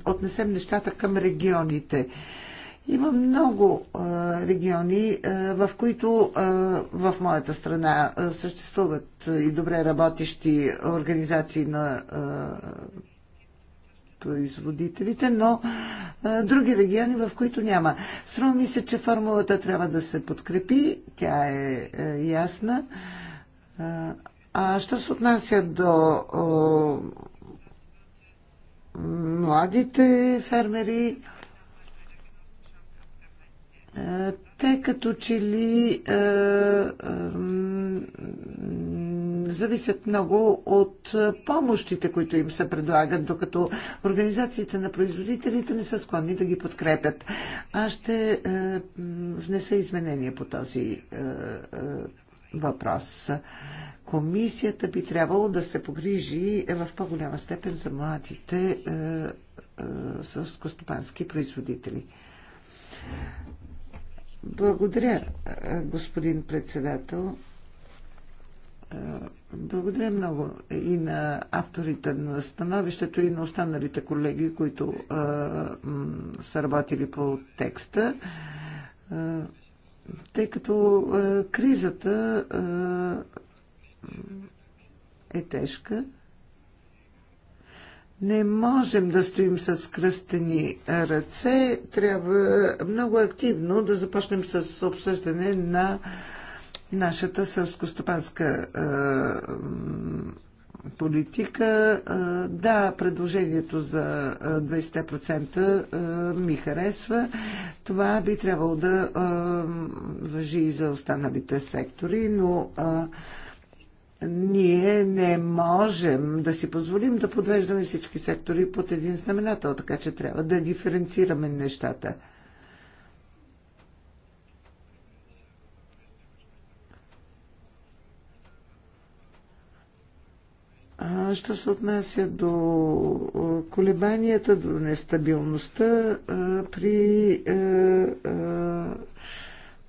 отнесем нещата към регионите. Има много региони, в които в моята страна съществуват и добре работещи организации на производителите, но а, други региони, в които няма. Струва ми се, че формулата трябва да се подкрепи, тя е, е ясна. А, а що се отнася до о, младите фермери, е, те като че ли е, е, зависят много от помощите, които им се предлагат, докато организациите на производителите не са склонни да ги подкрепят. Аз ще е, внеса изменения по този е, е, въпрос. Комисията би трябвало да се погрижи в по-голяма степен за младите е, е, с костопански производители. Благодаря, господин председател. Благодаря много и на авторите на становището и на останалите колеги, които са работили по текста. тъй като кризата е тежка, не можем да стоим с кръстени ръце. Трябва много активно да започнем с обсъждане на нашата сълскостопанска е, политика. Е, да, предложението за 20% е, ми харесва. Това би трябвало да въжи и за останалите сектори, но ние не можем да си позволим да подвеждаме всички сектори под един знаменател, така че трябва да диференцираме нещата. А що се отнася до колебанията, до нестабилността при е, е,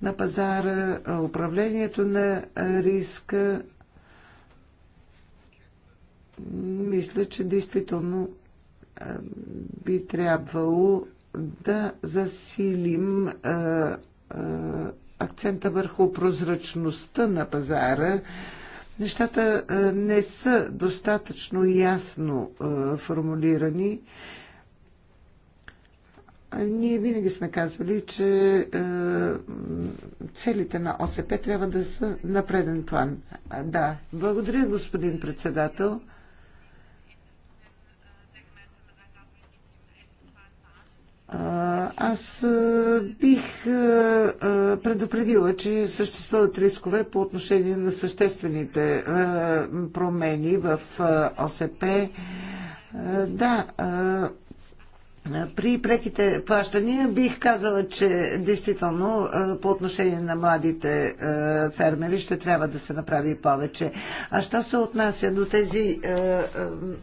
на пазара, управлението на риска мисля, че действително би трябвало да засилим акцента върху прозрачността на пазара. Нещата не са достатъчно ясно формулирани. Ние винаги сме казвали, че е, целите на ОСП трябва да са на преден план. Да, благодаря, господин председател. Аз бих предупредила, че съществуват рискове по отношение на съществените промени в ОСП. Да, при преките плащания бих казала, че действително по отношение на младите фермери ще трябва да се направи повече. А що се отнася до тези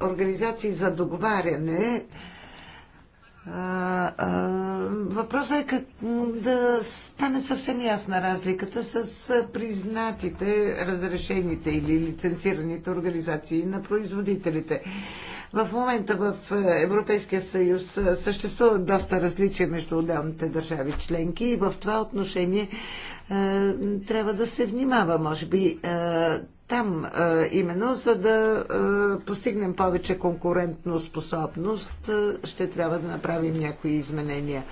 организации за договаряне, Въпросът е как да стане съвсем ясна разликата с признатите, разрешените или лицензираните организации на производителите. В момента в Европейския съюз съществува доста различия между отделните държави членки и в това отношение е, трябва да се внимава, може би, е, там е, именно, за да постигнем повече конкурентно способност, ще трябва да направим някои изменения.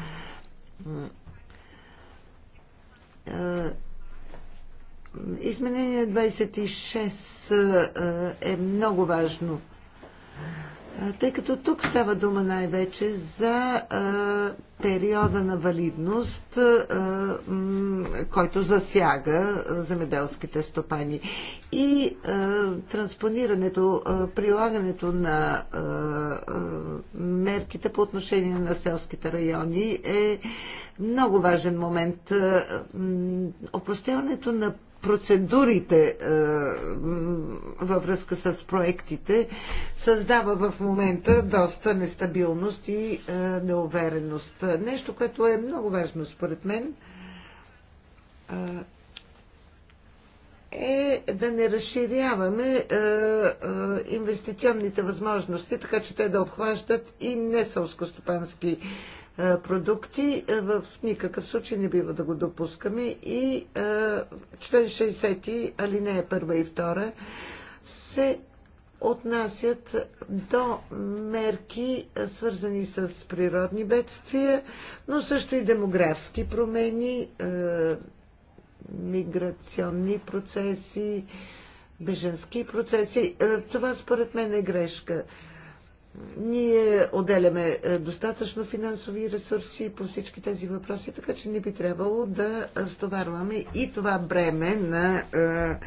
Изменение 26 е много важно тъй като тук става дума най-вече за а, периода на валидност, а, м, който засяга земеделските стопани. И а, транспонирането, а, прилагането на а, а, мерките по отношение на селските райони е много важен момент. Опростяването на процедурите е, във връзка с проектите създава в момента доста нестабилност и е, неувереност. Нещо, което е много важно според мен е, е да не разширяваме е, е, инвестиционните възможности, така че те да обхващат и не сълскостопански. Е, продукти. Е, в никакъв случай не бива да го допускаме. И е, член 60, алинея 1 и 2 се отнасят до мерки, свързани с природни бедствия, но също и демографски промени, миграционни процеси, беженски процеси. Това според мен е грешка. Ние отделяме е, достатъчно финансови ресурси по всички тези въпроси, така че не би трябвало да е, стоварваме и това бреме на, е,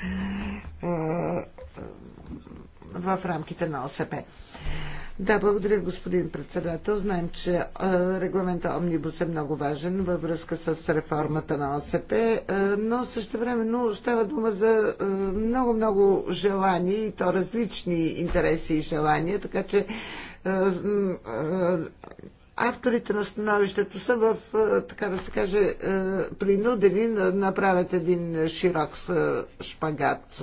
в рамките на ОСП. Да, благодаря, господин председател. Знаем, че регламента Омнибус е много важен във връзка с реформата на ОСП, но същевременно става дума за много-много желания и то различни интереси и желания, така че авторите на становището са в, така да се каже, принудени да направят един широк шпагат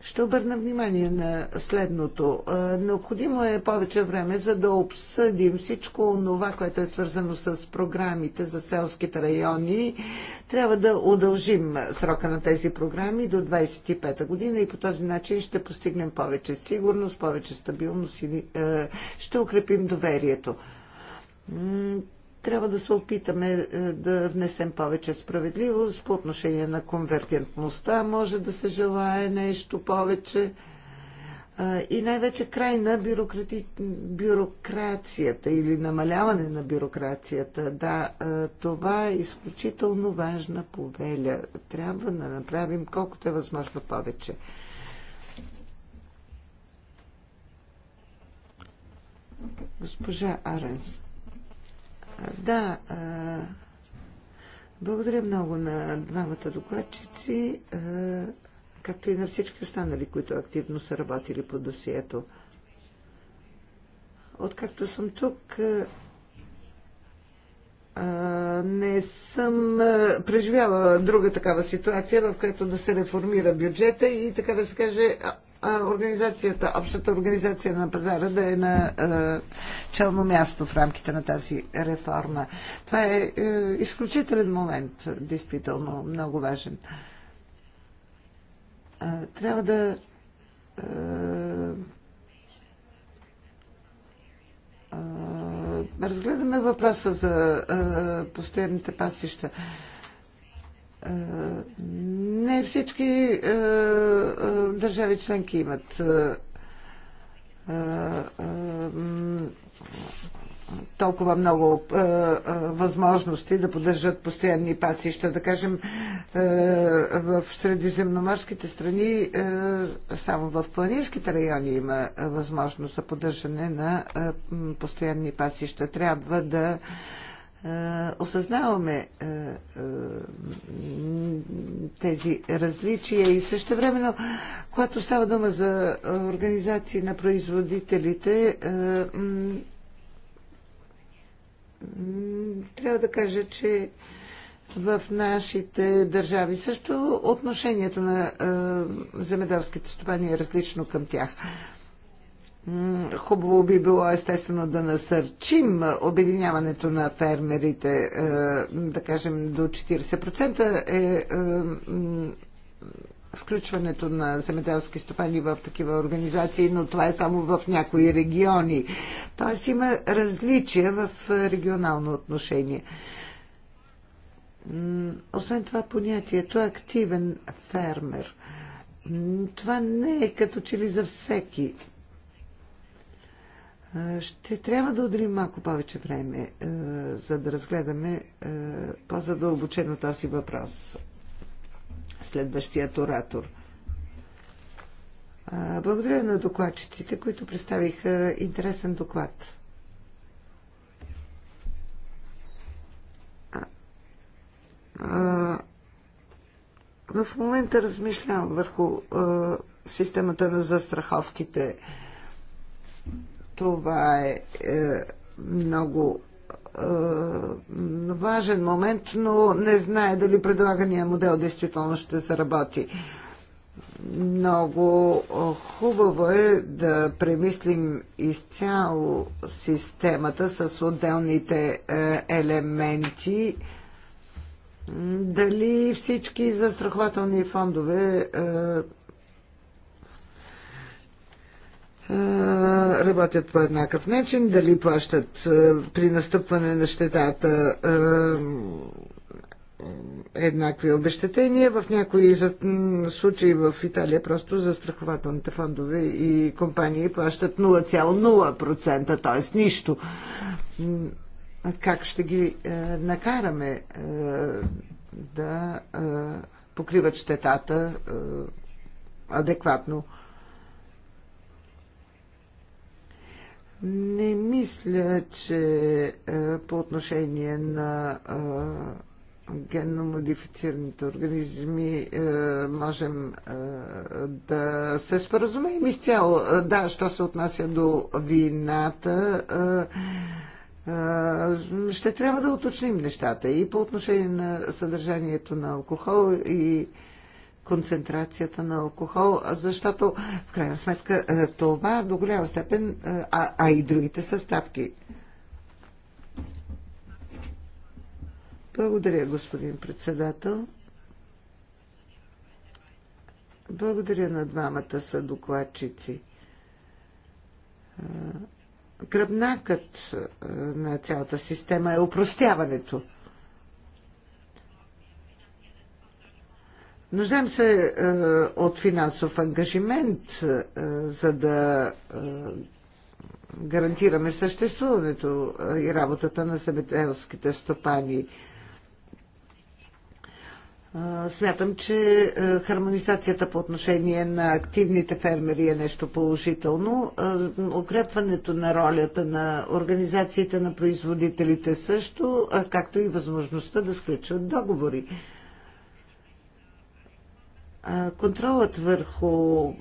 ще обърна внимание на следното. Необходимо е повече време, за да обсъдим всичко това, което е свързано с програмите за селските райони. Трябва да удължим срока на тези програми до 25-та година и по този начин ще постигнем повече сигурност, повече стабилност и ще укрепим доверието трябва да се опитаме е, да внесем повече справедливост по отношение на конвергентността. Може да се желае нещо повече е, и най-вече край на бюрократи... бюрокрацията или намаляване на бюрокрацията. Да, е, това е изключително важна повеля. Трябва да направим колкото е възможно повече. Госпожа Аренс. Да, благодаря много на двамата докладчици, както и на всички останали, които активно са работили по досието. Откакто съм тук, не съм преживяла друга такава ситуация, в която да се реформира бюджета и така да се каже, организацията, общата организация на пазара да е на челно място в рамките на тази реформа. Това е, е изключителен момент, действително много важен. Трябва да разгледаме въпроса за постоянните пасища. Не всички е, е, държави членки имат е, толкова много възможности да поддържат постоянни пасища. Да кажем, в средиземноморските страни, само в планинските райони има възможност за поддържане на постоянни пасища. Трябва да осъзнаваме тези различия и също времено, когато става дума за организации на производителите, трябва да кажа, че в нашите държави също отношението на земедалските стопани е различно към тях. Хубаво би било естествено да насърчим обединяването на фермерите, е, да кажем до 40% е, е включването на земеделски стопани в такива организации, но това е само в някои региони. Тоест има различия в регионално отношение. Освен това понятието активен фермер. Това не е като че ли за всеки ще трябва да отделим малко повече време, за да разгледаме по-задълбочено този въпрос. Следващият оратор. Благодаря на докладчиците, които представиха интересен доклад. В момента размишлявам върху системата на застраховките. Това е, е много е, важен момент, но не знае дали предлагания модел действително ще се работи. Много е, хубаво е да премислим изцяло системата с отделните е, елементи. Дали всички застрахователни фондове е, Е, работят по еднакъв начин, дали плащат е, при настъпване на щетата е, еднакви обещетения. В някои случаи в Италия просто застрахователните фондове и компании плащат 0,0%, т.е. нищо. Как ще ги накараме да покриват щетата адекватно? Не мисля, че е, по отношение на е, генно модифицираните организми е, можем да се споразумеем изцяло. Да, що се отнася до вината, ще трябва да уточним нещата и по отношение на съдържанието на алкохол и концентрацията на алкохол, защото в крайна сметка е, това до голяма степен, е, а, а и другите съставки. Благодаря, господин председател. Благодаря на двамата са докладчици. Е, гръбнакът на цялата система е упростяването – Нуждаем се е, от финансов ангажимент, е, за да е, гарантираме съществуването е, и работата на земеделските стопани. Е, смятам, че е, хармонизацията по отношение на активните фермери е нещо положително. Укрепването на ролята на организациите на производителите също, както и възможността да сключват договори контролът върху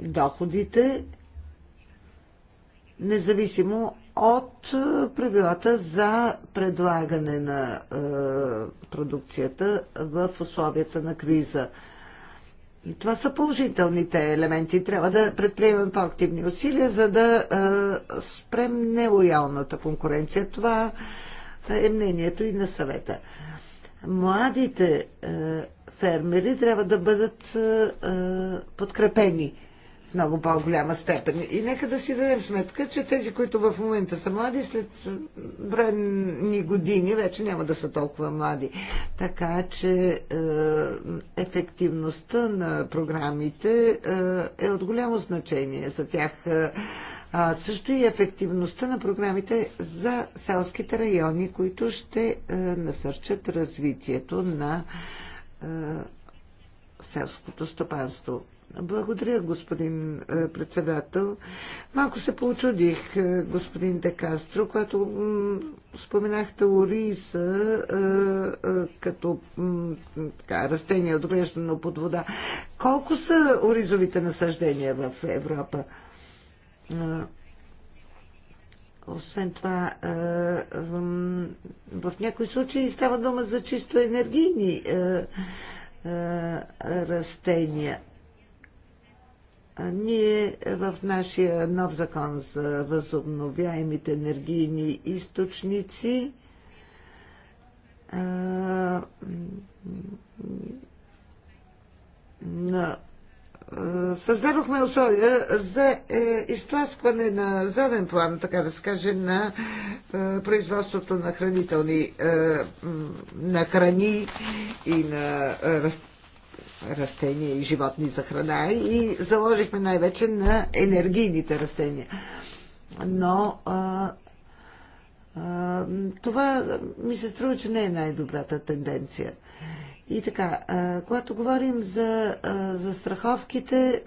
доходите, независимо от правилата за предлагане на продукцията в условията на криза. Това са положителните елементи. Трябва да предприемем по-активни усилия, за да спрем нелоялната конкуренция. Това е мнението и на съвета. Младите фермери трябва да бъдат е, е, подкрепени в много по-голяма степен. И нека да си дадем сметка, че тези, които в момента са млади, след броени години вече няма да са толкова млади. Така че а, е, ефективността на програмите е, е от голямо значение за тях. А, също и ефективността на програмите за селските райони, които ще насърчат развитието на е, селското стопанство. Благодаря, господин е, председател. Малко се поучудих, е, господин Декастро, когато споменахте ориса като така, растение, отглеждано под вода. Колко са оризовите насъждения в Европа? Освен това, в някои случаи става дума за чисто енергийни растения. Ние в нашия нов закон за възобновяемите енергийни източници на създадохме условия за е, изтласкване на заден план, така да се каже, на е, производството на хранителни, е, на храни и на растения и животни за храна и заложихме най-вече на енергийните растения. Но това ми се струва, че не е най-добрата тенденция. И така, когато говорим за застраховките,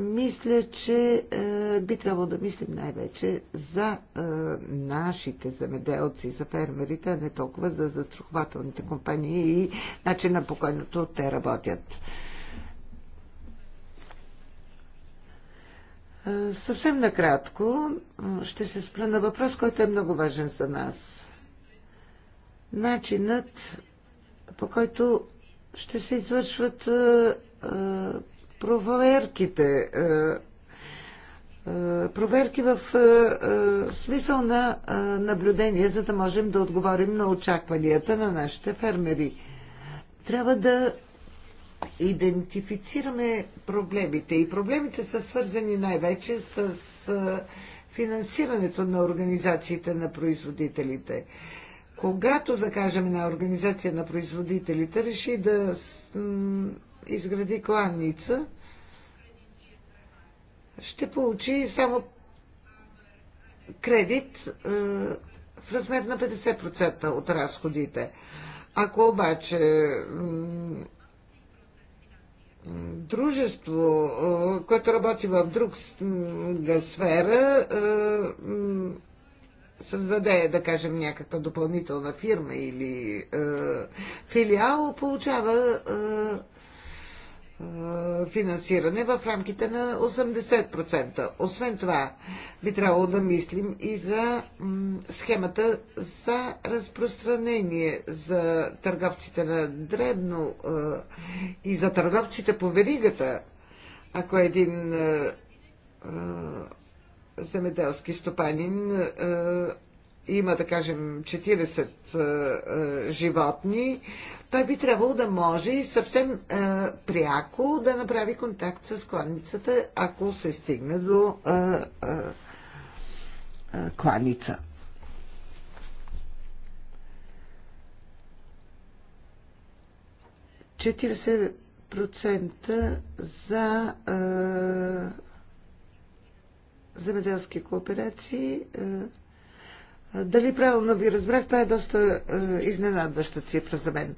мисля, че би трябвало да мислим най-вече за нашите замеделци, за фермерите, а не толкова за застрахователните компании и начина по който те работят. Съвсем накратко ще се спра на въпрос, който е много важен за нас. Начинът по който ще се извършват проверките. Проверки в смисъл на наблюдение, за да можем да отговорим на очакванията на нашите фермери. Трябва да идентифицираме проблемите. И проблемите са свързани най-вече с финансирането на организациите на производителите. Когато, да кажем, една организация на производителите реши да изгради кланница, ще получи само кредит е, в размер на 50% от разходите. Ако обаче дружество, е, което работи в друга сфера, е, създаде, да кажем, някаква допълнителна фирма или е, филиал, получава е, е, финансиране в рамките на 80%. Освен това, би трябвало да мислим и за схемата за разпространение за търговците на дребно е, и за търговците по веригата. Ако един е, е земеделски стопанин е, има, да кажем, 40 е, е, животни, той би трябвало да може и съвсем пряко да направи контакт с кланицата, ако се стигне до кланица. Четиридесет процента за а, земеделски кооперации. Е, е, дали правилно ви разбрах, това е доста е, изненадваща цифра за мен.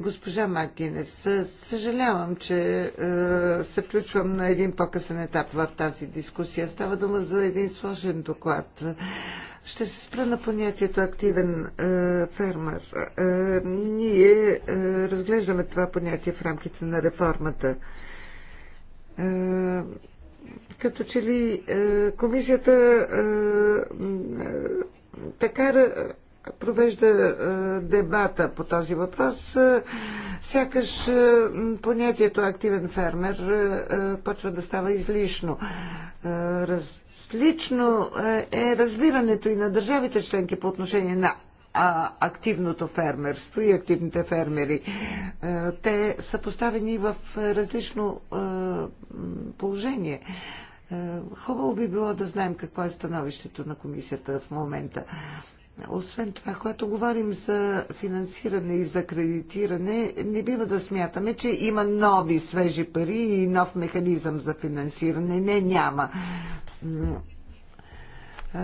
Госпожа Макинес, съжалявам, че се включвам на един по-късен етап в тази дискусия. Става дума за един сложен доклад. Ще се спра на понятието активен е, фермер. Е, ние е, разглеждаме това понятие в рамките на реформата. Е, като че ли е, комисията е, е, така провежда дебата по този въпрос, сякаш понятието активен фермер почва да става излишно. Различно е разбирането и на държавите членки по отношение на а, активното фермерство и активните фермери. Те са поставени в различно положение. Е, хубаво би било да знаем какво е становището на комисията в момента. Освен това, когато говорим за финансиране и за кредитиране, не бива да смятаме, че има нови свежи пари и нов механизъм за финансиране. Не, няма. Е,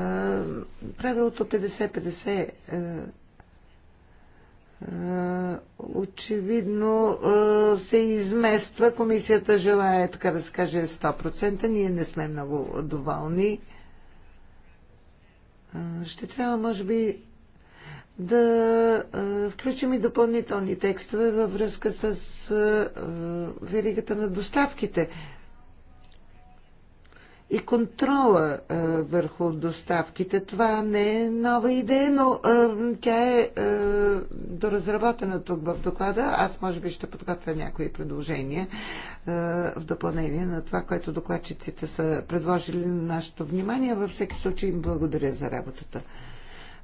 правилото 50-50 очевидно се измества. Комисията желая, така да се каже, 100%. Ние не сме много доволни. Ще трябва, може би, да включим и допълнителни текстове във връзка с веригата на доставките и контрола а, е, върху доставките. Това не е нова идея, но а, е, тя е а, е, доразработена тук в доклада. Аз може би ще подготвя някои предложения а, в допълнение на това, което докладчиците са предложили на нашето внимание. Във всеки случай им благодаря за работата.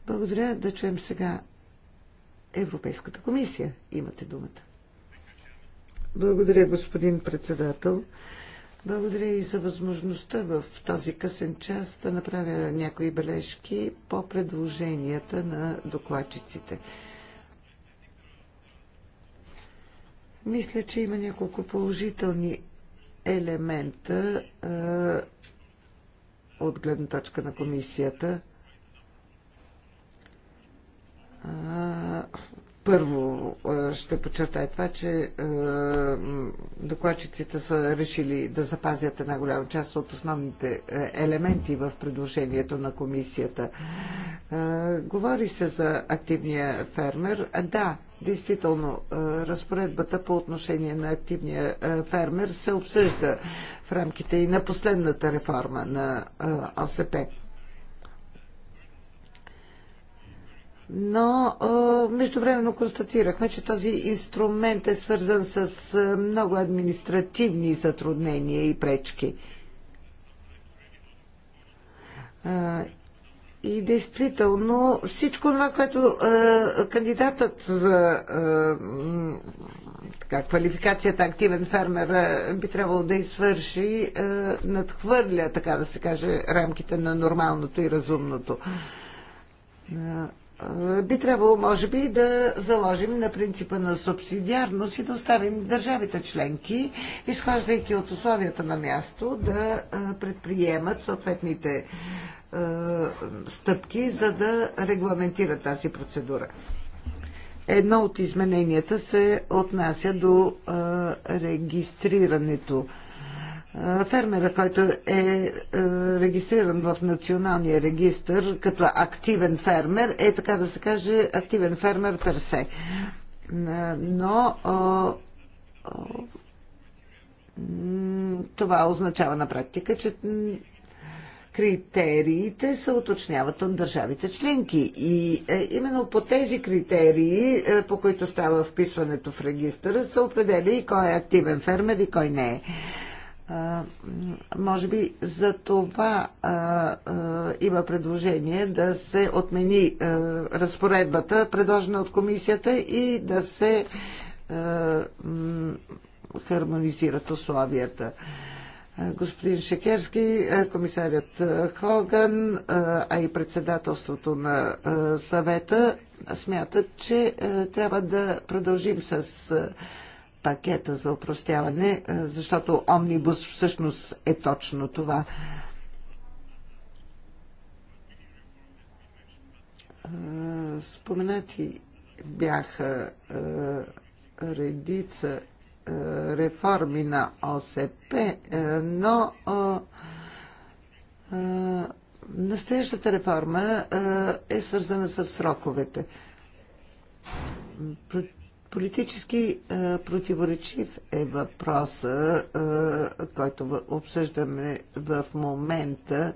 Благодаря да чуем сега Европейската комисия. Имате думата. Благодаря, господин председател. Благодаря и за възможността в този късен час да направя някои бележки по предложенията на докладчиците. Мисля, че има няколко положителни елемента е, от гледна точка на комисията. Първо е, ще подчертая това, че е, докладчиците са решили да запазят една голяма част от основните е, елементи в предложението на комисията. Говори се за активния фермер. Да, действително разпоредбата по отношение на активния фермер се обсъжда в рамките и на последната реформа на ОСП. но междувременно констатирахме, че този инструмент е свързан с много административни затруднения и пречки. И действително всичко това, което е, кандидатът за е, така, квалификацията активен фермер би трябвало да извърши, е, надхвърля, така да се каже, рамките на нормалното и разумното би трябвало, може би, да заложим на принципа на субсидиарност и да оставим държавите членки, изхождайки от условията на място, да предприемат съответните стъпки, за да регламентират тази процедура. Едно от измененията се отнася до регистрирането фермера, който е, е регистриран в Националния регистр като активен фермер, е така да се каже активен фермер персе. Но това означава на практика, че критериите се уточняват от държавите членки. И е, именно по тези критерии, е, по които става вписването в регистъра, се определя и кой е активен фермер и кой не е може би за това има предложение да се отмени разпоредбата, предложена от комисията и да се хармонизират условията. Господин Шекерски, комисарят Хоган, а и председателството на съвета смятат, че трябва да продължим с пакета за упростяване, е, защото омнибус всъщност е точно това. Е, споменати бяха е, редица реформи на ОСП, но настоящата реформа е свързана с сроковете Политически а, е, противоречив е въпроса, а, е, който обсъждаме в момента.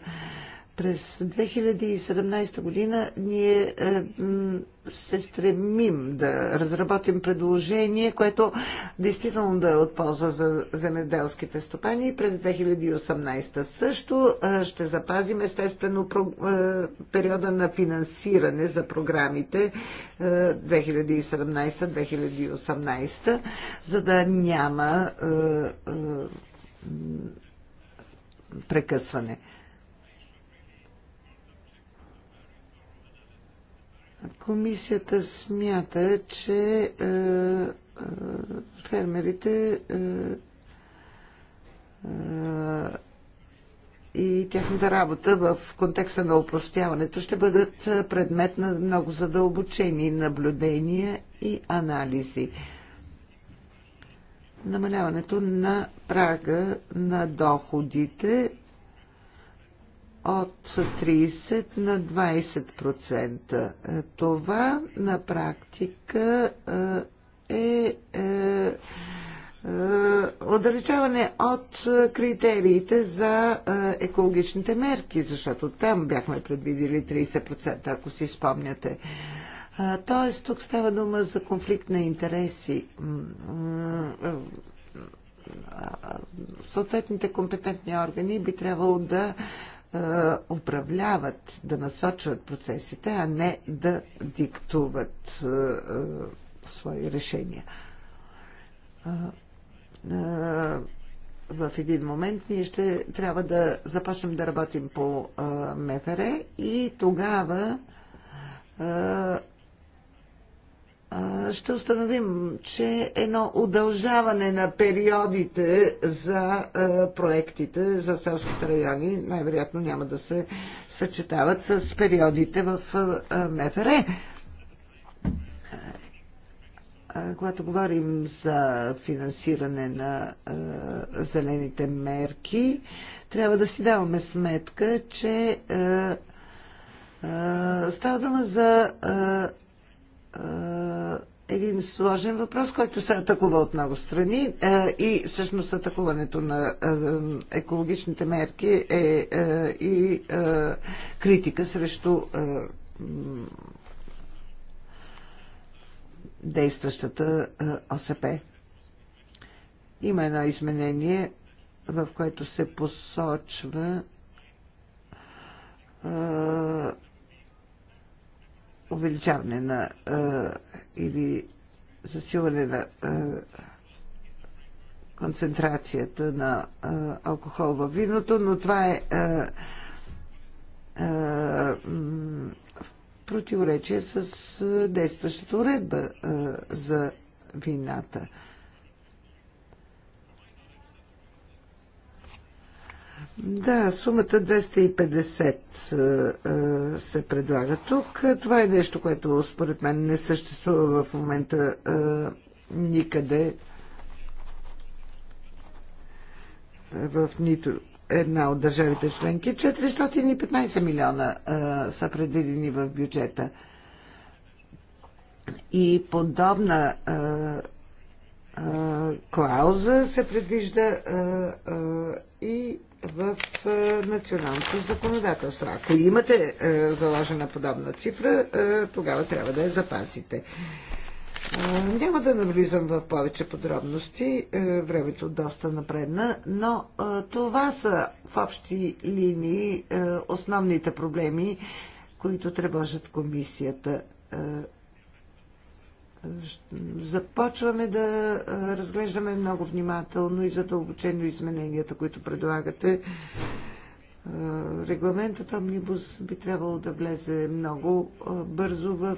През 2017 година ние е, се стремим да разработим предложение, което действително да е от полза за земеделските стопани. През 2018 също е, ще запазим естествено е, периода на финансиране за програмите 2017-2018, за да няма прекъсване. Комисията смята, че е, е, фермерите е, е и тяхната работа в контекста на упростяването ще бъдат е, предмет на много задълбочени наблюдения и анализи. Намаляването на прага на доходите от 30 на 20%. Това на практика е, е отдалечаване е, от критериите за е, екологичните мерки, защото там бяхме предвидили 30%, ако си спомняте. Тоест, тук става дума за конфликт на интереси. Съответните компетентни органи би трябвало да е, управляват, да насочват процесите, а не да диктуват е, е, свои решения. В един момент ние ще трябва да започнем да работим по МФР и тогава ще установим, че едно удължаване на периодите за проектите за селските райони най-вероятно няма да се съчетават с периодите в МФР. Когато говорим за финансиране на зелените мерки, трябва да си даваме сметка, че става дума за е, един сложен въпрос, който се атакува от много страни е, и всъщност атакуването на е, екологичните мерки е и критика срещу действащата ОСП. Има едно изменение, в което се посочва увеличаване на или засилване на концентрацията на алкохол във виното, но това е в противоречие с действащата уредба за вината. Да, сумата 250 е, е, се предлага тук. Това е нещо, което според мен не съществува в момента е, никъде в нито една от държавите членки. 415 милиона са предвидени в бюджета. И подобна клауза се предвижда и в е, националното законодателство. Ако имате е, заложена подобна цифра, е, тогава трябва да я запазите. Няма да навлизам в повече подробности, времето доста напредна, но това са в общи линии основните проблеми, които тревожат комисията започваме да разглеждаме много внимателно и задълбочено измененията, които предлагате. Регламентът Омнибус би трябвало да влезе много бързо в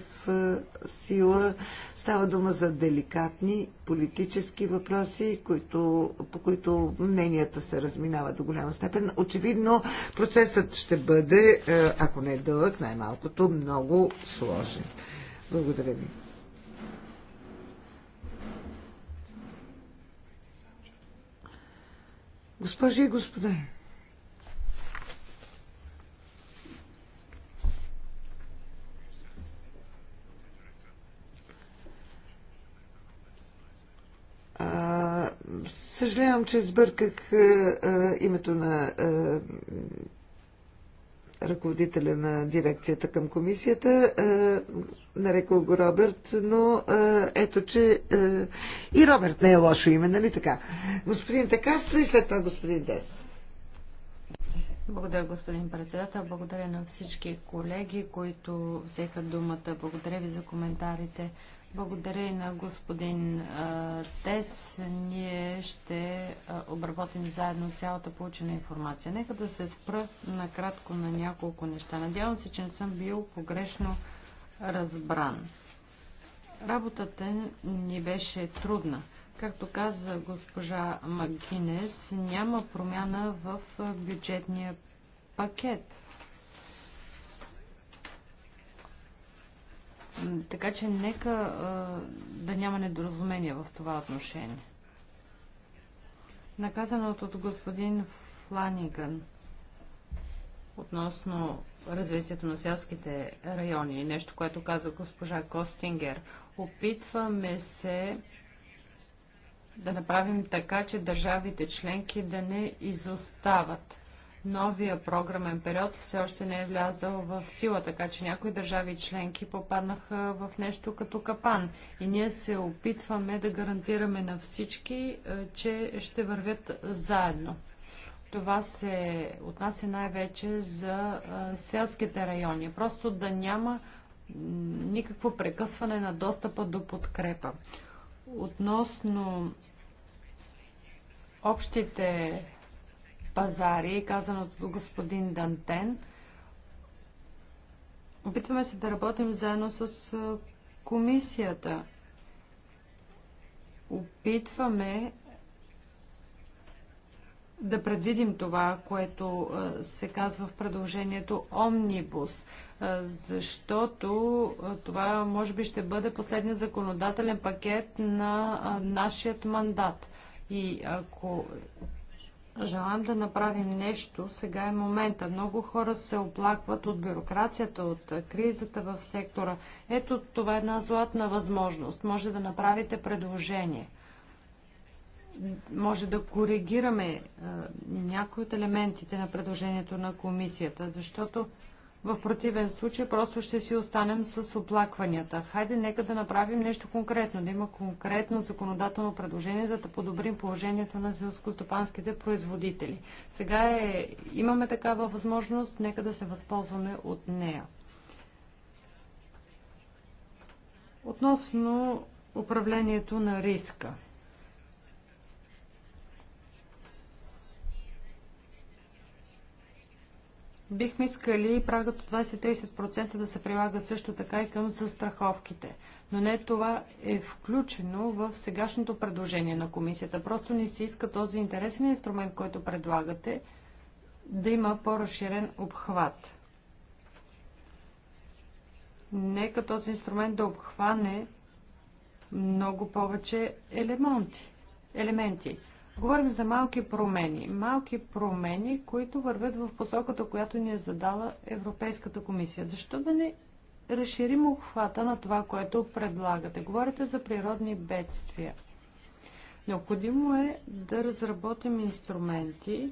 сила. Става дума за деликатни политически въпроси, които, по които мненията се разминават до голяма степен. Очевидно, процесът ще бъде, ако не е дълъг, най-малкото много сложен. Благодаря ви. Госпожи и господа, съжалявам, че сбърках името на ръководителя на дирекцията към комисията, е, нарекал го Роберт, но е, ето, че е, и Роберт не е лошо име, нали така? Господин Текастро и след това господин Дес. Благодаря, господин председател. Благодаря на всички колеги, които взеха думата. Благодаря ви за коментарите. Благодаря и на господин Тес. Ние ще обработим заедно цялата получена информация. Нека да се спра накратко на няколко неща. Надявам се, че не съм бил погрешно разбран. Работата ни беше трудна. Както каза госпожа Магинес, няма промяна в бюджетния пакет – Така че нека да няма недоразумение в това отношение. Наказаното от господин Фланиган относно развитието на селските райони, нещо, което каза госпожа Костингер. Опитваме се да направим така, че държавите членки да не изостават новия програмен период все още не е влязал в сила, така че някои държави членки попаднаха в нещо като капан. И ние се опитваме да гарантираме на всички, е, че ще вървят заедно. Това се отнася най-вече за е, селските райони. Просто да няма никакво прекъсване на достъпа до подкрепа. Относно общите пазари, казаното от господин Дантен. Опитваме се да работим заедно с комисията. Опитваме да предвидим това, което се казва в предложението Омнибус, защото това може би ще бъде последният законодателен пакет на нашият мандат. И ако желаем да направим нещо, сега е момента. Много хора се оплакват от бюрокрацията, от кризата в сектора. Ето това е една златна възможност. Може да направите предложение. Може да коригираме а, някои от елементите на предложението на комисията, защото в противен случай просто ще си останем с оплакванията. Хайде, нека да направим нещо конкретно, да има конкретно законодателно предложение, за да подобрим положението на селскостопанските производители. Сега е, имаме такава възможност, нека да се възползваме от нея. Относно управлението на риска – Бихме искали прагът от 20-30% да се прилага също така и към застраховките. Но не това е включено в сегашното предложение на комисията. Просто не се иска този интересен инструмент, който предлагате, да има по-разширен обхват. Нека този инструмент да обхване много повече елементи. елементи. Говорим за малки промени. Малки промени, които вървят в посоката, която ни е задала Европейската комисия. Защо да не разширим обхвата на това, което предлагате? Говорите за природни бедствия. Необходимо е да разработим инструменти,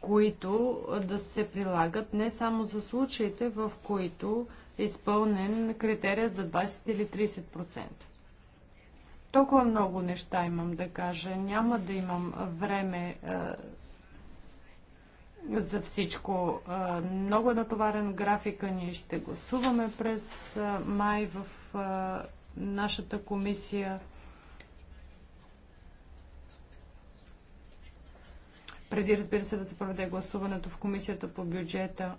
които да се прилагат не само за случаите, в които е изпълнен критерият за 20 или 30%. Толкова много неща имам да кажа. Няма да имам време а, е, за всичко. А, е, много е натоварен графика. Ние ще гласуваме през а, е, май в нашата комисия. Преди, разбира се, да се проведе гласуването в комисията по бюджета.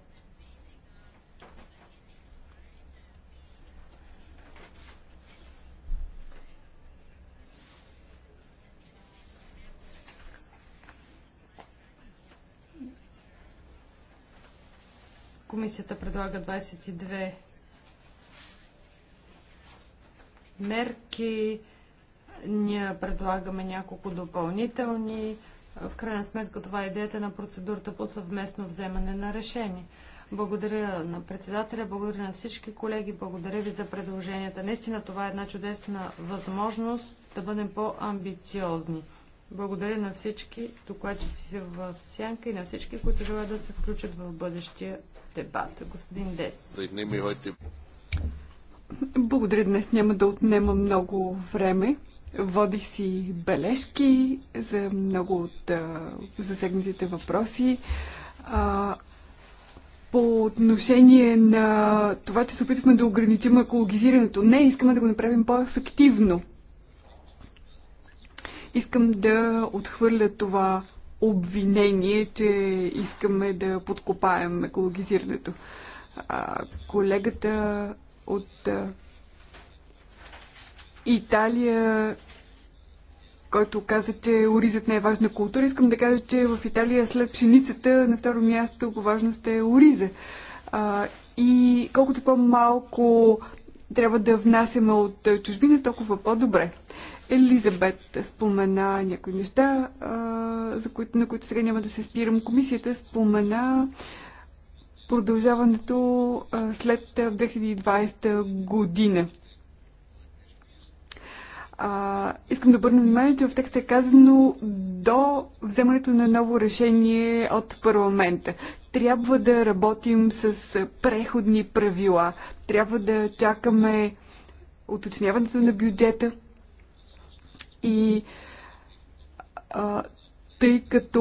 Комисията предлага 22 мерки. Ние предлагаме няколко допълнителни. В крайна сметка това е идеята на процедурата по съвместно вземане на решение. Благодаря на председателя, благодаря на всички колеги, благодаря ви за предложенията. Наистина това е една чудесна възможност да бъдем по-амбициозни. Благодаря на всички докладчици се в сянка и на всички, които желаят да се включат в бъдещия дебат. Господин Дес. Благодаря. Днес няма да отнема много време. Водих си бележки за много от засегнатите въпроси. А, по отношение на това, че се опитваме да ограничим екологизирането. Не, искаме да го направим по-ефективно. Искам да отхвърля това обвинение, че искаме да подкопаем екологизирането. А, колегата от а, Италия, който каза, че оризът не е важна култура, искам да кажа, че в Италия след пшеницата на второ място по важност е ориза. А, и колкото по-малко трябва да внасяме от чужбина, толкова по-добре. Елизабет спомена някои неща, за които, на които сега няма да се спирам. Комисията спомена продължаването след 2020 година. А, искам да обърна внимание, че в текста е казано до вземането на ново решение от парламента. Трябва да работим с преходни правила. Трябва да чакаме уточняването на бюджета и а, тъй като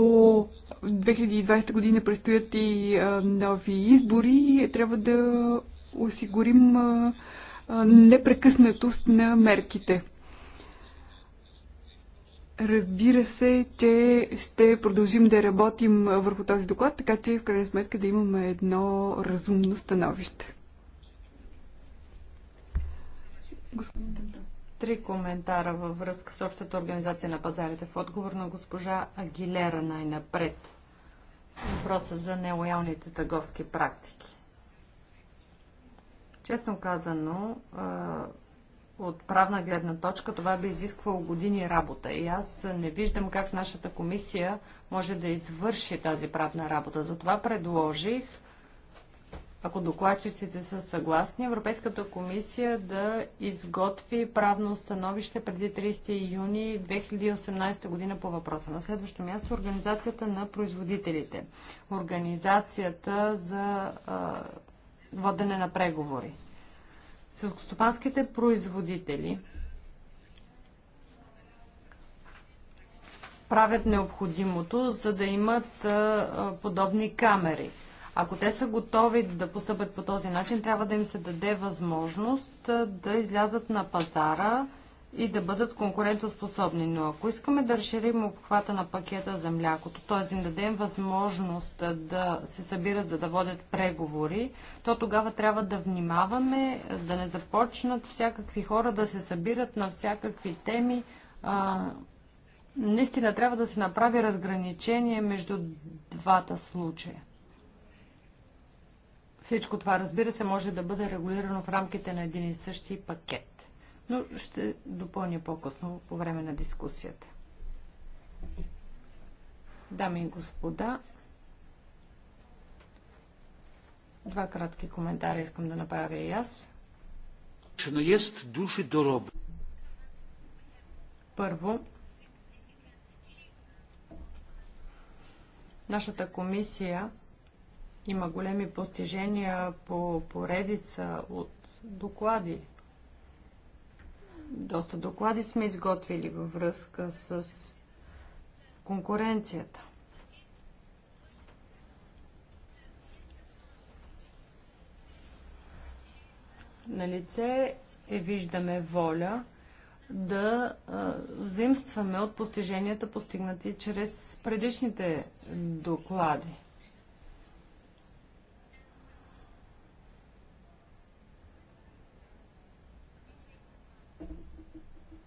2020 година предстоят и а, нови избори, трябва да осигурим а, а, непрекъснатост на мерките. Разбира се, че ще продължим да работим върху този доклад, така че в крайна сметка да имаме едно разумно становище. Господин Дантон три коментара във връзка с общата организация на пазарите. В отговор на госпожа Агилера най-напред въпроса за нелоялните търговски практики. Честно казано, от правна гледна точка това би изисквало години работа и аз не виждам как нашата комисия може да извърши тази правна работа. Затова предложих ако докладчиците са съгласни, Европейската комисия да изготви правно становище преди 30 юни 2018 година по въпроса. На следващо място Организацията на производителите. Организацията за а, водене на преговори. Селскостопанските производители правят необходимото, за да имат а, а, подобни камери – ако те са готови да посъбят по този начин, трябва да им се даде възможност да излязат на пазара и да бъдат конкурентоспособни. Но ако искаме да разширим обхвата на пакета за млякото, т.е. да им дадем възможност да се събират, за да водят преговори, то тогава трябва да внимаваме да не започнат всякакви хора да се събират на всякакви теми. А, наистина трябва да се направи разграничение между двата случая. Всичко това, разбира се, може да бъде регулирано в рамките на един и същи пакет. Но ще допълня по-късно по време на дискусията. Дами и господа, два кратки коментара искам да направя и аз. Но есть души до Първо, нашата комисия има големи постижения по поредица от доклади. Доста доклади сме изготвили във връзка с конкуренцията. На лице е виждаме воля да а, взаимстваме от постиженията, постигнати чрез предишните доклади.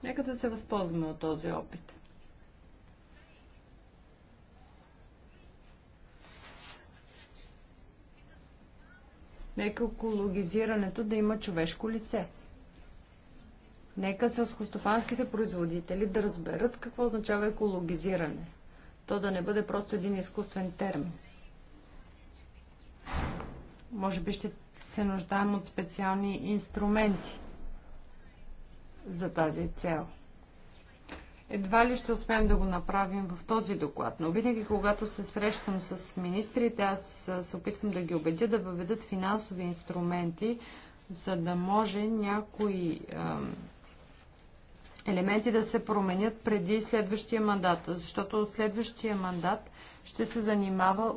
Нека да се възползваме от този опит. Нека екологизирането да има човешко лице. Нека селскостопанските производители да разберат какво означава екологизиране. То да не бъде просто един изкуствен термин. Може би ще се нуждаем от специални инструменти за тази цел. Едва ли ще успеем да го направим в този доклад, но винаги, когато се срещам с министрите, аз се опитвам да ги убедя да въведат финансови инструменти, за да може някои елементи да се променят преди следващия мандат, защото следващия мандат ще се занимава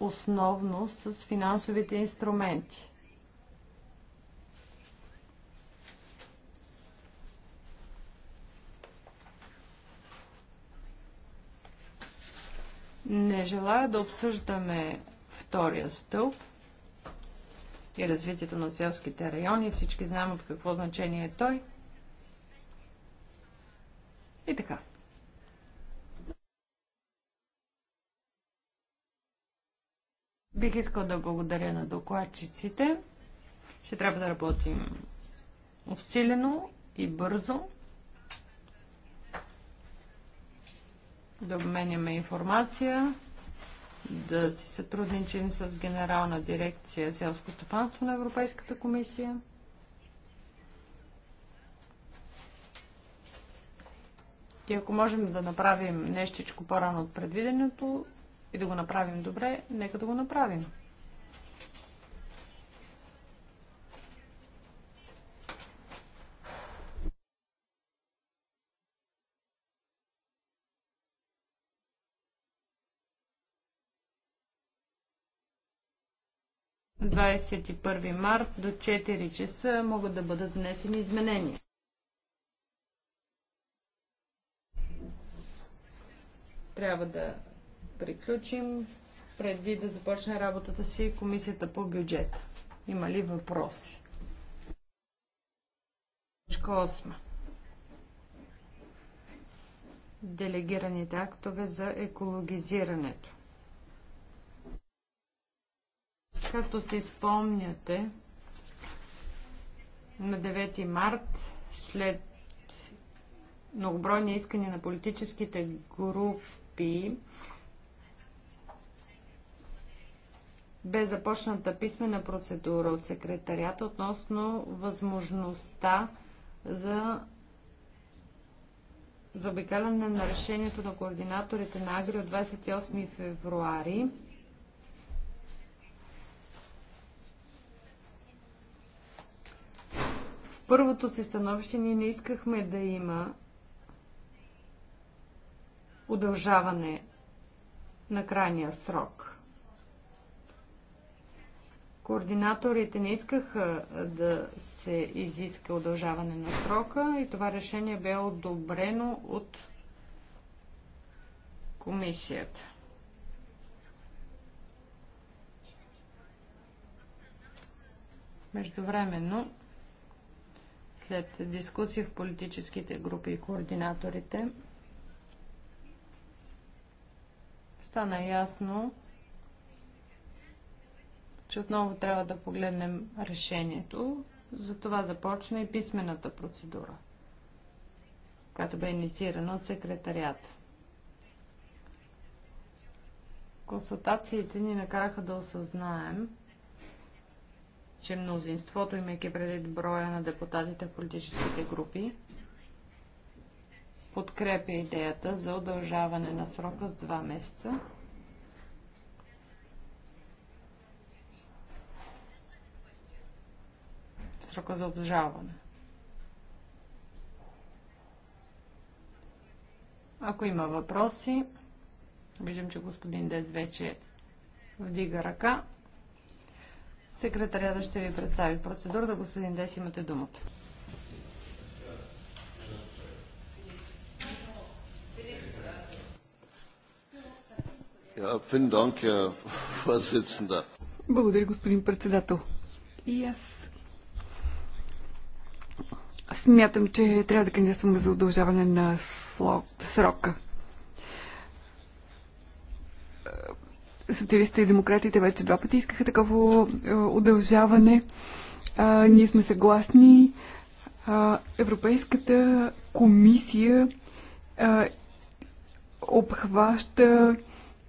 основно с финансовите инструменти. Не желая да обсъждаме втория стълб и развитието на селските райони. Всички знаем от какво значение е той. И така. Бих искал да благодаря на докладчиците. Ще трябва да работим усилено и бързо. да обменяме информация, да си сътрудничим с Генерална дирекция селско стопанство на Европейската комисия. И ако можем да направим нещичко по-рано от предвиденото и да го направим добре, нека да го направим. 21 март до 4 часа могат да бъдат внесени изменения. Трябва да приключим преди да започне работата си комисията по бюджета. Има ли въпроси? Точка 8. Делегираните актове за екологизирането. Както се спомняте, на 9 март, след многобройни искания на политическите групи, бе започната писмена процедура от секретарията относно възможността за заобикаляне на решението на координаторите на Агри от 28 февруари първото си становище ние не искахме да има удължаване на крайния срок. Координаторите не искаха да се изиска удължаване на срока и това решение бе одобрено от комисията. Междувременно, след дискусии в политическите групи и координаторите, стана ясно, че отново трябва да погледнем решението. Затова започна и писмената процедура, която бе инициирана от секретарията. Консултациите ни накараха да осъзнаем, че мнозинството, имайки предвид броя на депутатите в политическите групи, подкрепя идеята за удължаване на срока с два месеца. Срока за обжалване. Ако има въпроси, виждам, че господин Дез вече вдига ръка. Секретарята ще ви представи процедурата. Господин Дес, имате думата. Благодаря, господин председател. И аз смятам, че трябва да кандидатствам за удължаване на срока. Социалистите и демократите вече два пъти искаха такова е, удължаване. А, ние сме съгласни. А, Европейската комисия а, обхваща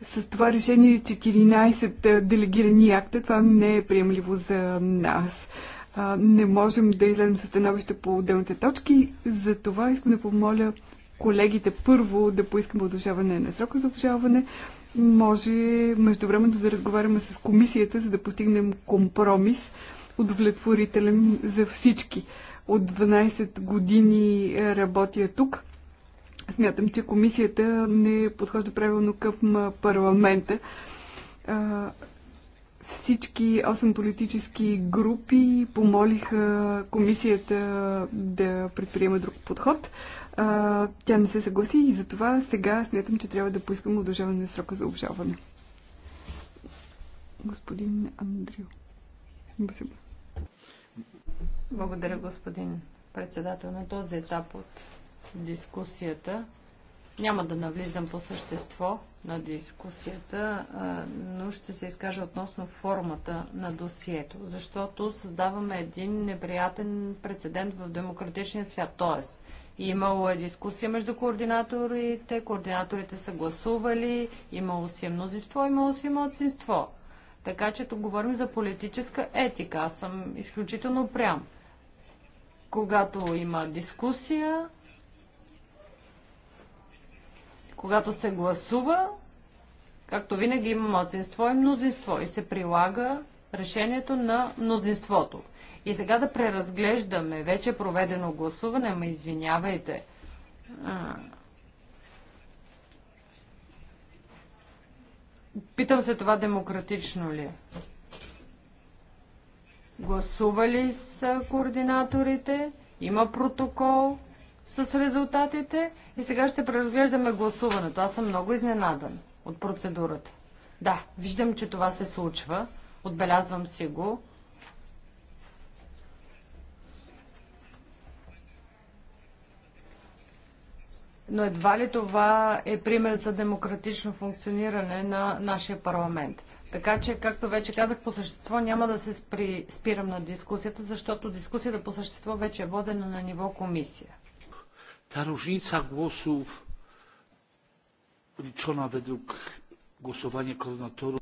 с това решение 14 делегирани акта. Това не е приемливо за нас. А, не можем да излезем със становище по отделните точки. За това искам да помоля колегите първо да поискаме удължаване на срока за обжалване, може междувременно да разговаряме с комисията, за да постигнем компромис, удовлетворителен за всички. От 12 години е, работя тук. Смятам, че комисията не подхожда правилно към парламента. Всички 8 политически групи помолиха комисията да предприема друг подход а, тя не се съгласи и затова сега смятам, че трябва да поискам удължаване на срока за обжалване. Господин Андрио. Благодаря, господин председател. На този етап от дискусията няма да навлизам по същество на дискусията, но ще се изкажа относно формата на досието, защото създаваме един неприятен прецедент в демократичния свят. Тоест, Имало е дискусия между координаторите, координаторите са гласували, имало си е мнозинство, имало си е младсинство. Така че тук говорим за политическа етика. Аз съм изключително прям. Когато има дискусия, когато се гласува, както винаги има младсинство и мнозинство и се прилага решението на мнозинството. И сега да преразглеждаме вече проведено гласуване, ма извинявайте. Питам се това демократично ли е. Гласували са координаторите, има протокол с резултатите и сега ще преразглеждаме гласуването. Аз съм много изненадан от процедурата. Да, виждам, че това се случва, Отбелязвам си го. Но едва ли това е пример за демократично функциониране на нашия парламент. Така че, както вече казах, по същество няма да се спри, спирам на дискусията, защото дискусията по същество вече е водена на ниво комисия. Та ружница гласов, личона ведук гласование koordynatorów.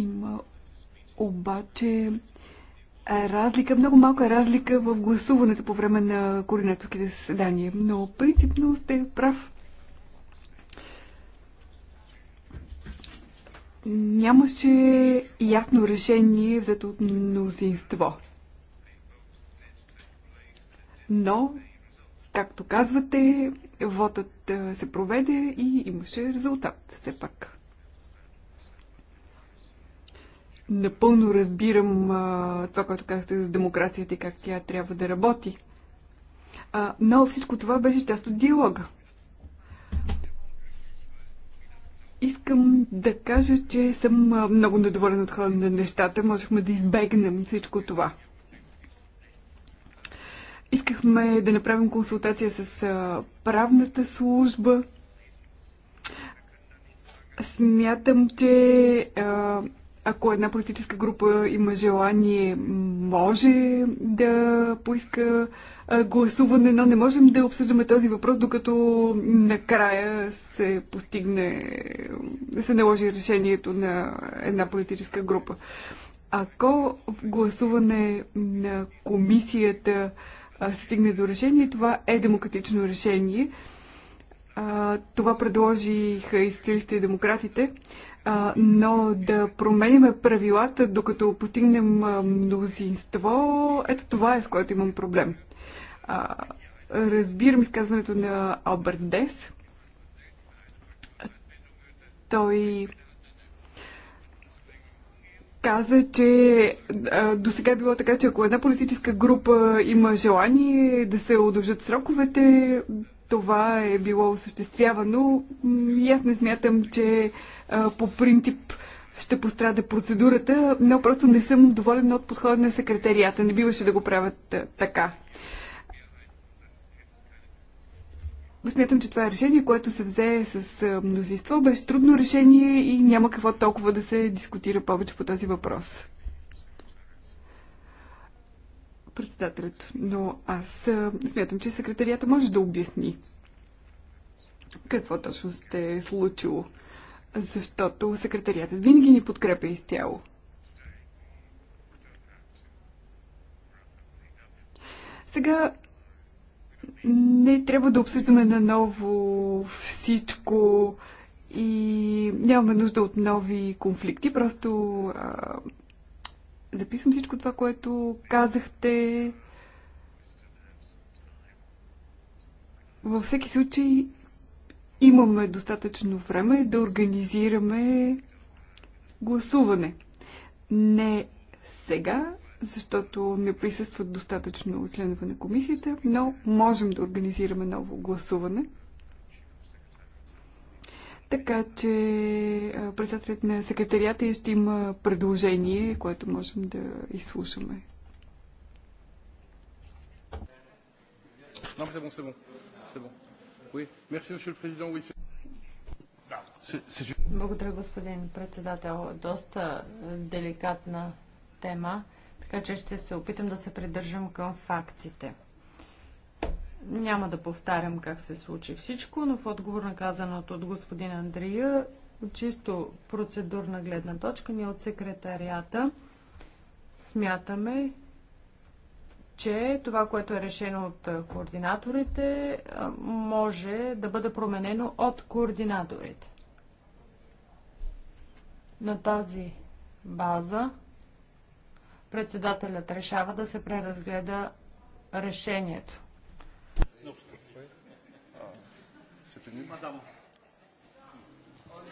Има обаче разлика, много малка разлика в гласуването по време на координаторските заседания, но принципно сте прав. Нямаше ясно решение взето от мнозинство. Но, както казвате, водът се проведе и имаше резултат все пак. Напълно разбирам а, това, което казахте за демокрацията и как тя трябва да работи. А, но всичко това беше част от диалога. Искам да кажа, че съм много недоволен от хода на нещата. Можехме да избегнем всичко това. Искахме да направим консултация с правната служба. Смятам, че а, ако една политическа група има желание, може да поиска гласуване, но не можем да обсъждаме този въпрос, докато накрая се постигне, се наложи решението на една политическа група. Ако в гласуване на комисията се стигне до решение, това е демократично решение. Това предложиха и социалистите и демократите но да променяме правилата, докато постигнем мнозинство, ето това е с което имам проблем. разбирам изказването на Алберт Дес. Той каза, че до сега е било така, че ако една политическа група има желание да се удължат сроковете, това е било осъществявано. И аз не смятам, че а, по принцип ще пострада процедурата, но просто не съм доволен от подхода на секретарията. Не биваше да го правят а, така. Смятам, че това е решение, което се взе с мнозинство. Беше трудно решение и няма какво толкова да се дискутира повече по този въпрос. Председателят, но аз смятам, че секретарията може да обясни какво точно сте е случило, защото секретариатът винаги ни подкрепя изцяло. Сега не трябва да обсъждаме наново всичко и нямаме нужда от нови конфликти, просто а, записвам всичко това, което казахте. Във всеки случай имаме достатъчно време да организираме гласуване. Не сега, защото не присъстват достатъчно членове на комисията, но можем да организираме ново гласуване – така че председателят на секретарията ще има предложение, което можем да изслушаме. Благодаря, господин председател. Доста деликатна тема, така че ще се опитам да се придържам към фактите. Няма да повтарям как се случи всичко, но в отговор на казаното от господин Андрия, от чисто процедурна гледна точка, ние от секретарията смятаме, че това, което е решено от координаторите, може да бъде променено от координаторите. На тази база председателят решава да се преразгледа решението.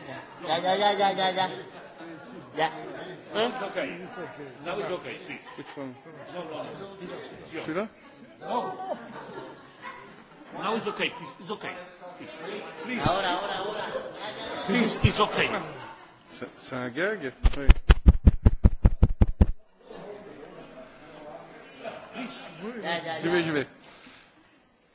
Yeah, yeah, yeah, yeah, yeah, yeah. Yeah. Huh? It's okay. It's okay. It's now it's okay, please. Which one? No, no, no. Should No. Now it's okay, please. It's okay. Please. Please. Ahora, ahora, ahora. Please, it's okay. C'est un gag Oui. Please. J'y vais, j'y vais.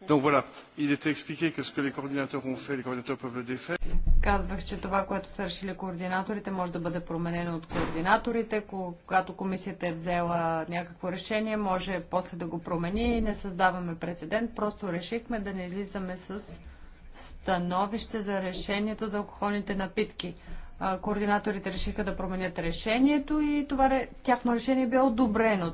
Donc voilà, il était expliqué que ce que les coordinateurs ont fait, les coordinateurs peuvent le défaire. Казвах, че това, което са решили координаторите, може да бъде променено от координаторите. Когато комисията е взела някакво решение, може после да го промени и не създаваме прецедент. Просто решихме да не излизаме с становище за решението за алкохолните напитки. Координаторите решиха да променят решението и това тяхно решение било одобрено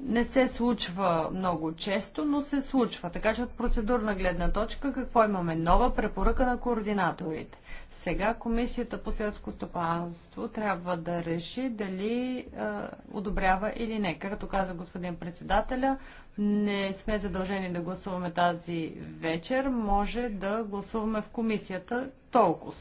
не се случва много често, но се случва. Така че от процедурна гледна точка какво имаме? Нова препоръка на координаторите. Сега Комисията по селско стопанство трябва да реши дали е, одобрява или не. Както каза господин председателя, не сме задължени да гласуваме тази вечер. Може да гласуваме в комисията толкова.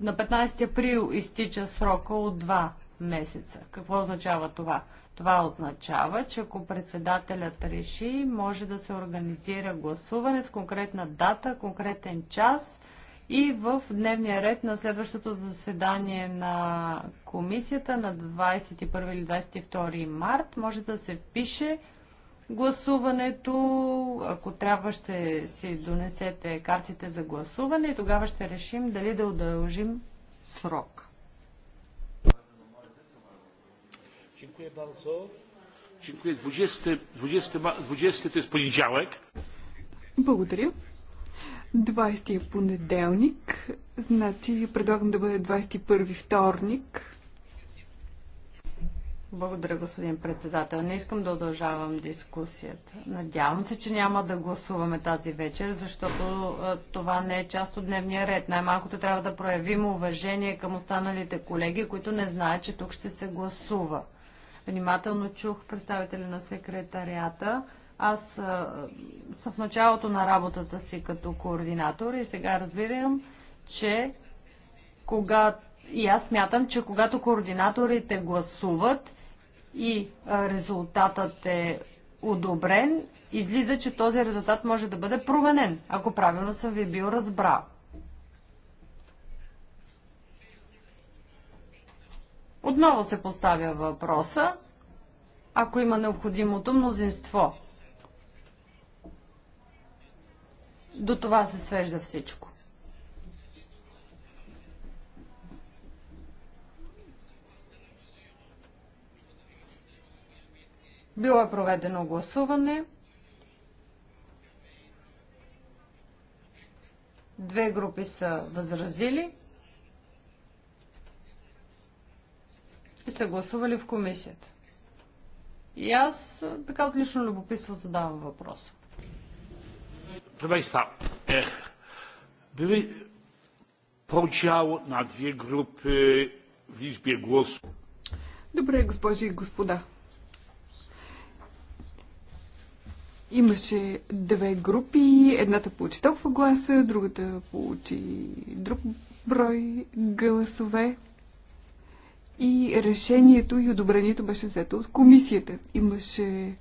На 15 април изтича срока от 2 месеца. Какво означава това? Това означава, че ако председателят реши, може да се организира гласуване с конкретна дата, конкретен час и в дневния ред на следващото заседание на комисията на 21 или 22 март може да се впише гласуването. Ако трябва, ще си донесете картите за гласуване и тогава ще решим дали да удължим срок. Dziękuję bardzo. Dziękuję. 20, 20, 20 to jest poniedziałek. Благодаря. 20 е понеделник, значи предлагам да бъде 21 вторник. Благодаря, господин председател. Не искам да удължавам дискусията. Надявам се, че няма да гласуваме тази вечер, защото е, това не е част от дневния ред. Най-малкото трябва да проявим уважение към останалите колеги, които не знаят, че тук ще се гласува. Внимателно чух представители на секретарията. Аз съм в началото на работата си като координатор и сега разбирам, че кога... и аз смятам, че когато координаторите гласуват и резултатът е одобрен, излиза, че този резултат може да бъде променен, ако правилно съм ви бил разбрал. Отново се поставя въпроса, ако има необходимото мнозинство. До това се свежда всичко. Било е проведено гласуване. Две групи са възразили. ли са гласували в комисията? И аз така отлично любопитство задавам въпроса. Proszę е, били e, podział на две групи в избие głosów. Добре, госпожи и господа. Имаше две групи. Едната получи толкова гласа, другата получи друг брой гласове и решението и одобрението беше взето от комисията. Имаше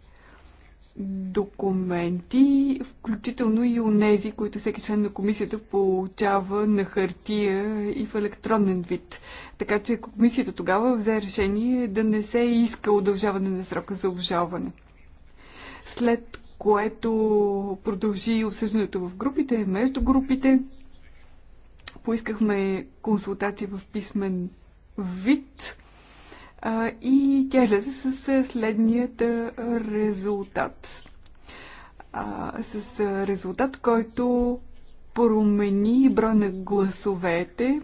документи, включително и онези, които всеки член на комисията получава на хартия и в електронен вид. Така че комисията тогава взе решение да не се иска удължаване на срока за обжалване. След което продължи обсъждането в групите, между групите, поискахме консултация в писмен вид а, и тя излезе с следният резултат. А, с резултат, който промени броя на гласовете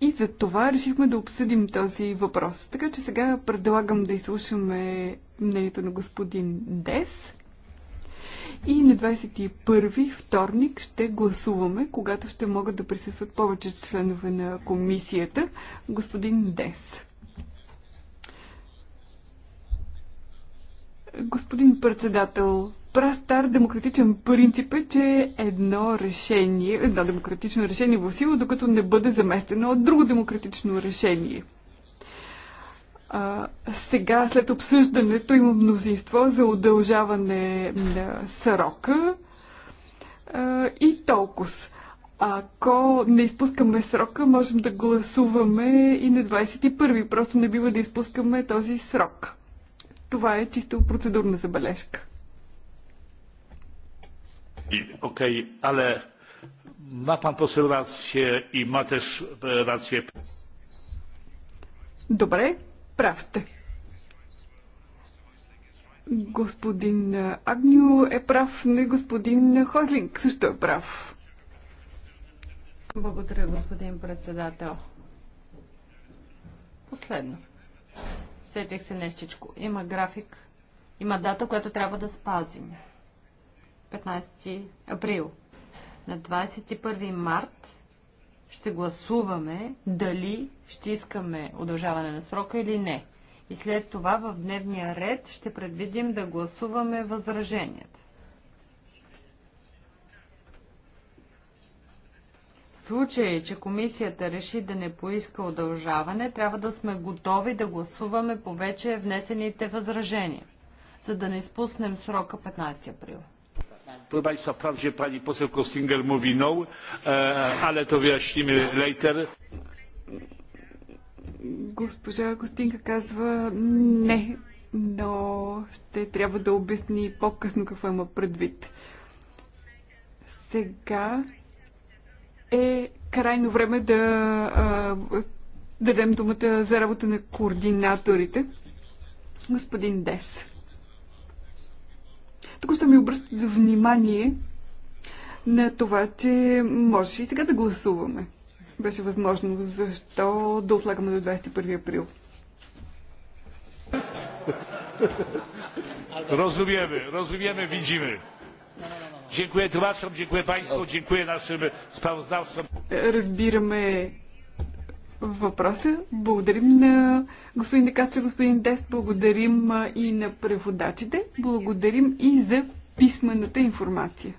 и за това решихме да обсъдим този въпрос. Така че сега предлагам да изслушаме мнението на господин Дес и на 21-и, вторник, ще гласуваме, когато ще могат да присъстват повече членове на комисията. Господин Дес. Господин председател, прастар демократичен принцип е, че едно решение, едно демократично решение в сила, докато не бъде заместено от друго демократично решение. А, сега, след обсъждането, има мнозинство за удължаване на срока а, и толкова. Ако не изпускаме срока, можем да гласуваме и на 21-и. Просто не бива да изпускаме този срок. Това е чисто процедурна забележка. Окей, okay, але ма пан посел рация и ma też е, е- Добре, Прав сте. Господин Агню е прав, но и господин Хозлинг също е прав. Благодаря, господин председател. Последно. Сетих се нещичко. Има график, има дата, която трябва да спазим. 15 април. На 21 март ще гласуваме дали ще искаме удължаване на срока или не. И след това в дневния ред ще предвидим да гласуваме възраженията. В случай, че комисията реши да не поиска удължаване, трябва да сме готови да гласуваме по вече внесените възражения, за да не изпуснем срока 15 април proszę państwa wprawdzie pani poseł kstinger mówi no e, ale to wyjaśnimy later госпожа Костинка казва не, но ще трябва да обясни по-късно какво има предвид. Сега е крайно време да а, дадем думата за работа на координаторите. Господин Дес. Току-що ми обръщате внимание на това, че може и сега да гласуваме. Беше възможно. Защо да отлагаме до 21 април? Rozumiemy, rozumiemy, widzimy. Dziękuję tłumaczom, dziękuję Państwu, dziękuję naszym sprawozdawcom. Разбираме въпроса. Благодарим на господин Декастро господин Дест, благодарим и на преводачите, благодарим и за писмената информация.